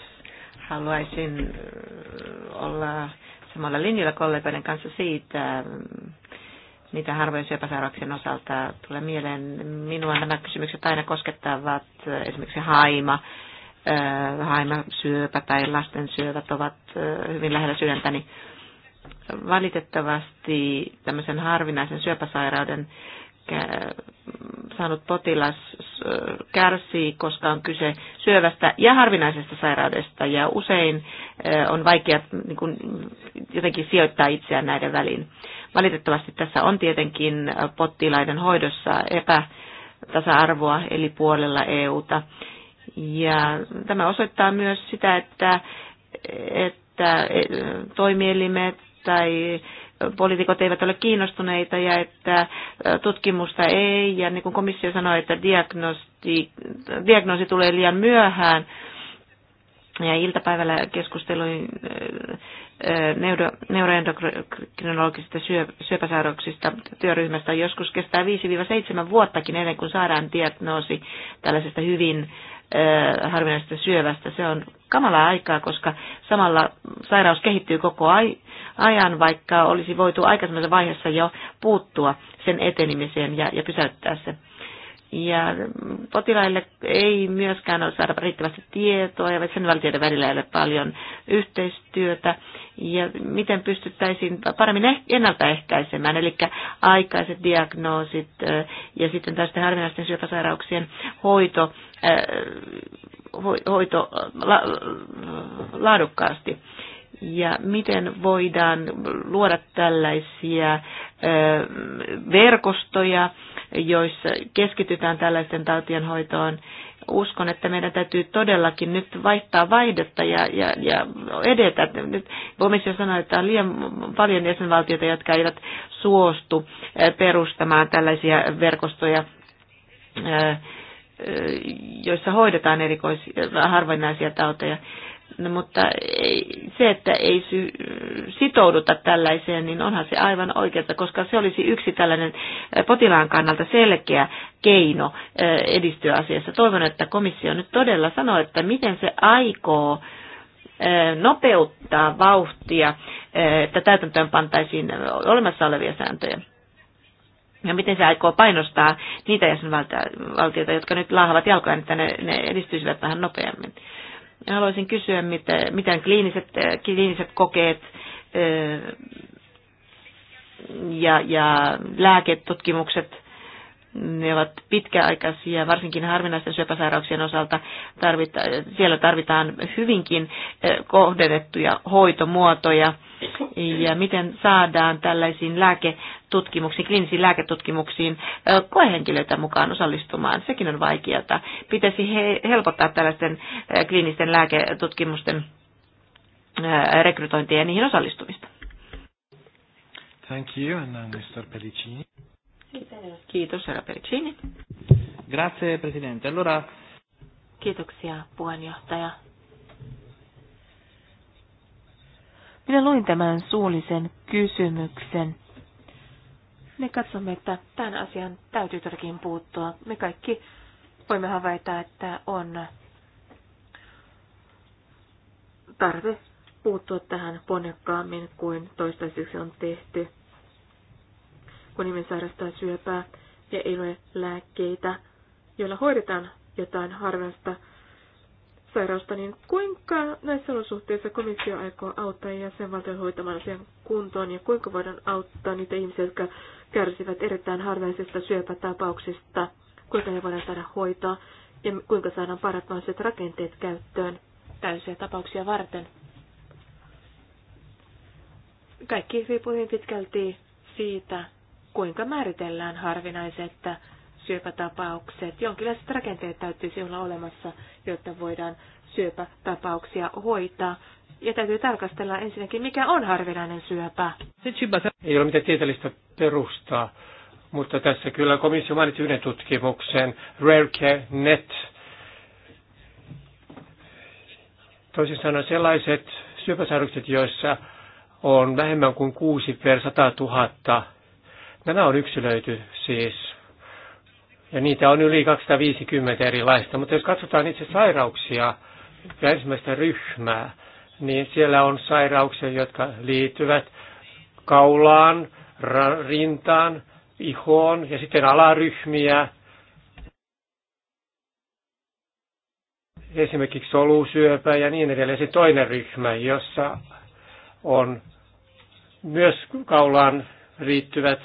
Speaker 2: Haluaisin äh, olla samalla linjalla kollegoiden kanssa siitä, ähm, mitä harvojen syöpäsairauksien osalta tulee mieleen. Minua nämä kysymykset aina koskettavat äh, esimerkiksi haima, äh, haima syöpä tai lasten syövät ovat hyvin lähellä sydäntäni. Valitettavasti tämmöisen harvinaisen syöpäsairauden Mm, saanut potilas kärsii, koska on kyse syövästä ja harvinaisesta sairaudesta ja usein on vaikea niin kuin, jotenkin sijoittaa itseään näiden väliin. Valitettavasti tässä on tietenkin potilaiden hoidossa epätasa-arvoa eli puolella EUta. Ja tämä osoittaa myös sitä, että, että e, toimielimet tai poliitikot eivät ole kiinnostuneita ja että tutkimusta ei. Ja niin kuin komissio sanoi, että diagnosti, diagnoosi tulee liian myöhään. Ja iltapäivällä keskusteluin neuro, neuroendokrinologisista syöpäsairauksista työryhmästä joskus kestää 5-7 vuottakin ennen kuin saadaan diagnoosi tällaisesta hyvin harvinaisesta syövästä. Se on kamalaa aikaa, koska samalla sairaus kehittyy koko ajan, vaikka olisi voitu aikaisemmassa vaiheessa jo puuttua sen etenemiseen ja, ja pysäyttää se. Ja potilaille ei myöskään ole saada riittävästi tietoa ja sen valtioiden välillä ei ole paljon yhteistyötä. Ja miten pystyttäisiin paremmin eh-, ennaltaehkäisemään, eli aikaiset diagnoosit ja sitten tästä harvinaisten syöpäsairauksien hoito, hoito laadukkaasti ja miten voidaan luoda tällaisia verkostoja joissa keskitytään tällaisten tautien hoitoon. Uskon, että meidän täytyy todellakin nyt vaihtaa vaihdetta ja, ja, ja edetä. Nyt komissio sanoi, että on liian paljon jäsenvaltioita, jotka eivät suostu eh, perustamaan tällaisia verkostoja eh, eh, joissa hoidetaan erikois, harvinaisia tauteja. No, mutta ei, se, että ei sy, sitouduta tällaiseen, niin onhan se aivan oikeata, koska se olisi yksi tällainen eh, potilaan kannalta selkeä keino eh, edistyä asiassa. Toivon, että komissio nyt todella sanoo, että miten se aikoo eh, nopeuttaa vauhtia, että täytäntöön pantaisiin olemassa olevia sääntöjä. Ja miten se aikoo painostaa niitä jäsenvaltioita, jotka nyt laahavat jalkoja, että ne, ne edistyisivät vähän nopeammin. Haluaisin kysyä, miten, miten kliiniset, äh, kliiniset kokeet äh, ja, ja lääketutkimukset ne ovat pitkäaikaisia, varsinkin harvinaisten syöpäsairauksien osalta. Tarvita, siellä tarvitaan hyvinkin äh, kohdennettuja hoitomuotoja. Ja miten saadaan tällaisiin lääke, tutkimuksiin, kliinisiin lääketutkimuksiin koehenkilöitä mukaan osallistumaan. Sekin on vaikeata. Pitäisi he, helpottaa tällaisten kliinisten lääketutkimusten rekrytointia ja niihin osallistumista.
Speaker 1: Thank you, and then Mr. Pellicini.
Speaker 2: Kiitos, herra Pellicini. Grazie, Presidente. Allora... Kiitoksia, puheenjohtaja. Minä luin tämän suullisen kysymyksen me katsomme, että tämän asian täytyy todellakin puuttua. Me kaikki voimme havaita, että on tarve puuttua tähän ponnekkaammin kuin toistaiseksi on tehty. Kun ihminen sairastaa syöpää ja ei ole lääkkeitä, joilla hoidetaan jotain harvasta sairausta, niin kuinka näissä olosuhteissa komissio aikoo auttaa ja valtion hoitamaan asian kuntoon ja kuinka voidaan auttaa niitä ihmisiä, jotka kärsivät erittäin harvaisista syöpätapauksista, kuinka ne voidaan saada hoitoa ja kuinka saadaan parat mahdolliset rakenteet käyttöön täysiä tapauksia varten. Kaikki riippuu hyvin pitkälti siitä, kuinka määritellään harvinaiset syöpätapaukset. Jonkinlaiset rakenteet täytyisi olla olemassa, jotta voidaan syöpätapauksia hoitaa. Ja täytyy tarkastella ensinnäkin, mikä on harvinainen syöpä.
Speaker 1: Ei ole mitään tieteellistä perustaa. Mutta tässä kyllä komissio mainitsi yhden tutkimuksen, Rarecare Net. Toisin sanoen sellaiset syöpäsairaukset, joissa on vähemmän kuin 6 per 100 000. Nämä on yksilöity siis. Ja niitä on yli 250 erilaista. Mutta jos katsotaan itse sairauksia ja ensimmäistä ryhmää, niin siellä on sairauksia, jotka liittyvät kaulaan, rintaan, ihoon ja sitten alaryhmiä. Esimerkiksi solusyöpä ja niin edelleen se toinen ryhmä, jossa on myös kaulaan riittyvät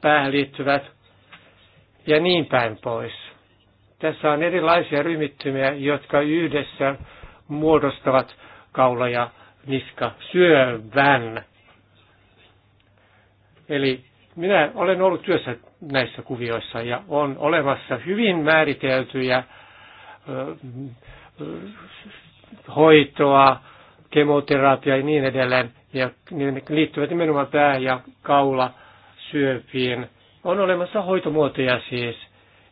Speaker 1: päähän liittyvät ja niin päin pois. Tässä on erilaisia ryhmittymiä, jotka yhdessä muodostavat kaula- ja niska syövän. Eli minä olen ollut työssä näissä kuvioissa ja on olemassa hyvin määriteltyjä hoitoa, kemoterapiaa ja niin edelleen. Ja ne liittyvät nimenomaan pää- ja kaula syöpiin. On olemassa hoitomuotoja siis.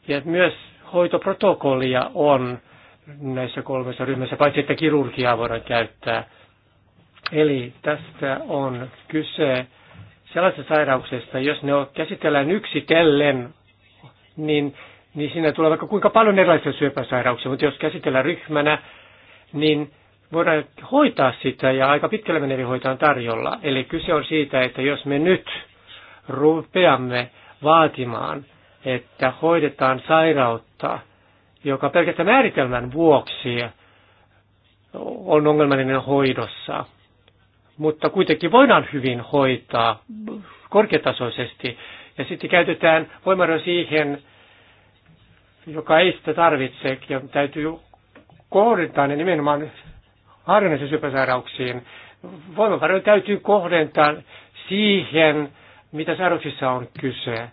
Speaker 1: Ja myös hoitoprotokollia on näissä kolmessa ryhmässä, paitsi että kirurgiaa voidaan käyttää. Eli tästä on kyse sellaisesta sairauksesta, jos ne käsitellään yksitellen, niin, niin siinä tulee vaikka kuinka paljon erilaisia syöpäsairauksia, mutta jos käsitellään ryhmänä, niin voidaan hoitaa sitä ja aika pitkälle menevi hoitaan tarjolla. Eli kyse on siitä, että jos me nyt rupeamme vaatimaan, että hoidetaan sairautta, joka pelkästään määritelmän vuoksi on ongelmallinen hoidossa, mutta kuitenkin voidaan hyvin hoitaa korkeatasoisesti. Ja sitten käytetään voimavaroja siihen, joka ei sitä tarvitse, ja täytyy kohdentaa ne nimenomaan harvinaisiin syöpäsairauksiin. Voimavaroja täytyy kohdentaa siihen, mitä sairauksissa on kyse.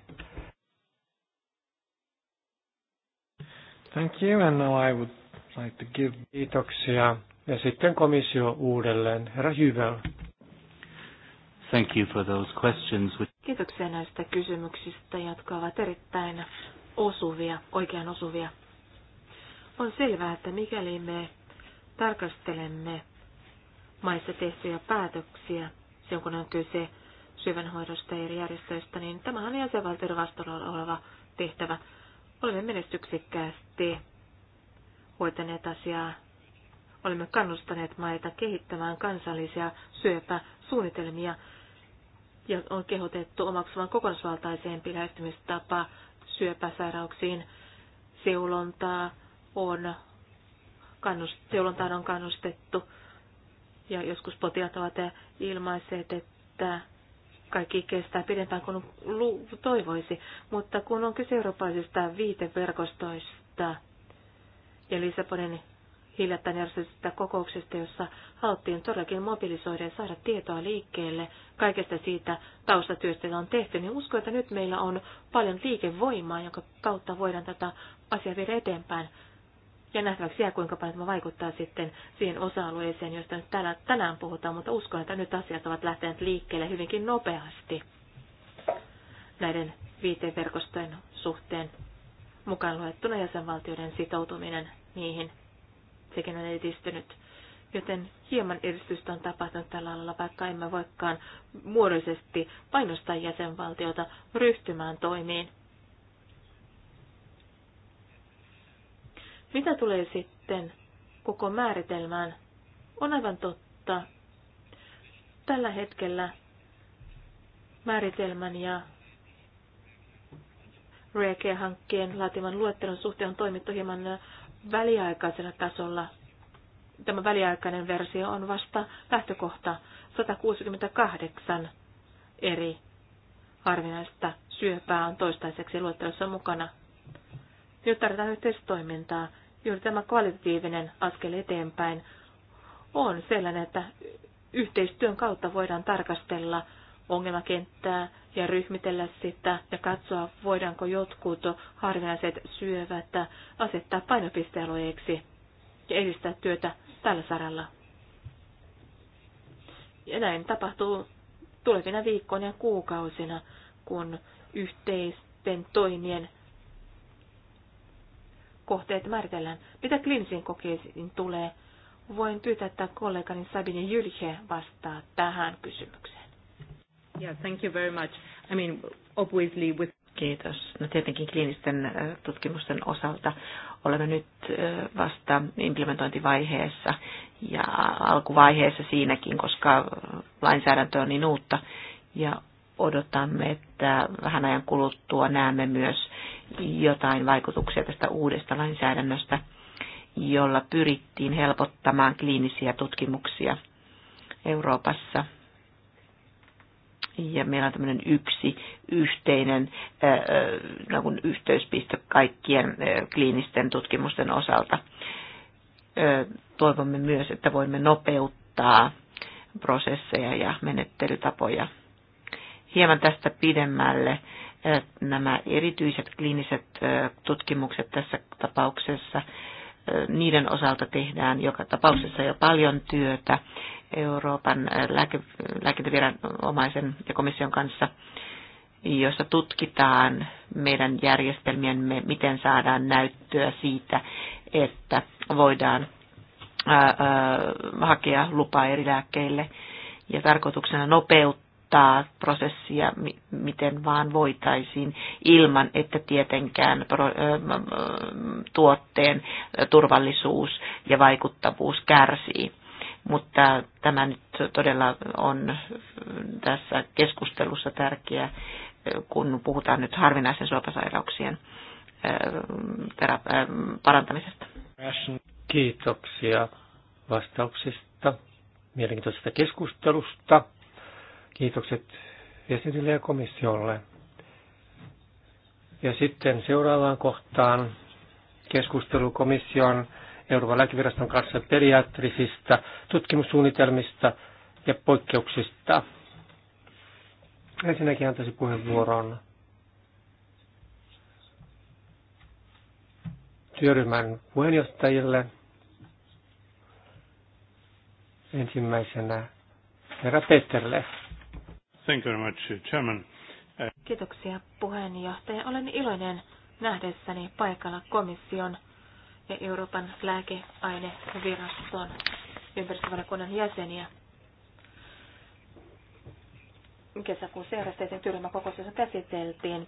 Speaker 1: Thank you, and now I would like to give... Kiitoksia. Ja sitten komissio uudelleen. Herra Jyväl. Thank you for those questions.
Speaker 2: Kiitoksia näistä kysymyksistä, jotka ovat erittäin osuvia, oikean osuvia. On selvää, että mikäli me tarkastelemme maissa tehtyjä päätöksiä, silloin kun on kyse syvänhoidosta eri järjestöistä, niin tämä on jäsenvaltioiden vastuulla oleva tehtävä. Olemme menestyksekkäästi hoitaneet asiaa Olemme kannustaneet maita kehittämään kansallisia syöpäsuunnitelmia ja on kehotettu omaksumaan kokonaisvaltaiseen lähestymistapa syöpäsairauksiin. Seulontaa on, kannust, seulontaan on kannustettu ja joskus potilaat ovat ilmaiset, että kaikki kestää pidempään kuin toivoisi, mutta kun on kyse eurooppalaisista viiteverkostoista ja Lissabonin hiljattain järjestetystä kokouksesta, jossa haluttiin todellakin mobilisoida ja saada tietoa liikkeelle kaikesta siitä taustatyöstä, jota on tehty, niin uskon, että nyt meillä on paljon liikevoimaa, jonka kautta voidaan tätä asiaa viedä eteenpäin. Ja nähtäväksi jää, kuinka paljon tämä vaikuttaa sitten siihen osa-alueeseen, josta nyt täällä, tänään puhutaan, mutta uskon, että nyt asiat ovat lähteneet liikkeelle hyvinkin nopeasti näiden viiteverkostojen suhteen mukaan luettuna jäsenvaltioiden sitoutuminen niihin tekin on edistynyt. Joten hieman edistystä on tapahtunut tällä alalla, vaikka emme voikaan muodollisesti painostaa jäsenvaltiota ryhtymään toimiin. Mitä tulee sitten koko määritelmään? On aivan totta. Tällä hetkellä määritelmän ja REACE-hankkeen laatiman luettelon suhteen on toimittu hieman väliaikaisella tasolla. Tämä väliaikainen versio on vasta lähtökohta 168 eri harvinaista syöpää on toistaiseksi luettelossa mukana. Nyt tarvitaan yhteistoimintaa. Juuri tämä kvalitatiivinen askel eteenpäin on sellainen, että yhteistyön kautta voidaan tarkastella ongelmakenttää ja ryhmitellä sitä ja katsoa, voidaanko jotkut harvinaiset syövät asettaa painopistealueeksi ja edistää työtä tällä saralla. Ja näin tapahtuu tulevina viikkoina ja kuukausina, kun yhteisten toimien kohteet määritellään. Mitä klinsin kokeisiin tulee, voin pyytää, että kollegani Sabine Jylhe vastaa tähän kysymykseen thank you very much. I mean, obviously with... Kiitos. No tietenkin kliinisten äh, tutkimusten osalta olemme nyt äh, vasta implementointivaiheessa ja alkuvaiheessa siinäkin, koska lainsäädäntö on niin uutta ja odotamme, että vähän ajan kuluttua näemme myös jotain vaikutuksia tästä uudesta lainsäädännöstä, jolla pyrittiin helpottamaan kliinisiä tutkimuksia Euroopassa – ja meillä on tämmöinen yksi yhteinen ää, no kun yhteyspiste kaikkien ää, kliinisten tutkimusten osalta. Ää, toivomme myös, että voimme nopeuttaa prosesseja ja menettelytapoja hieman tästä pidemmälle nämä erityiset kliiniset tutkimukset tässä tapauksessa, niiden osalta tehdään joka tapauksessa jo paljon työtä Euroopan äh, lääke, lääkintäviranomaisen ja komission kanssa, jossa tutkitaan meidän järjestelmien, miten saadaan näyttöä siitä, että voidaan ää, hakea lupaa eri lääkkeille ja tarkoituksena nopeuttaa prosessia, miten vaan voitaisiin, ilman että tietenkään tuotteen turvallisuus ja vaikuttavuus kärsii mutta tämä nyt todella on tässä keskustelussa tärkeä, kun puhutaan nyt harvinaisen
Speaker 1: suopasairauksien parantamisesta. Kiitoksia vastauksista, mielenkiintoisesta keskustelusta. Kiitokset jäsenille ja komissiolle. Ja sitten seuraavaan kohtaan keskustelu komission Euroopan lääkeviraston kanssa periaatrisista tutkimussuunnitelmista ja poikkeuksista. Ensinnäkin antaisin puheenvuoron työryhmän puheenjohtajille. Ensimmäisenä herra Peterle. Thank you very much, Chairman.
Speaker 2: Kiitoksia puheenjohtaja. Olen iloinen nähdessäni paikalla komission ja Euroopan lääkeaineviraston ympäristövaliokunnan jäseniä. Kesäkuun seurasteisen työryhmäkokouksessa käsiteltiin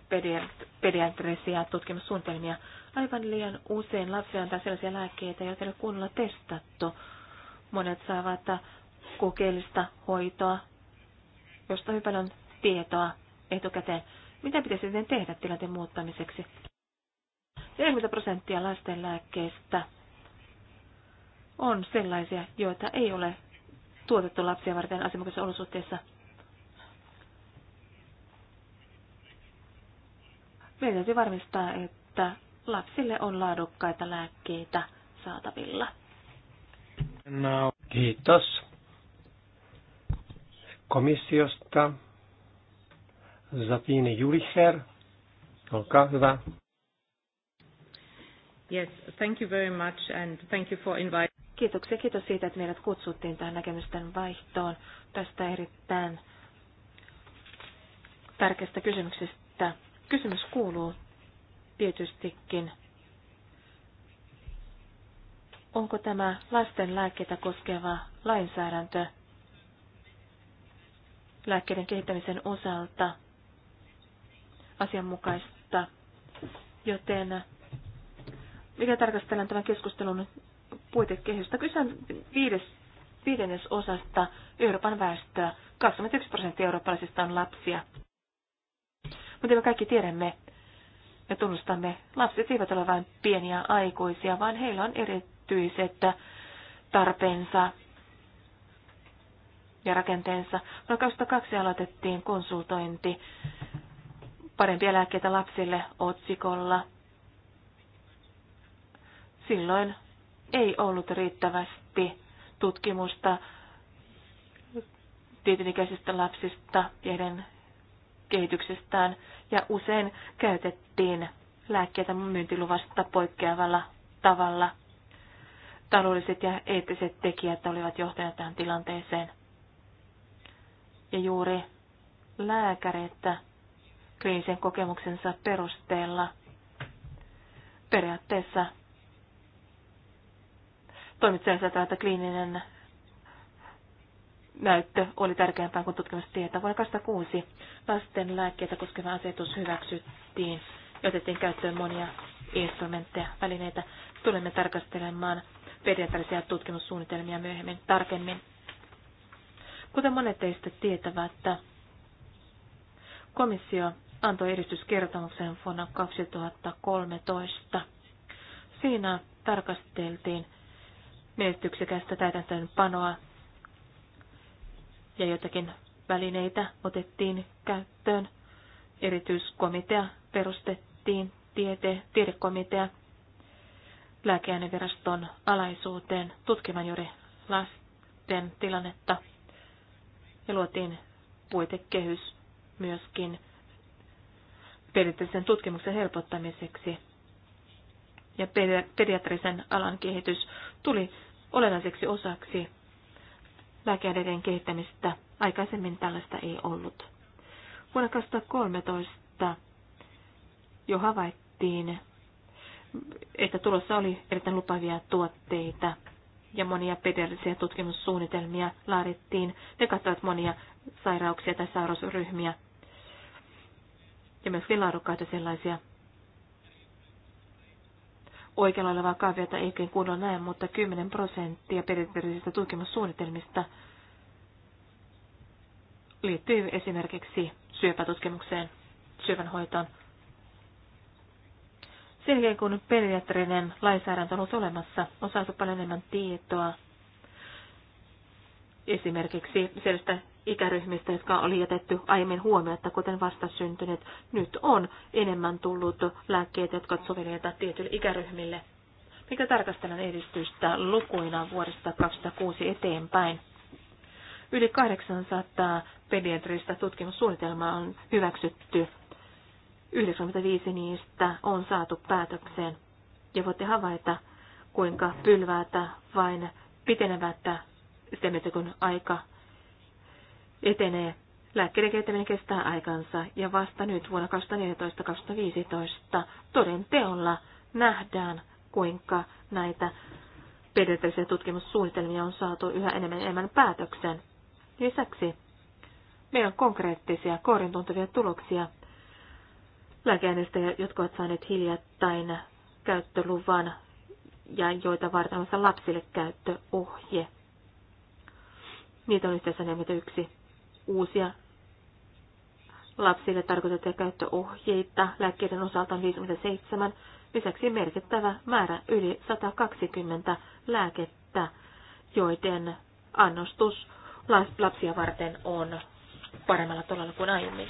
Speaker 2: pediatrisia tutkimussuunnitelmia. Aivan liian usein lapsia antaa sellaisia lääkkeitä, joita ei ole kunnolla testattu. Monet saavat kokeellista hoitoa, josta hyvin paljon tietoa etukäteen. Mitä pitäisi sitten tehdä tilanteen muuttamiseksi? 40 prosenttia lasten lääkkeistä on sellaisia, joita ei ole tuotettu lapsia varten asianmukaisissa olosuhteissa. Meidän täytyy varmistaa, että lapsille on laadukkaita lääkkeitä saatavilla.
Speaker 1: No, kiitos komissiosta. Zafine Juricher, olkaa hyvä.
Speaker 2: Yes, thank you very much and thank you for inviting. Kiitoksia, kiitos siitä, että meidät kutsuttiin tähän näkemysten vaihtoon tästä erittäin tärkeästä kysymyksestä. Kysymys kuuluu tietystikin, onko tämä lasten lääkkeitä koskeva lainsäädäntö lääkkeiden kehittämisen osalta asianmukaista, joten mikä tarkastellaan tämän keskustelun puitekehystä. Kyse on viides, viidennes osasta Euroopan väestöä. 21 prosenttia eurooppalaisista on lapsia. Mutta me kaikki tiedämme ja tunnustamme, lapset eivät ole vain pieniä aikuisia, vaan heillä on erityiset tarpeensa ja rakenteensa. Vuonna 2002 aloitettiin konsultointi parempia lääkkeitä lapsille otsikolla – Silloin ei ollut riittävästi tutkimusta tietynikäisistä lapsista ja heidän kehityksestään, ja usein käytettiin lääkkeitä myyntiluvasta poikkeavalla tavalla. Taloudelliset ja eettiset tekijät olivat johtaneet tähän tilanteeseen. Ja juuri lääkärit kliinisen kokemuksensa perusteella periaatteessa toimittajansa että kliininen näyttö oli tärkeämpää kuin tutkimustieto. Vuonna 2006 lasten lääkkeitä koskeva asetus hyväksyttiin ja otettiin käyttöön monia instrumentteja, välineitä. Tulemme tarkastelemaan pediatrisia tutkimussuunnitelmia myöhemmin tarkemmin. Kuten monet teistä tietävät, että komissio antoi edistyskertomuksen vuonna 2013. Siinä tarkasteltiin menestyksekästä täytäntöönpanoa ja jotakin välineitä otettiin käyttöön. Erityiskomitea perustettiin, tiete, tiedekomitea lääkeaineviraston alaisuuteen tutkimaan juuri lasten tilannetta ja luotiin puitekehys myöskin perinteisen tutkimuksen helpottamiseksi. Ja pediatrisen alan kehitys tuli olennaiseksi osaksi lääkeaineiden kehittämistä. Aikaisemmin tällaista ei ollut. Vuonna 2013 jo havaittiin, että tulossa oli erittäin lupavia tuotteita ja monia pedellisiä tutkimussuunnitelmia laadittiin. Ne kattavat monia sairauksia tai sairausryhmiä ja myöskin laadukkaita sellaisia oikealla olevaa kaaviota ei oikein kunnolla näe, mutta 10 prosenttia perinteisistä tutkimussuunnitelmista liittyy esimerkiksi syöpätutkimukseen, syövänhoitoon. Sen jälkeen kun pediatrinen lainsäädäntö on ollut olemassa, on saatu paljon enemmän tietoa esimerkiksi sellaista ikäryhmistä, jotka oli jätetty aiemmin huomiota, kuten vastasyntyneet. Nyt on enemmän tullut lääkkeitä, jotka sovelletaan tietyille ikäryhmille, mikä tarkastellaan edistystä lukuina vuodesta 2006 eteenpäin. Yli 800 pediatrista tutkimussuunnitelmaa on hyväksytty. 95 niistä on saatu päätökseen. Ja voitte havaita, kuinka pylväätä vain pitenevät sitä kun aika etenee. Lääkkeiden kehittäminen kestää aikansa ja vasta nyt vuonna 2014-2015 toden teolla nähdään, kuinka näitä pediatrisia tutkimussuunnitelmia on saatu yhä enemmän enemmän päätöksen. Lisäksi meillä on konkreettisia koorin tuntuvia tuloksia Lääkeäänestä, jotka ovat saaneet hiljattain käyttöluvan ja joita varten on lapsille käyttöohje. Niitä on yhteensä 41 uusia lapsille tarkoitettuja käyttöohjeita lääkkeiden osalta on 57, lisäksi merkittävä määrä yli 120 lääkettä, joiden annostus lapsia varten on paremmalla tavalla kuin aiemmin.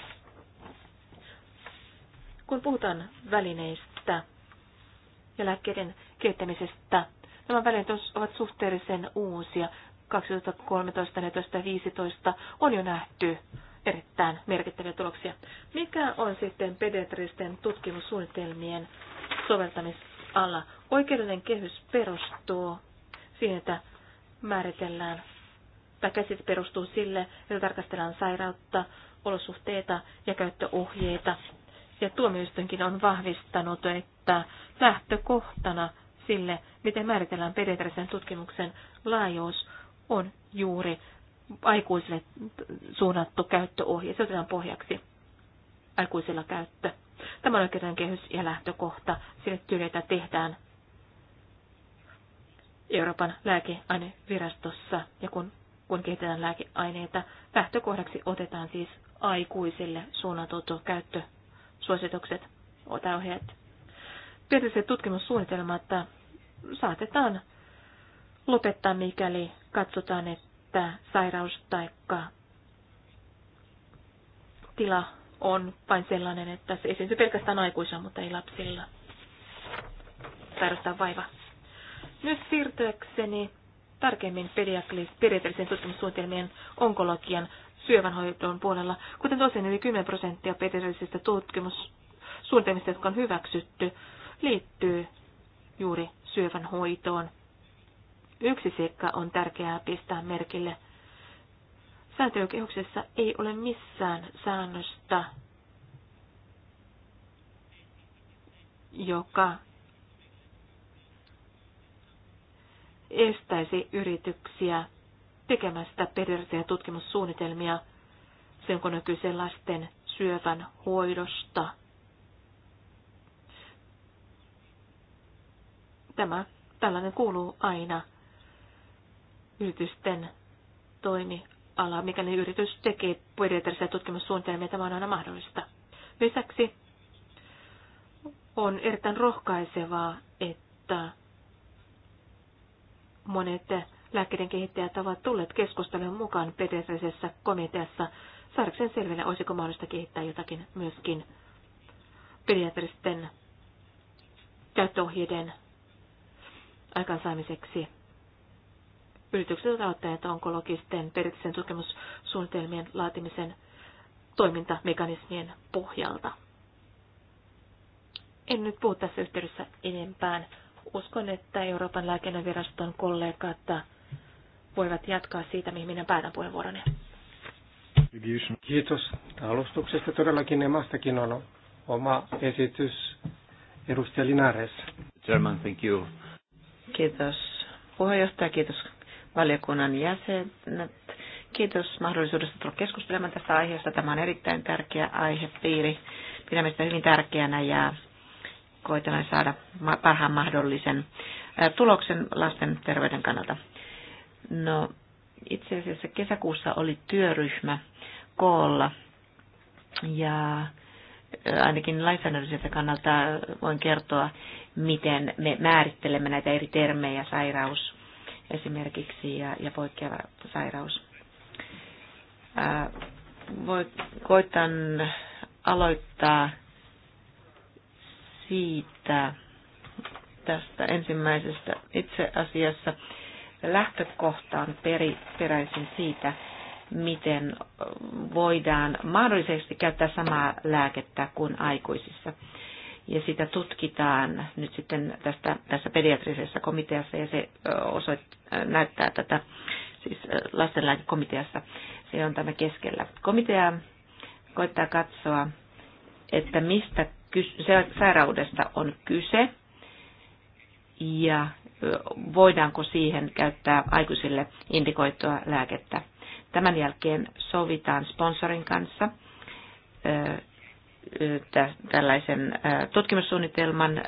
Speaker 2: Kun puhutaan välineistä ja lääkkeiden kehittämisestä, nämä välineet ovat suhteellisen uusia. 2013, 14, 15 on jo nähty erittäin merkittäviä tuloksia. Mikä on sitten pediatristen tutkimussuunnitelmien soveltamisala? Oikeudellinen kehys perustuu siihen, että määritellään tai käsit perustuu sille, että tarkastellaan sairautta, olosuhteita ja käyttöohjeita. Ja tuomioistuinkin on vahvistanut, että lähtökohtana sille, miten määritellään pediatrisen tutkimuksen laajuus, on juuri aikuisille suunnattu käyttöohje. Se otetaan pohjaksi aikuisilla käyttö. Tämä on oikeuden kehys ja lähtökohta sille työtä tehdään Euroopan lääkeainevirastossa ja kun, kun kehitetään lääkeaineita, lähtökohdaksi otetaan siis aikuisille suunnatut käyttösuositukset, otaohjeet. Tietysti tutkimussuunnitelmat saatetaan lopettaa, mikäli katsotaan, että sairaus tai tila on vain sellainen, että se esiintyy pelkästään aikuisilla, mutta ei lapsilla. Sairastaa vaiva. Nyt siirtyäkseni tarkemmin pediatrisen tutkimussuunnitelmien onkologian syövänhoidon puolella, kuten tosiaan, yli 10 prosenttia pediatrisista tutkimussuunnitelmista, jotka on hyväksytty, liittyy juuri syövänhoitoon. hoitoon. Yksi seikka on tärkeää pistää merkille. Säätiökehyksessä ei ole missään säännöstä, joka estäisi yrityksiä tekemästä periaatteja tutkimussuunnitelmia sen kun kyse lasten syövän hoidosta. Tämä tällainen kuuluu aina yritysten toimiala, ne yritys tekee periaatteellisia tutkimussuunnitelmia, tämä on aina mahdollista. Lisäksi on erittäin rohkaisevaa, että monet lääkkeiden kehittäjät ovat tulleet keskustelun mukaan pediatrisessa komiteassa saadakseen selville, olisiko mahdollista kehittää jotakin myöskin pediatristen käyttöohjeiden aikaansaamiseksi. Yritykset ovat auttaneet onkologisten perinteisen tutkimussuunnitelmien laatimisen toimintamekanismien pohjalta. En nyt puhu tässä yhteydessä enempään. Uskon, että Euroopan lääkennäviraston kollegat voivat jatkaa siitä, mihin minä päätän puheenvuoroni.
Speaker 1: Kiitos alustuksesta. Todellakin emastakin on oma esitys. Edustaja Linares. German, thank you. Kiitos
Speaker 2: puheenjohtaja, kiitos valiokunnan jäsenet. Kiitos mahdollisuudesta tulla keskustelemaan tästä aiheesta. Tämä on erittäin tärkeä aihepiiri. Pidämme sitä hyvin tärkeänä ja koitamme saada parhaan mahdollisen tuloksen lasten terveyden kannalta. No, itse asiassa kesäkuussa oli työryhmä koolla ja ainakin lainsäädännölliseltä kannalta voin kertoa, miten me määrittelemme näitä eri termejä, sairaus, esimerkiksi ja, ja poikkeava sairaus. Ää, voi, koitan aloittaa siitä tästä ensimmäisestä itse asiassa. Lähtökohta on peri, peräisin siitä, miten voidaan mahdollisesti käyttää samaa lääkettä kuin aikuisissa ja sitä tutkitaan nyt sitten tästä, tässä pediatrisessa komiteassa ja se osoit, näyttää tätä siis lastenlääkekomiteassa. Se on tämä keskellä. Komitea koittaa katsoa, että mistä sairaudesta on kyse ja voidaanko siihen käyttää aikuisille indikoitua lääkettä. Tämän jälkeen sovitaan sponsorin kanssa tällaisen tutkimussuunnitelman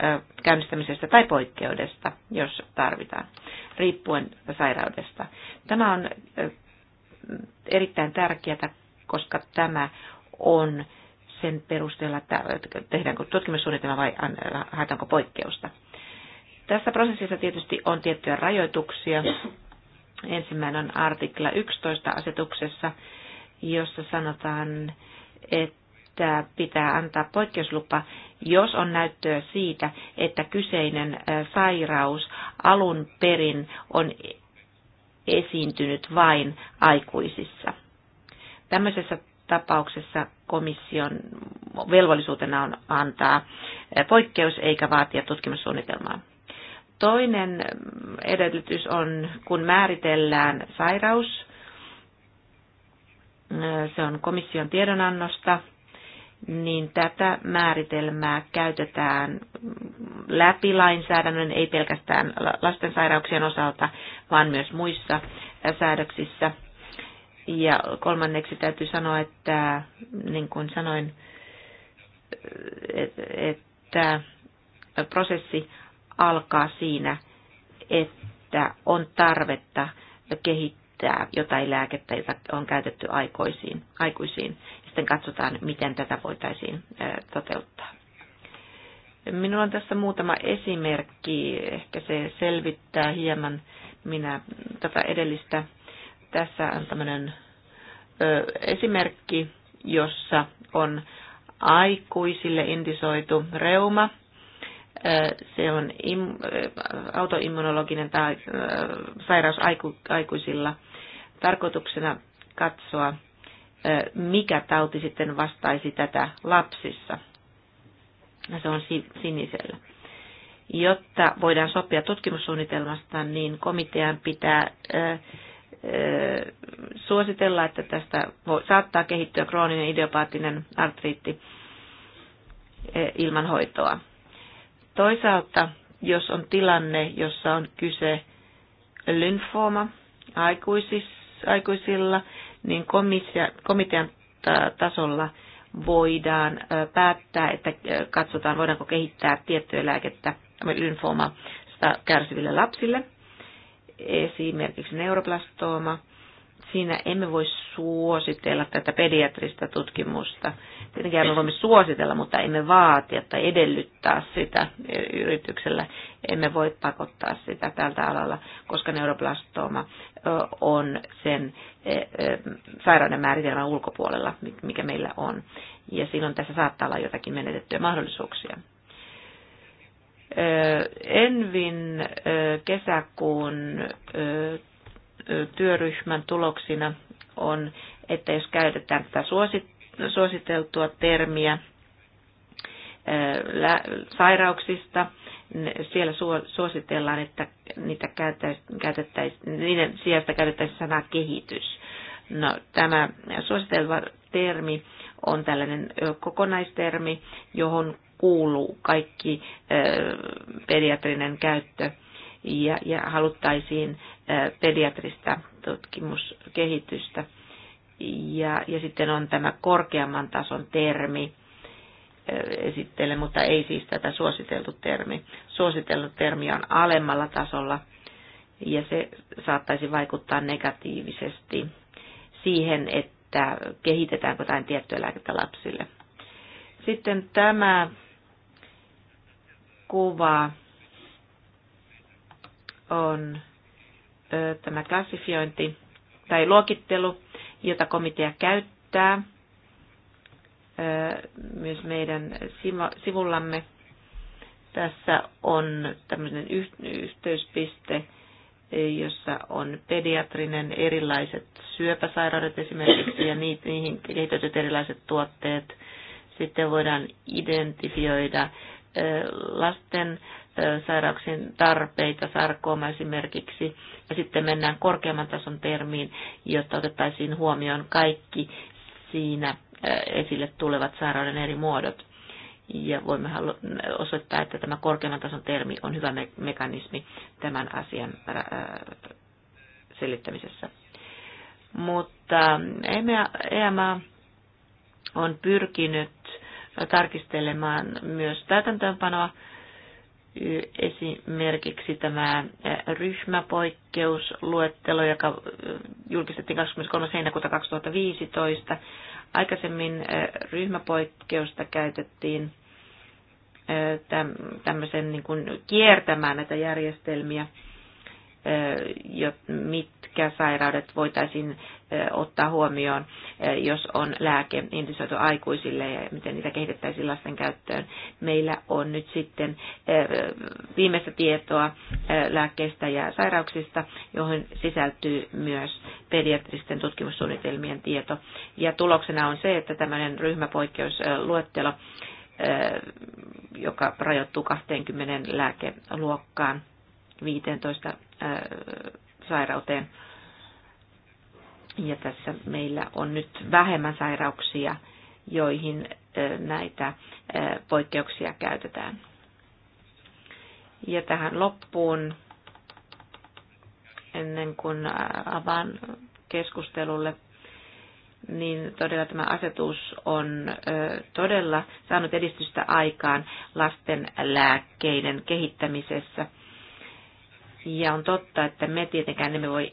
Speaker 2: käynnistämisestä tai poikkeudesta, jos tarvitaan, riippuen sairaudesta. Tämä on erittäin tärkeää, koska tämä on sen perusteella, että tehdäänkö tutkimussuunnitelma vai haetaanko poikkeusta. Tässä prosessissa tietysti on tiettyjä rajoituksia. Ensimmäinen on artikla 11 asetuksessa, jossa sanotaan, että että pitää antaa poikkeuslupa, jos on näyttöä siitä, että kyseinen sairaus alun perin on esiintynyt vain aikuisissa. Tämmöisessä tapauksessa komission velvollisuutena on antaa poikkeus eikä vaatia tutkimussuunnitelmaa. Toinen edellytys on, kun määritellään sairaus, se on komission tiedonannosta – niin tätä määritelmää käytetään läpi lainsäädännön, ei pelkästään lastensairauksien osalta, vaan myös muissa säädöksissä. Ja kolmanneksi täytyy sanoa, että niin kuin sanoin, että prosessi alkaa siinä, että on tarvetta kehittää jotain lääkettä, jota on käytetty aikuisiin. aikuisiin sitten katsotaan, miten tätä voitaisiin toteuttaa. Minulla on tässä muutama esimerkki, ehkä se selvittää hieman minä tätä edellistä. Tässä on tämmöinen esimerkki, jossa on aikuisille indisoitu reuma. Se on autoimmunologinen tai sairaus aikuisilla. Tarkoituksena katsoa mikä tauti sitten vastaisi tätä lapsissa. No, se on sinisellä. Jotta voidaan sopia tutkimussuunnitelmasta, niin komitean pitää suositella, että tästä saattaa kehittyä krooninen idiopaattinen artriitti ilman hoitoa. Toisaalta, jos on tilanne, jossa on kyse lymfooma aikuisilla, niin komissia, komitean tasolla voidaan päättää, että katsotaan, voidaanko kehittää tiettyä lääkettä lymfoomasta kärsiville lapsille, esimerkiksi neuroplastooma. Siinä emme voi suositella tätä pediatrista tutkimusta, Tietenkin me voimme suositella, mutta emme vaatia tai edellyttää sitä yrityksellä. Emme voi pakottaa sitä tältä alalla, koska neuroblastooma on sen sairauden määritelmän ulkopuolella, mikä meillä on. Ja silloin tässä saattaa olla jotakin menetettyjä mahdollisuuksia. Envin kesäkuun työryhmän tuloksina on, että jos käytetään tätä suosit, suositeltua termiä äh, sairauksista. Siellä suositellaan, että niitä käytettäisiin, niiden sijasta käytettäisiin sanaa kehitys. No, tämä suositelva termi on tällainen kokonaistermi, johon kuuluu kaikki pediatrinen käyttö ja, ja haluttaisiin pediatrista tutkimuskehitystä ja, ja sitten on tämä korkeamman tason termi esittele, mutta ei siis tätä suositeltu termi. Suositeltu termi on alemmalla tasolla ja se saattaisi vaikuttaa negatiivisesti siihen, että kehitetäänkö jotain tiettyä lääkettä lapsille. Sitten tämä kuva on ö, tämä klassifiointi tai luokittelu jota komitea käyttää myös meidän sivullamme. Tässä on tämmöinen yhteyspiste, jossa on pediatrinen erilaiset syöpäsairaudet esimerkiksi ja niihin kehitetyt erilaiset tuotteet. Sitten voidaan identifioida lasten sairauksien tarpeita, sarkooma esimerkiksi, ja sitten mennään korkeamman tason termiin, jotta otettaisiin huomioon kaikki siinä esille tulevat sairauden eri muodot. Ja voimme osoittaa, että tämä korkeamman tason termi on hyvä mekanismi tämän asian selittämisessä. Mutta EMA e on pyrkinyt tarkistelemaan myös täytäntöönpanoa esimerkiksi tämä ryhmäpoikkeusluettelo, joka julkistettiin 23. heinäkuuta 2015. Aikaisemmin ryhmäpoikkeusta käytettiin tämmöisen niin kuin kiertämään näitä järjestelmiä mitkä sairaudet voitaisiin ottaa huomioon, jos on lääke indisoitu aikuisille ja miten niitä kehitettäisiin lasten käyttöön. Meillä on nyt sitten viimeistä tietoa lääkkeistä ja sairauksista, johon sisältyy myös pediatristen tutkimussuunnitelmien tieto. Ja tuloksena on se, että tämmöinen ryhmäpoikkeusluettelo joka rajoittuu 20 lääkeluokkaan, 15 sairauteen. Ja tässä meillä on nyt vähemmän sairauksia, joihin näitä poikkeuksia käytetään. Ja tähän loppuun, ennen kuin avaan keskustelulle, niin todella tämä asetus on todella saanut edistystä aikaan lasten lääkkeiden kehittämisessä – ja on totta, että me tietenkään emme voi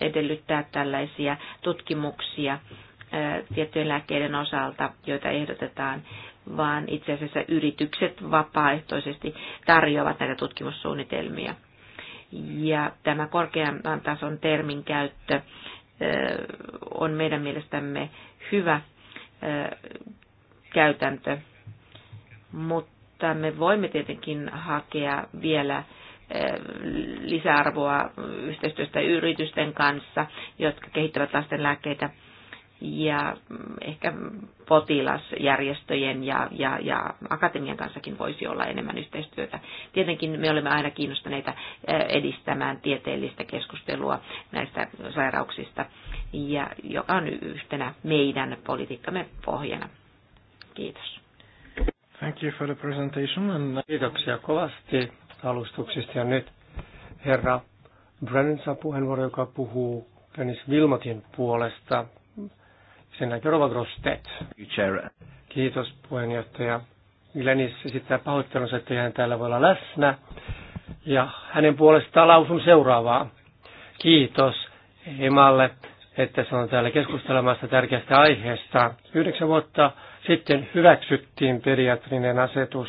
Speaker 2: edellyttää tällaisia tutkimuksia tiettyjen lääkkeiden osalta, joita ehdotetaan, vaan itse asiassa yritykset vapaaehtoisesti tarjoavat näitä tutkimussuunnitelmia. Ja tämä korkean tason termin käyttö on meidän mielestämme hyvä käytäntö, mutta me voimme tietenkin hakea vielä Eh, lisäarvoa yhteistyöstä yritysten kanssa, jotka kehittävät lasten lääkkeitä ja ehkä potilasjärjestöjen ja, ja, ja akatemian kanssakin voisi olla enemmän yhteistyötä. Tietenkin me olemme aina kiinnostuneita eh, edistämään tieteellistä keskustelua näistä sairauksista, ja, joka on yhtenä meidän politiikkamme pohjana. Kiitos.
Speaker 1: Thank you for the presentation and... Kiitoksia kovasti alustuksista. Ja nyt herra Brennan saa puheenvuoro, joka puhuu Dennis Wilmotin puolesta. Sen näkee Rova Grostet. Kiitos puheenjohtaja. Glenis esittää pahoittelunsa, että hän täällä voi olla läsnä. Ja hänen puolestaan lausun seuraavaa. Kiitos Emalle, että se on täällä keskustelemassa tärkeästä aiheesta. Yhdeksän vuotta sitten hyväksyttiin pediatrinen asetus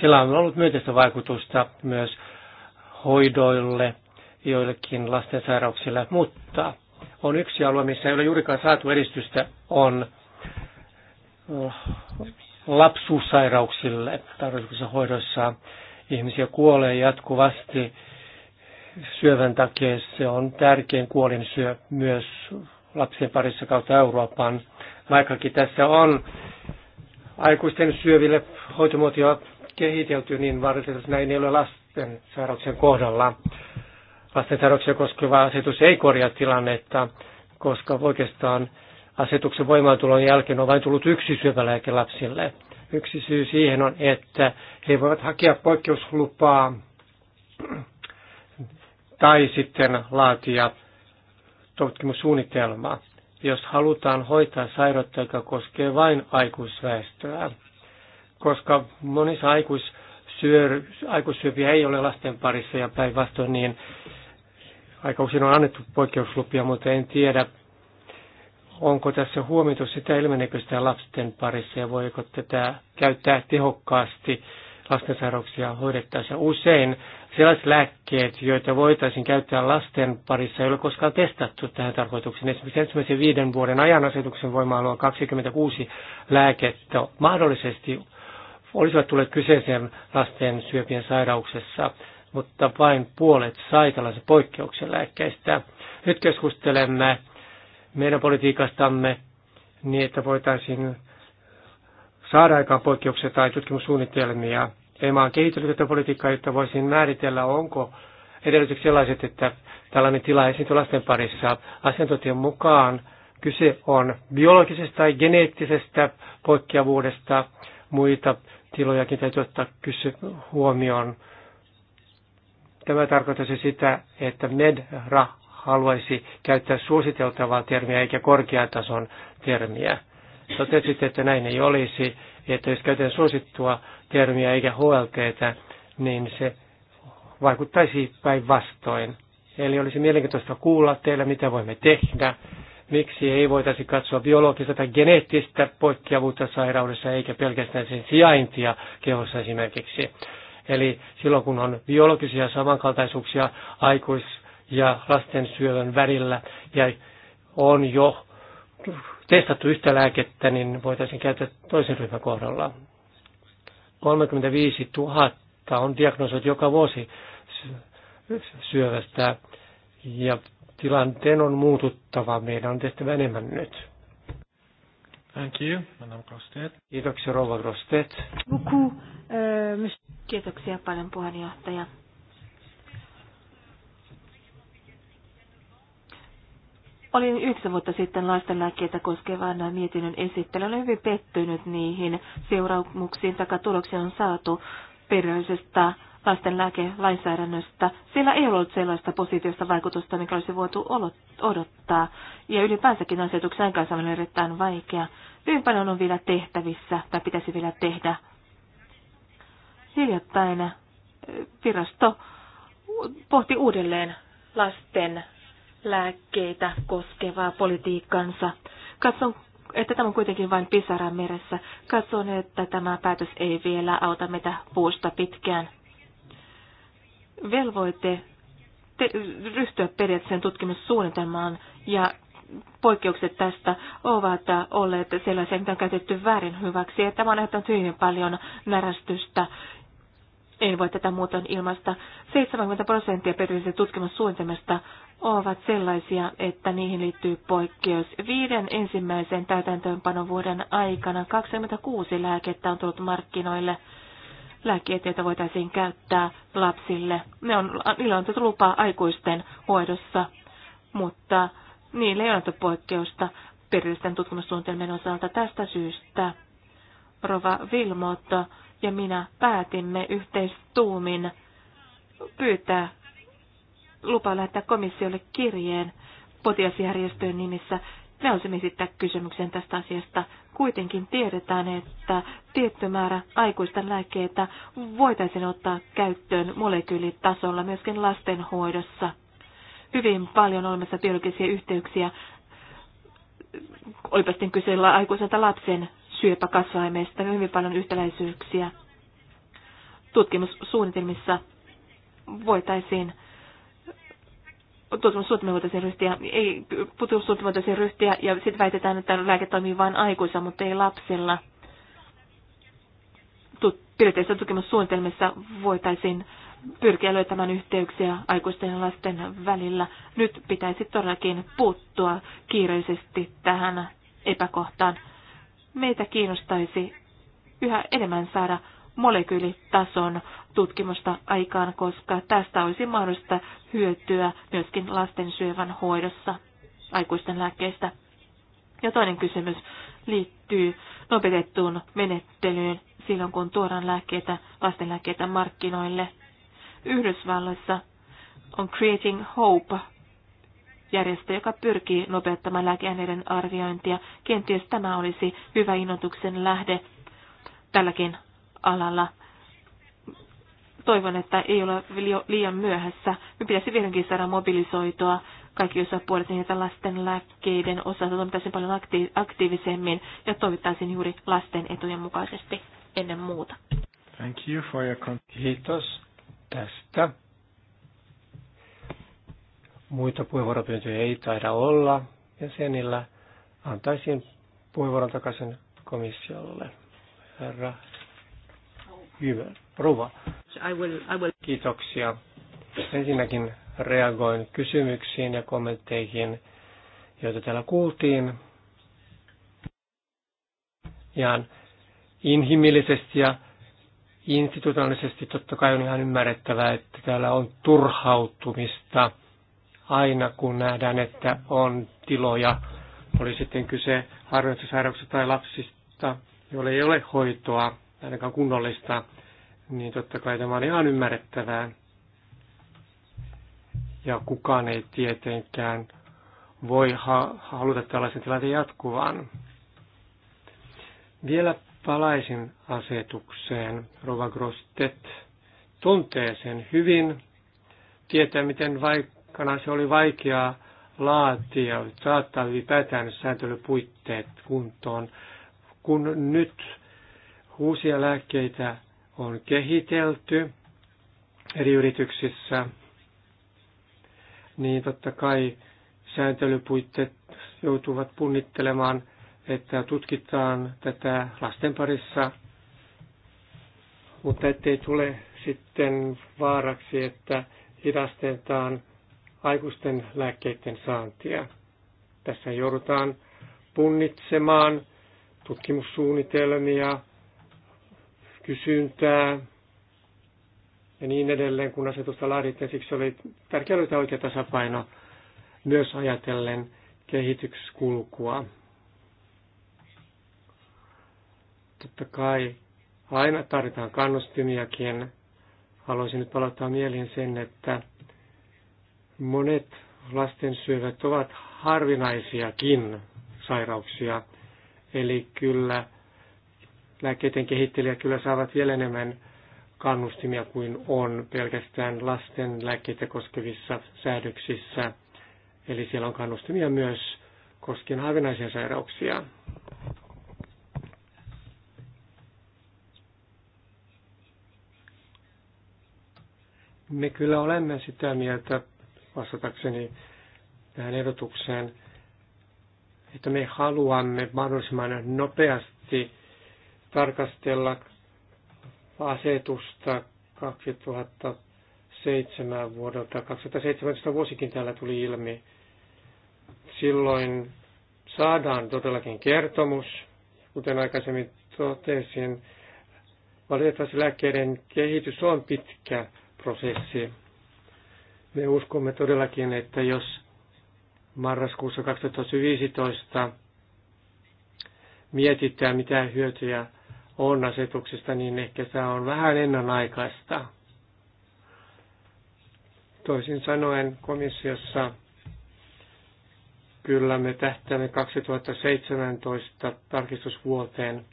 Speaker 1: sillä on ollut myönteistä vaikutusta myös hoidoille, joillekin lasten sairauksille, mutta on yksi alue, missä ei ole juurikaan saatu edistystä, on äh, lapsuussairauksille tarkoituksessa hoidossa. Ihmisiä kuolee jatkuvasti syövän takia. Se on tärkein syö myös lapsien parissa kautta Euroopan. Vaikkakin tässä on aikuisten syöville hoitomuotoja kehitelty niin varsin, näin ei ole lasten sairauksien kohdalla. Lasten sairauksia koskeva asetus ei korjaa tilannetta, koska oikeastaan asetuksen voimaantulon jälkeen on vain tullut yksi syöpälääke lapsille. Yksi syy siihen on, että he voivat hakea poikkeuslupaa tai sitten laatia tutkimussuunnitelmaa, jos halutaan hoitaa sairautta, joka koskee vain aikuisväestöä koska monissa aikuissyöpiä ei ole lasten parissa ja päinvastoin, niin aikausin on annettu poikkeuslupia, mutta en tiedä, onko tässä huomioitu sitä ilmeneekö sitä lasten parissa ja voiko tätä käyttää tehokkaasti lastensairauksia hoidettaessa. Usein sellaiset lääkkeet, joita voitaisiin käyttää lasten parissa, ei ole koskaan testattu tähän tarkoitukseen. Esimerkiksi ensimmäisen viiden vuoden ajan asetuksen voimaan on 26 lääkettä mahdollisesti olisivat tulleet kyseiseen lasten syöpien sairauksessa, mutta vain puolet sai tällaisen poikkeuksen lääkkeistä. Nyt keskustelemme meidän politiikastamme niin, että voitaisiin saada aikaan poikkeuksia tai tutkimussuunnitelmia. EMA on kehitellyt tätä politiikkaa, jotta voisin määritellä, onko edellytykset sellaiset, että tällainen tila esiintyy lasten parissa. Asiantuntijan mukaan kyse on biologisesta tai geneettisestä poikkeavuudesta, muita tilojakin täytyy ottaa kysy huomioon. Tämä tarkoittaisi sitä, että MEDRA haluaisi käyttää suositeltavaa termiä eikä korkeatason termiä. Totesit, että näin ei olisi, että jos käytetään suosittua termiä eikä HLT, niin se vaikuttaisi päinvastoin. Eli olisi mielenkiintoista kuulla teillä, mitä voimme tehdä miksi ei voitaisi katsoa biologista tai geneettistä poikkeavuutta sairaudessa eikä pelkästään sen sijaintia kehossa esimerkiksi. Eli silloin kun on biologisia samankaltaisuuksia aikuis- ja lasten syövän välillä ja on jo testattu yhtä lääkettä, niin voitaisiin käyttää toisen ryhmän kohdalla. 35 000 on diagnosoitu joka vuosi syövästä ja tilanteen on muututtava. Meidän on tehtävä enemmän nyt. Thank you, Madame Grostet. Kiitoksia, Rova Grostet.
Speaker 2: Luku, euh, kiitoksia paljon puheenjohtaja. Olin yksi vuotta sitten lasten lääkkeitä koskevan mietinnön esittely. Olen hyvin pettynyt niihin seuraamuksiin, taka tuloksia on saatu perheisestä lääkelainsäädännöstä, Sillä ei ollut sellaista positiivista vaikutusta, mikä olisi voitu odottaa. Ja ylipäänsäkin asetuksen kanssa on erittäin vaikea. Hyvin paljon on vielä tehtävissä, tai pitäisi vielä tehdä. Hiljattain eh, virasto pohti uudelleen lasten lääkkeitä koskevaa politiikkansa. Katson, että tämä on kuitenkin vain pisara meressä. Katson, että tämä päätös ei vielä auta meitä puusta pitkään velvoite te, ryhtyä periaatteeseen tutkimussuunnitelmaan ja poikkeukset tästä ovat olleet sellaisia, mitä on käytetty väärin hyväksi. Ja tämä on aiheuttanut hyvin paljon närästystä. En voi tätä muuten ilmaista. 70 prosenttia perinteisistä tutkimussuunnitelmasta ovat sellaisia, että niihin liittyy poikkeus. Viiden ensimmäisen täytäntöönpanovuoden aikana 26 lääkettä on tullut markkinoille – lääkkeet, voitaisiin käyttää lapsille. Ne on, niillä on lupaa aikuisten hoidossa, mutta niillä ei ole poikkeusta perillisten tutkimussuunnitelmien osalta tästä syystä. Rova Vilmot ja minä päätimme yhteistuumin pyytää lupa lähettää komissiolle kirjeen potiasjärjestöjen nimissä, me haluaisimme esittää kysymyksen tästä asiasta. Kuitenkin tiedetään, että tietty määrä aikuisten lääkkeitä voitaisiin ottaa käyttöön molekyylitasolla myöskin lastenhoidossa. Hyvin paljon olemassa biologisia yhteyksiä, olipa sitten kyse aikuiselta lapsen syöpäkasvaimesta, niin hyvin paljon yhtäläisyyksiä. Tutkimussuunnitelmissa voitaisiin tutkimussuunnitelmiin ryhtiä, ei, tutkimussuunnitelmiin voitaisiin ja sitten väitetään, että lääke toimii vain aikuisilla, mutta ei lapsilla. Perinteisissä tutkimussuunnitelmissa voitaisiin pyrkiä löytämään yhteyksiä aikuisten ja lasten välillä. Nyt pitäisi todellakin puuttua kiireisesti tähän epäkohtaan. Meitä kiinnostaisi yhä enemmän saada molekyylitason tutkimusta aikaan, koska tästä olisi mahdollista hyötyä myöskin lasten syövän hoidossa aikuisten lääkkeistä. Ja toinen kysymys liittyy nopeutettuun menettelyyn silloin, kun tuodaan lääkkeitä, lääkkeitä markkinoille. Yhdysvalloissa on Creating Hope järjestö, joka pyrkii nopeuttamaan lääkeaineiden arviointia. Kenties tämä olisi hyvä innotuksen lähde tälläkin alalla. Toivon, että ei ole liian myöhässä. Me pitäisi vieläkin saada mobilisoitua kaikki osapuolet niin, että lasten lääkkeiden osalta toimittaisiin paljon akti- aktiivisemmin ja toimittaisiin juuri lasten etujen mukaisesti ennen muuta.
Speaker 1: Thank you for your Kiitos tästä. Muita puheenvuoropyyntöjä ei taida olla jäsenillä. Antaisin puheenvuoron takaisin komissiolle. Herra Hyvä. Rova. I will, I will. Kiitoksia. Ensinnäkin reagoin kysymyksiin ja kommentteihin, joita täällä kuultiin. Ihan inhimillisesti ja institutionaalisesti totta kai on ihan ymmärrettävää, että täällä on turhautumista aina kun nähdään, että on tiloja, oli sitten kyse harjoitusairauksista tai lapsista, joille ei ole hoitoa ainakaan kunnollista, niin totta kai tämä on ihan ymmärrettävää. Ja kukaan ei tietenkään voi ha- haluta tällaisen tilanteen jatkuvan. Vielä palaisin asetukseen. Rova Grostet tuntee sen hyvin, tietää miten vaikkana se oli vaikeaa laatia, saattaa ylipäätään sääntelypuitteet kuntoon, kun nyt Uusia lääkkeitä on kehitelty eri yrityksissä, niin totta kai sääntelypuitteet joutuvat punnittelemaan, että tutkitaan tätä lasten parissa, mutta ettei tule sitten vaaraksi, että hidastetaan aikuisten lääkkeiden saantia. Tässä joudutaan punnitsemaan tutkimussuunnitelmia, kysyntää ja niin edelleen, kun asetusta laadittiin. Siksi oli tärkeää löytää oikea tasapaino myös ajatellen kehityskulkua. Totta kai aina tarvitaan kannustimiakin. Haluaisin nyt palauttaa mieliin sen, että monet lastensyövät ovat harvinaisiakin sairauksia. Eli kyllä lääkkeiden kehittelijät kyllä saavat vielä enemmän kannustimia kuin on pelkästään lasten lääkkeitä koskevissa säädöksissä. Eli siellä on kannustimia myös koskien harvinaisia sairauksia. Me kyllä olemme sitä mieltä, vastatakseni tähän ehdotukseen, että me haluamme mahdollisimman nopeasti tarkastella asetusta 2007 vuodelta. 2017 vuosikin täällä tuli ilmi. Silloin saadaan todellakin kertomus, kuten aikaisemmin totesin. Valitettavasti lääkkeiden kehitys on pitkä prosessi. Me uskomme todellakin, että jos marraskuussa 2015 mietitään, mitä hyötyjä on asetuksesta, niin ehkä tämä on vähän ennenaikaista. Toisin sanoen komissiossa kyllä me tähtäämme 2017 tarkistusvuoteen,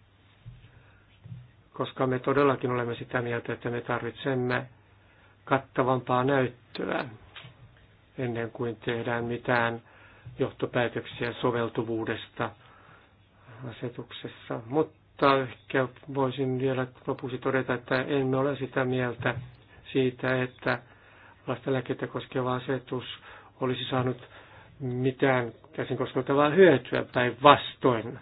Speaker 1: koska me todellakin olemme sitä mieltä, että me tarvitsemme kattavampaa näyttöä ennen kuin tehdään mitään johtopäätöksiä soveltuvuudesta asetuksessa. Mutta mutta ehkä voisin vielä lopuksi todeta, että emme ole sitä mieltä siitä, että lastenlääkettä koskeva asetus olisi saanut mitään käsin koskettavaa hyötyä tai vastoin.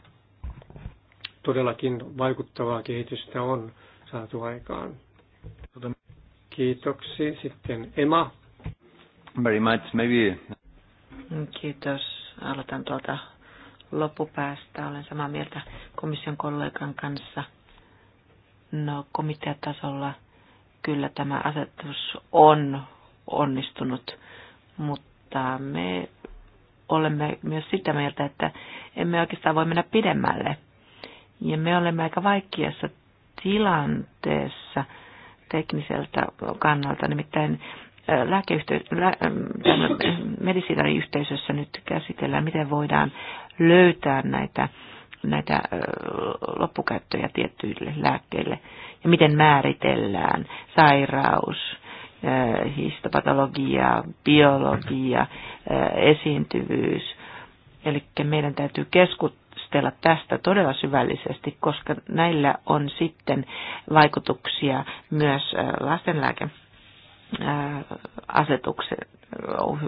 Speaker 1: Todellakin vaikuttavaa kehitystä on saatu aikaan. Kiitoksia. Sitten Emma.
Speaker 2: Very much, maybe.
Speaker 1: Kiitos. Aloitan tuolta loppupäästä. Olen samaa mieltä
Speaker 2: komission kollegan kanssa. No, komiteatasolla kyllä tämä asetus on onnistunut, mutta me olemme myös sitä mieltä, että emme oikeastaan voi mennä pidemmälle. Ja me olemme aika vaikeassa tilanteessa tekniseltä kannalta, nimittäin lääkeyhtö, lä, medisiiniyhteisössä nyt käsitellään, miten voidaan löytää näitä, näitä loppukäyttöjä tiettyille lääkkeille ja miten määritellään sairaus, histopatologia, biologia, esiintyvyys. Eli meidän täytyy keskustella tästä todella syvällisesti, koska näillä on sitten vaikutuksia myös lastenlääke asetuksen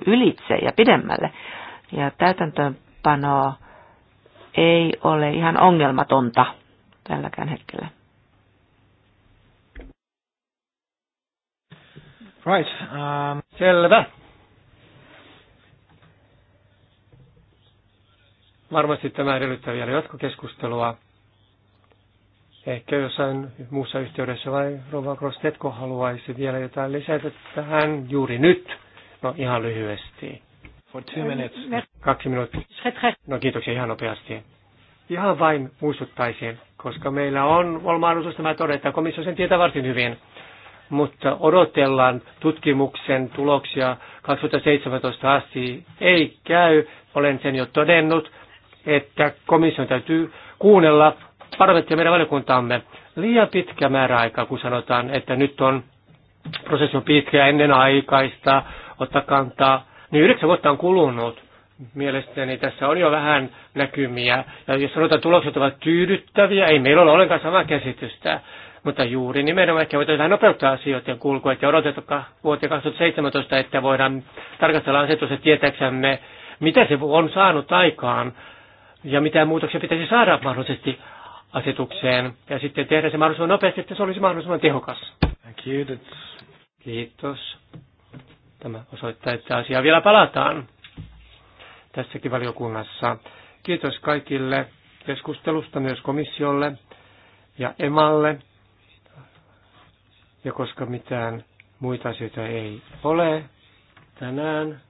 Speaker 2: ylitse ja pidemmälle. Ja täytäntöön toimeenpanoa ei ole ihan ongelmatonta tälläkään hetkellä.
Speaker 1: Right. Um, selvä. Varmasti tämä edellyttää vielä jatkokeskustelua. Ehkä jossain muussa yhteydessä vai Rova Grostetko haluaisi vielä jotain lisätä tähän juuri nyt. No ihan lyhyesti. For two minutes. Äh, Kaksi minuuttia. No kiitoksia ihan nopeasti. Ihan vain muistuttaisin, koska meillä on, on mahdollisuus tämä todeta, komissio sen tietää varsin hyvin, mutta odotellaan tutkimuksen tuloksia 2017 asti. Ei käy, olen sen jo todennut, että komission täytyy kuunnella parlamenttia meidän valiokuntaamme. Liian pitkä määräaika, kun sanotaan, että nyt on prosessi on pitkä ennen aikaista, ottaa kantaa niin yhdeksän vuotta on kulunut. Mielestäni tässä on jo vähän näkymiä. Ja jos sanotaan, että tulokset ovat tyydyttäviä, ei meillä ole ollenkaan samaa käsitystä. Mutta juuri nimenomaan ehkä voitaisiin vähän nopeuttaa asioiden kulkua, että odotetaan vuoteen 2017, että voidaan tarkastella asetusta tietääksemme, mitä se on saanut aikaan ja mitä muutoksia pitäisi saada mahdollisesti asetukseen ja sitten tehdä se mahdollisimman nopeasti, että se olisi mahdollisimman tehokas. Kiitos. Kiitos. Tämä osoittaa, että asia vielä palataan tässäkin valiokunnassa. Kiitos kaikille keskustelusta myös komissiolle ja emalle. Ja koska mitään muita asioita ei ole tänään,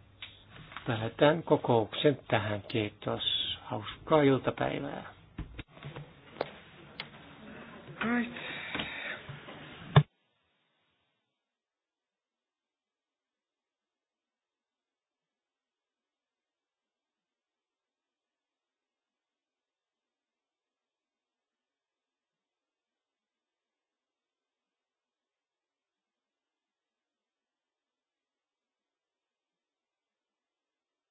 Speaker 1: päätän kokouksen tähän. Kiitos. Hauskaa iltapäivää. Right.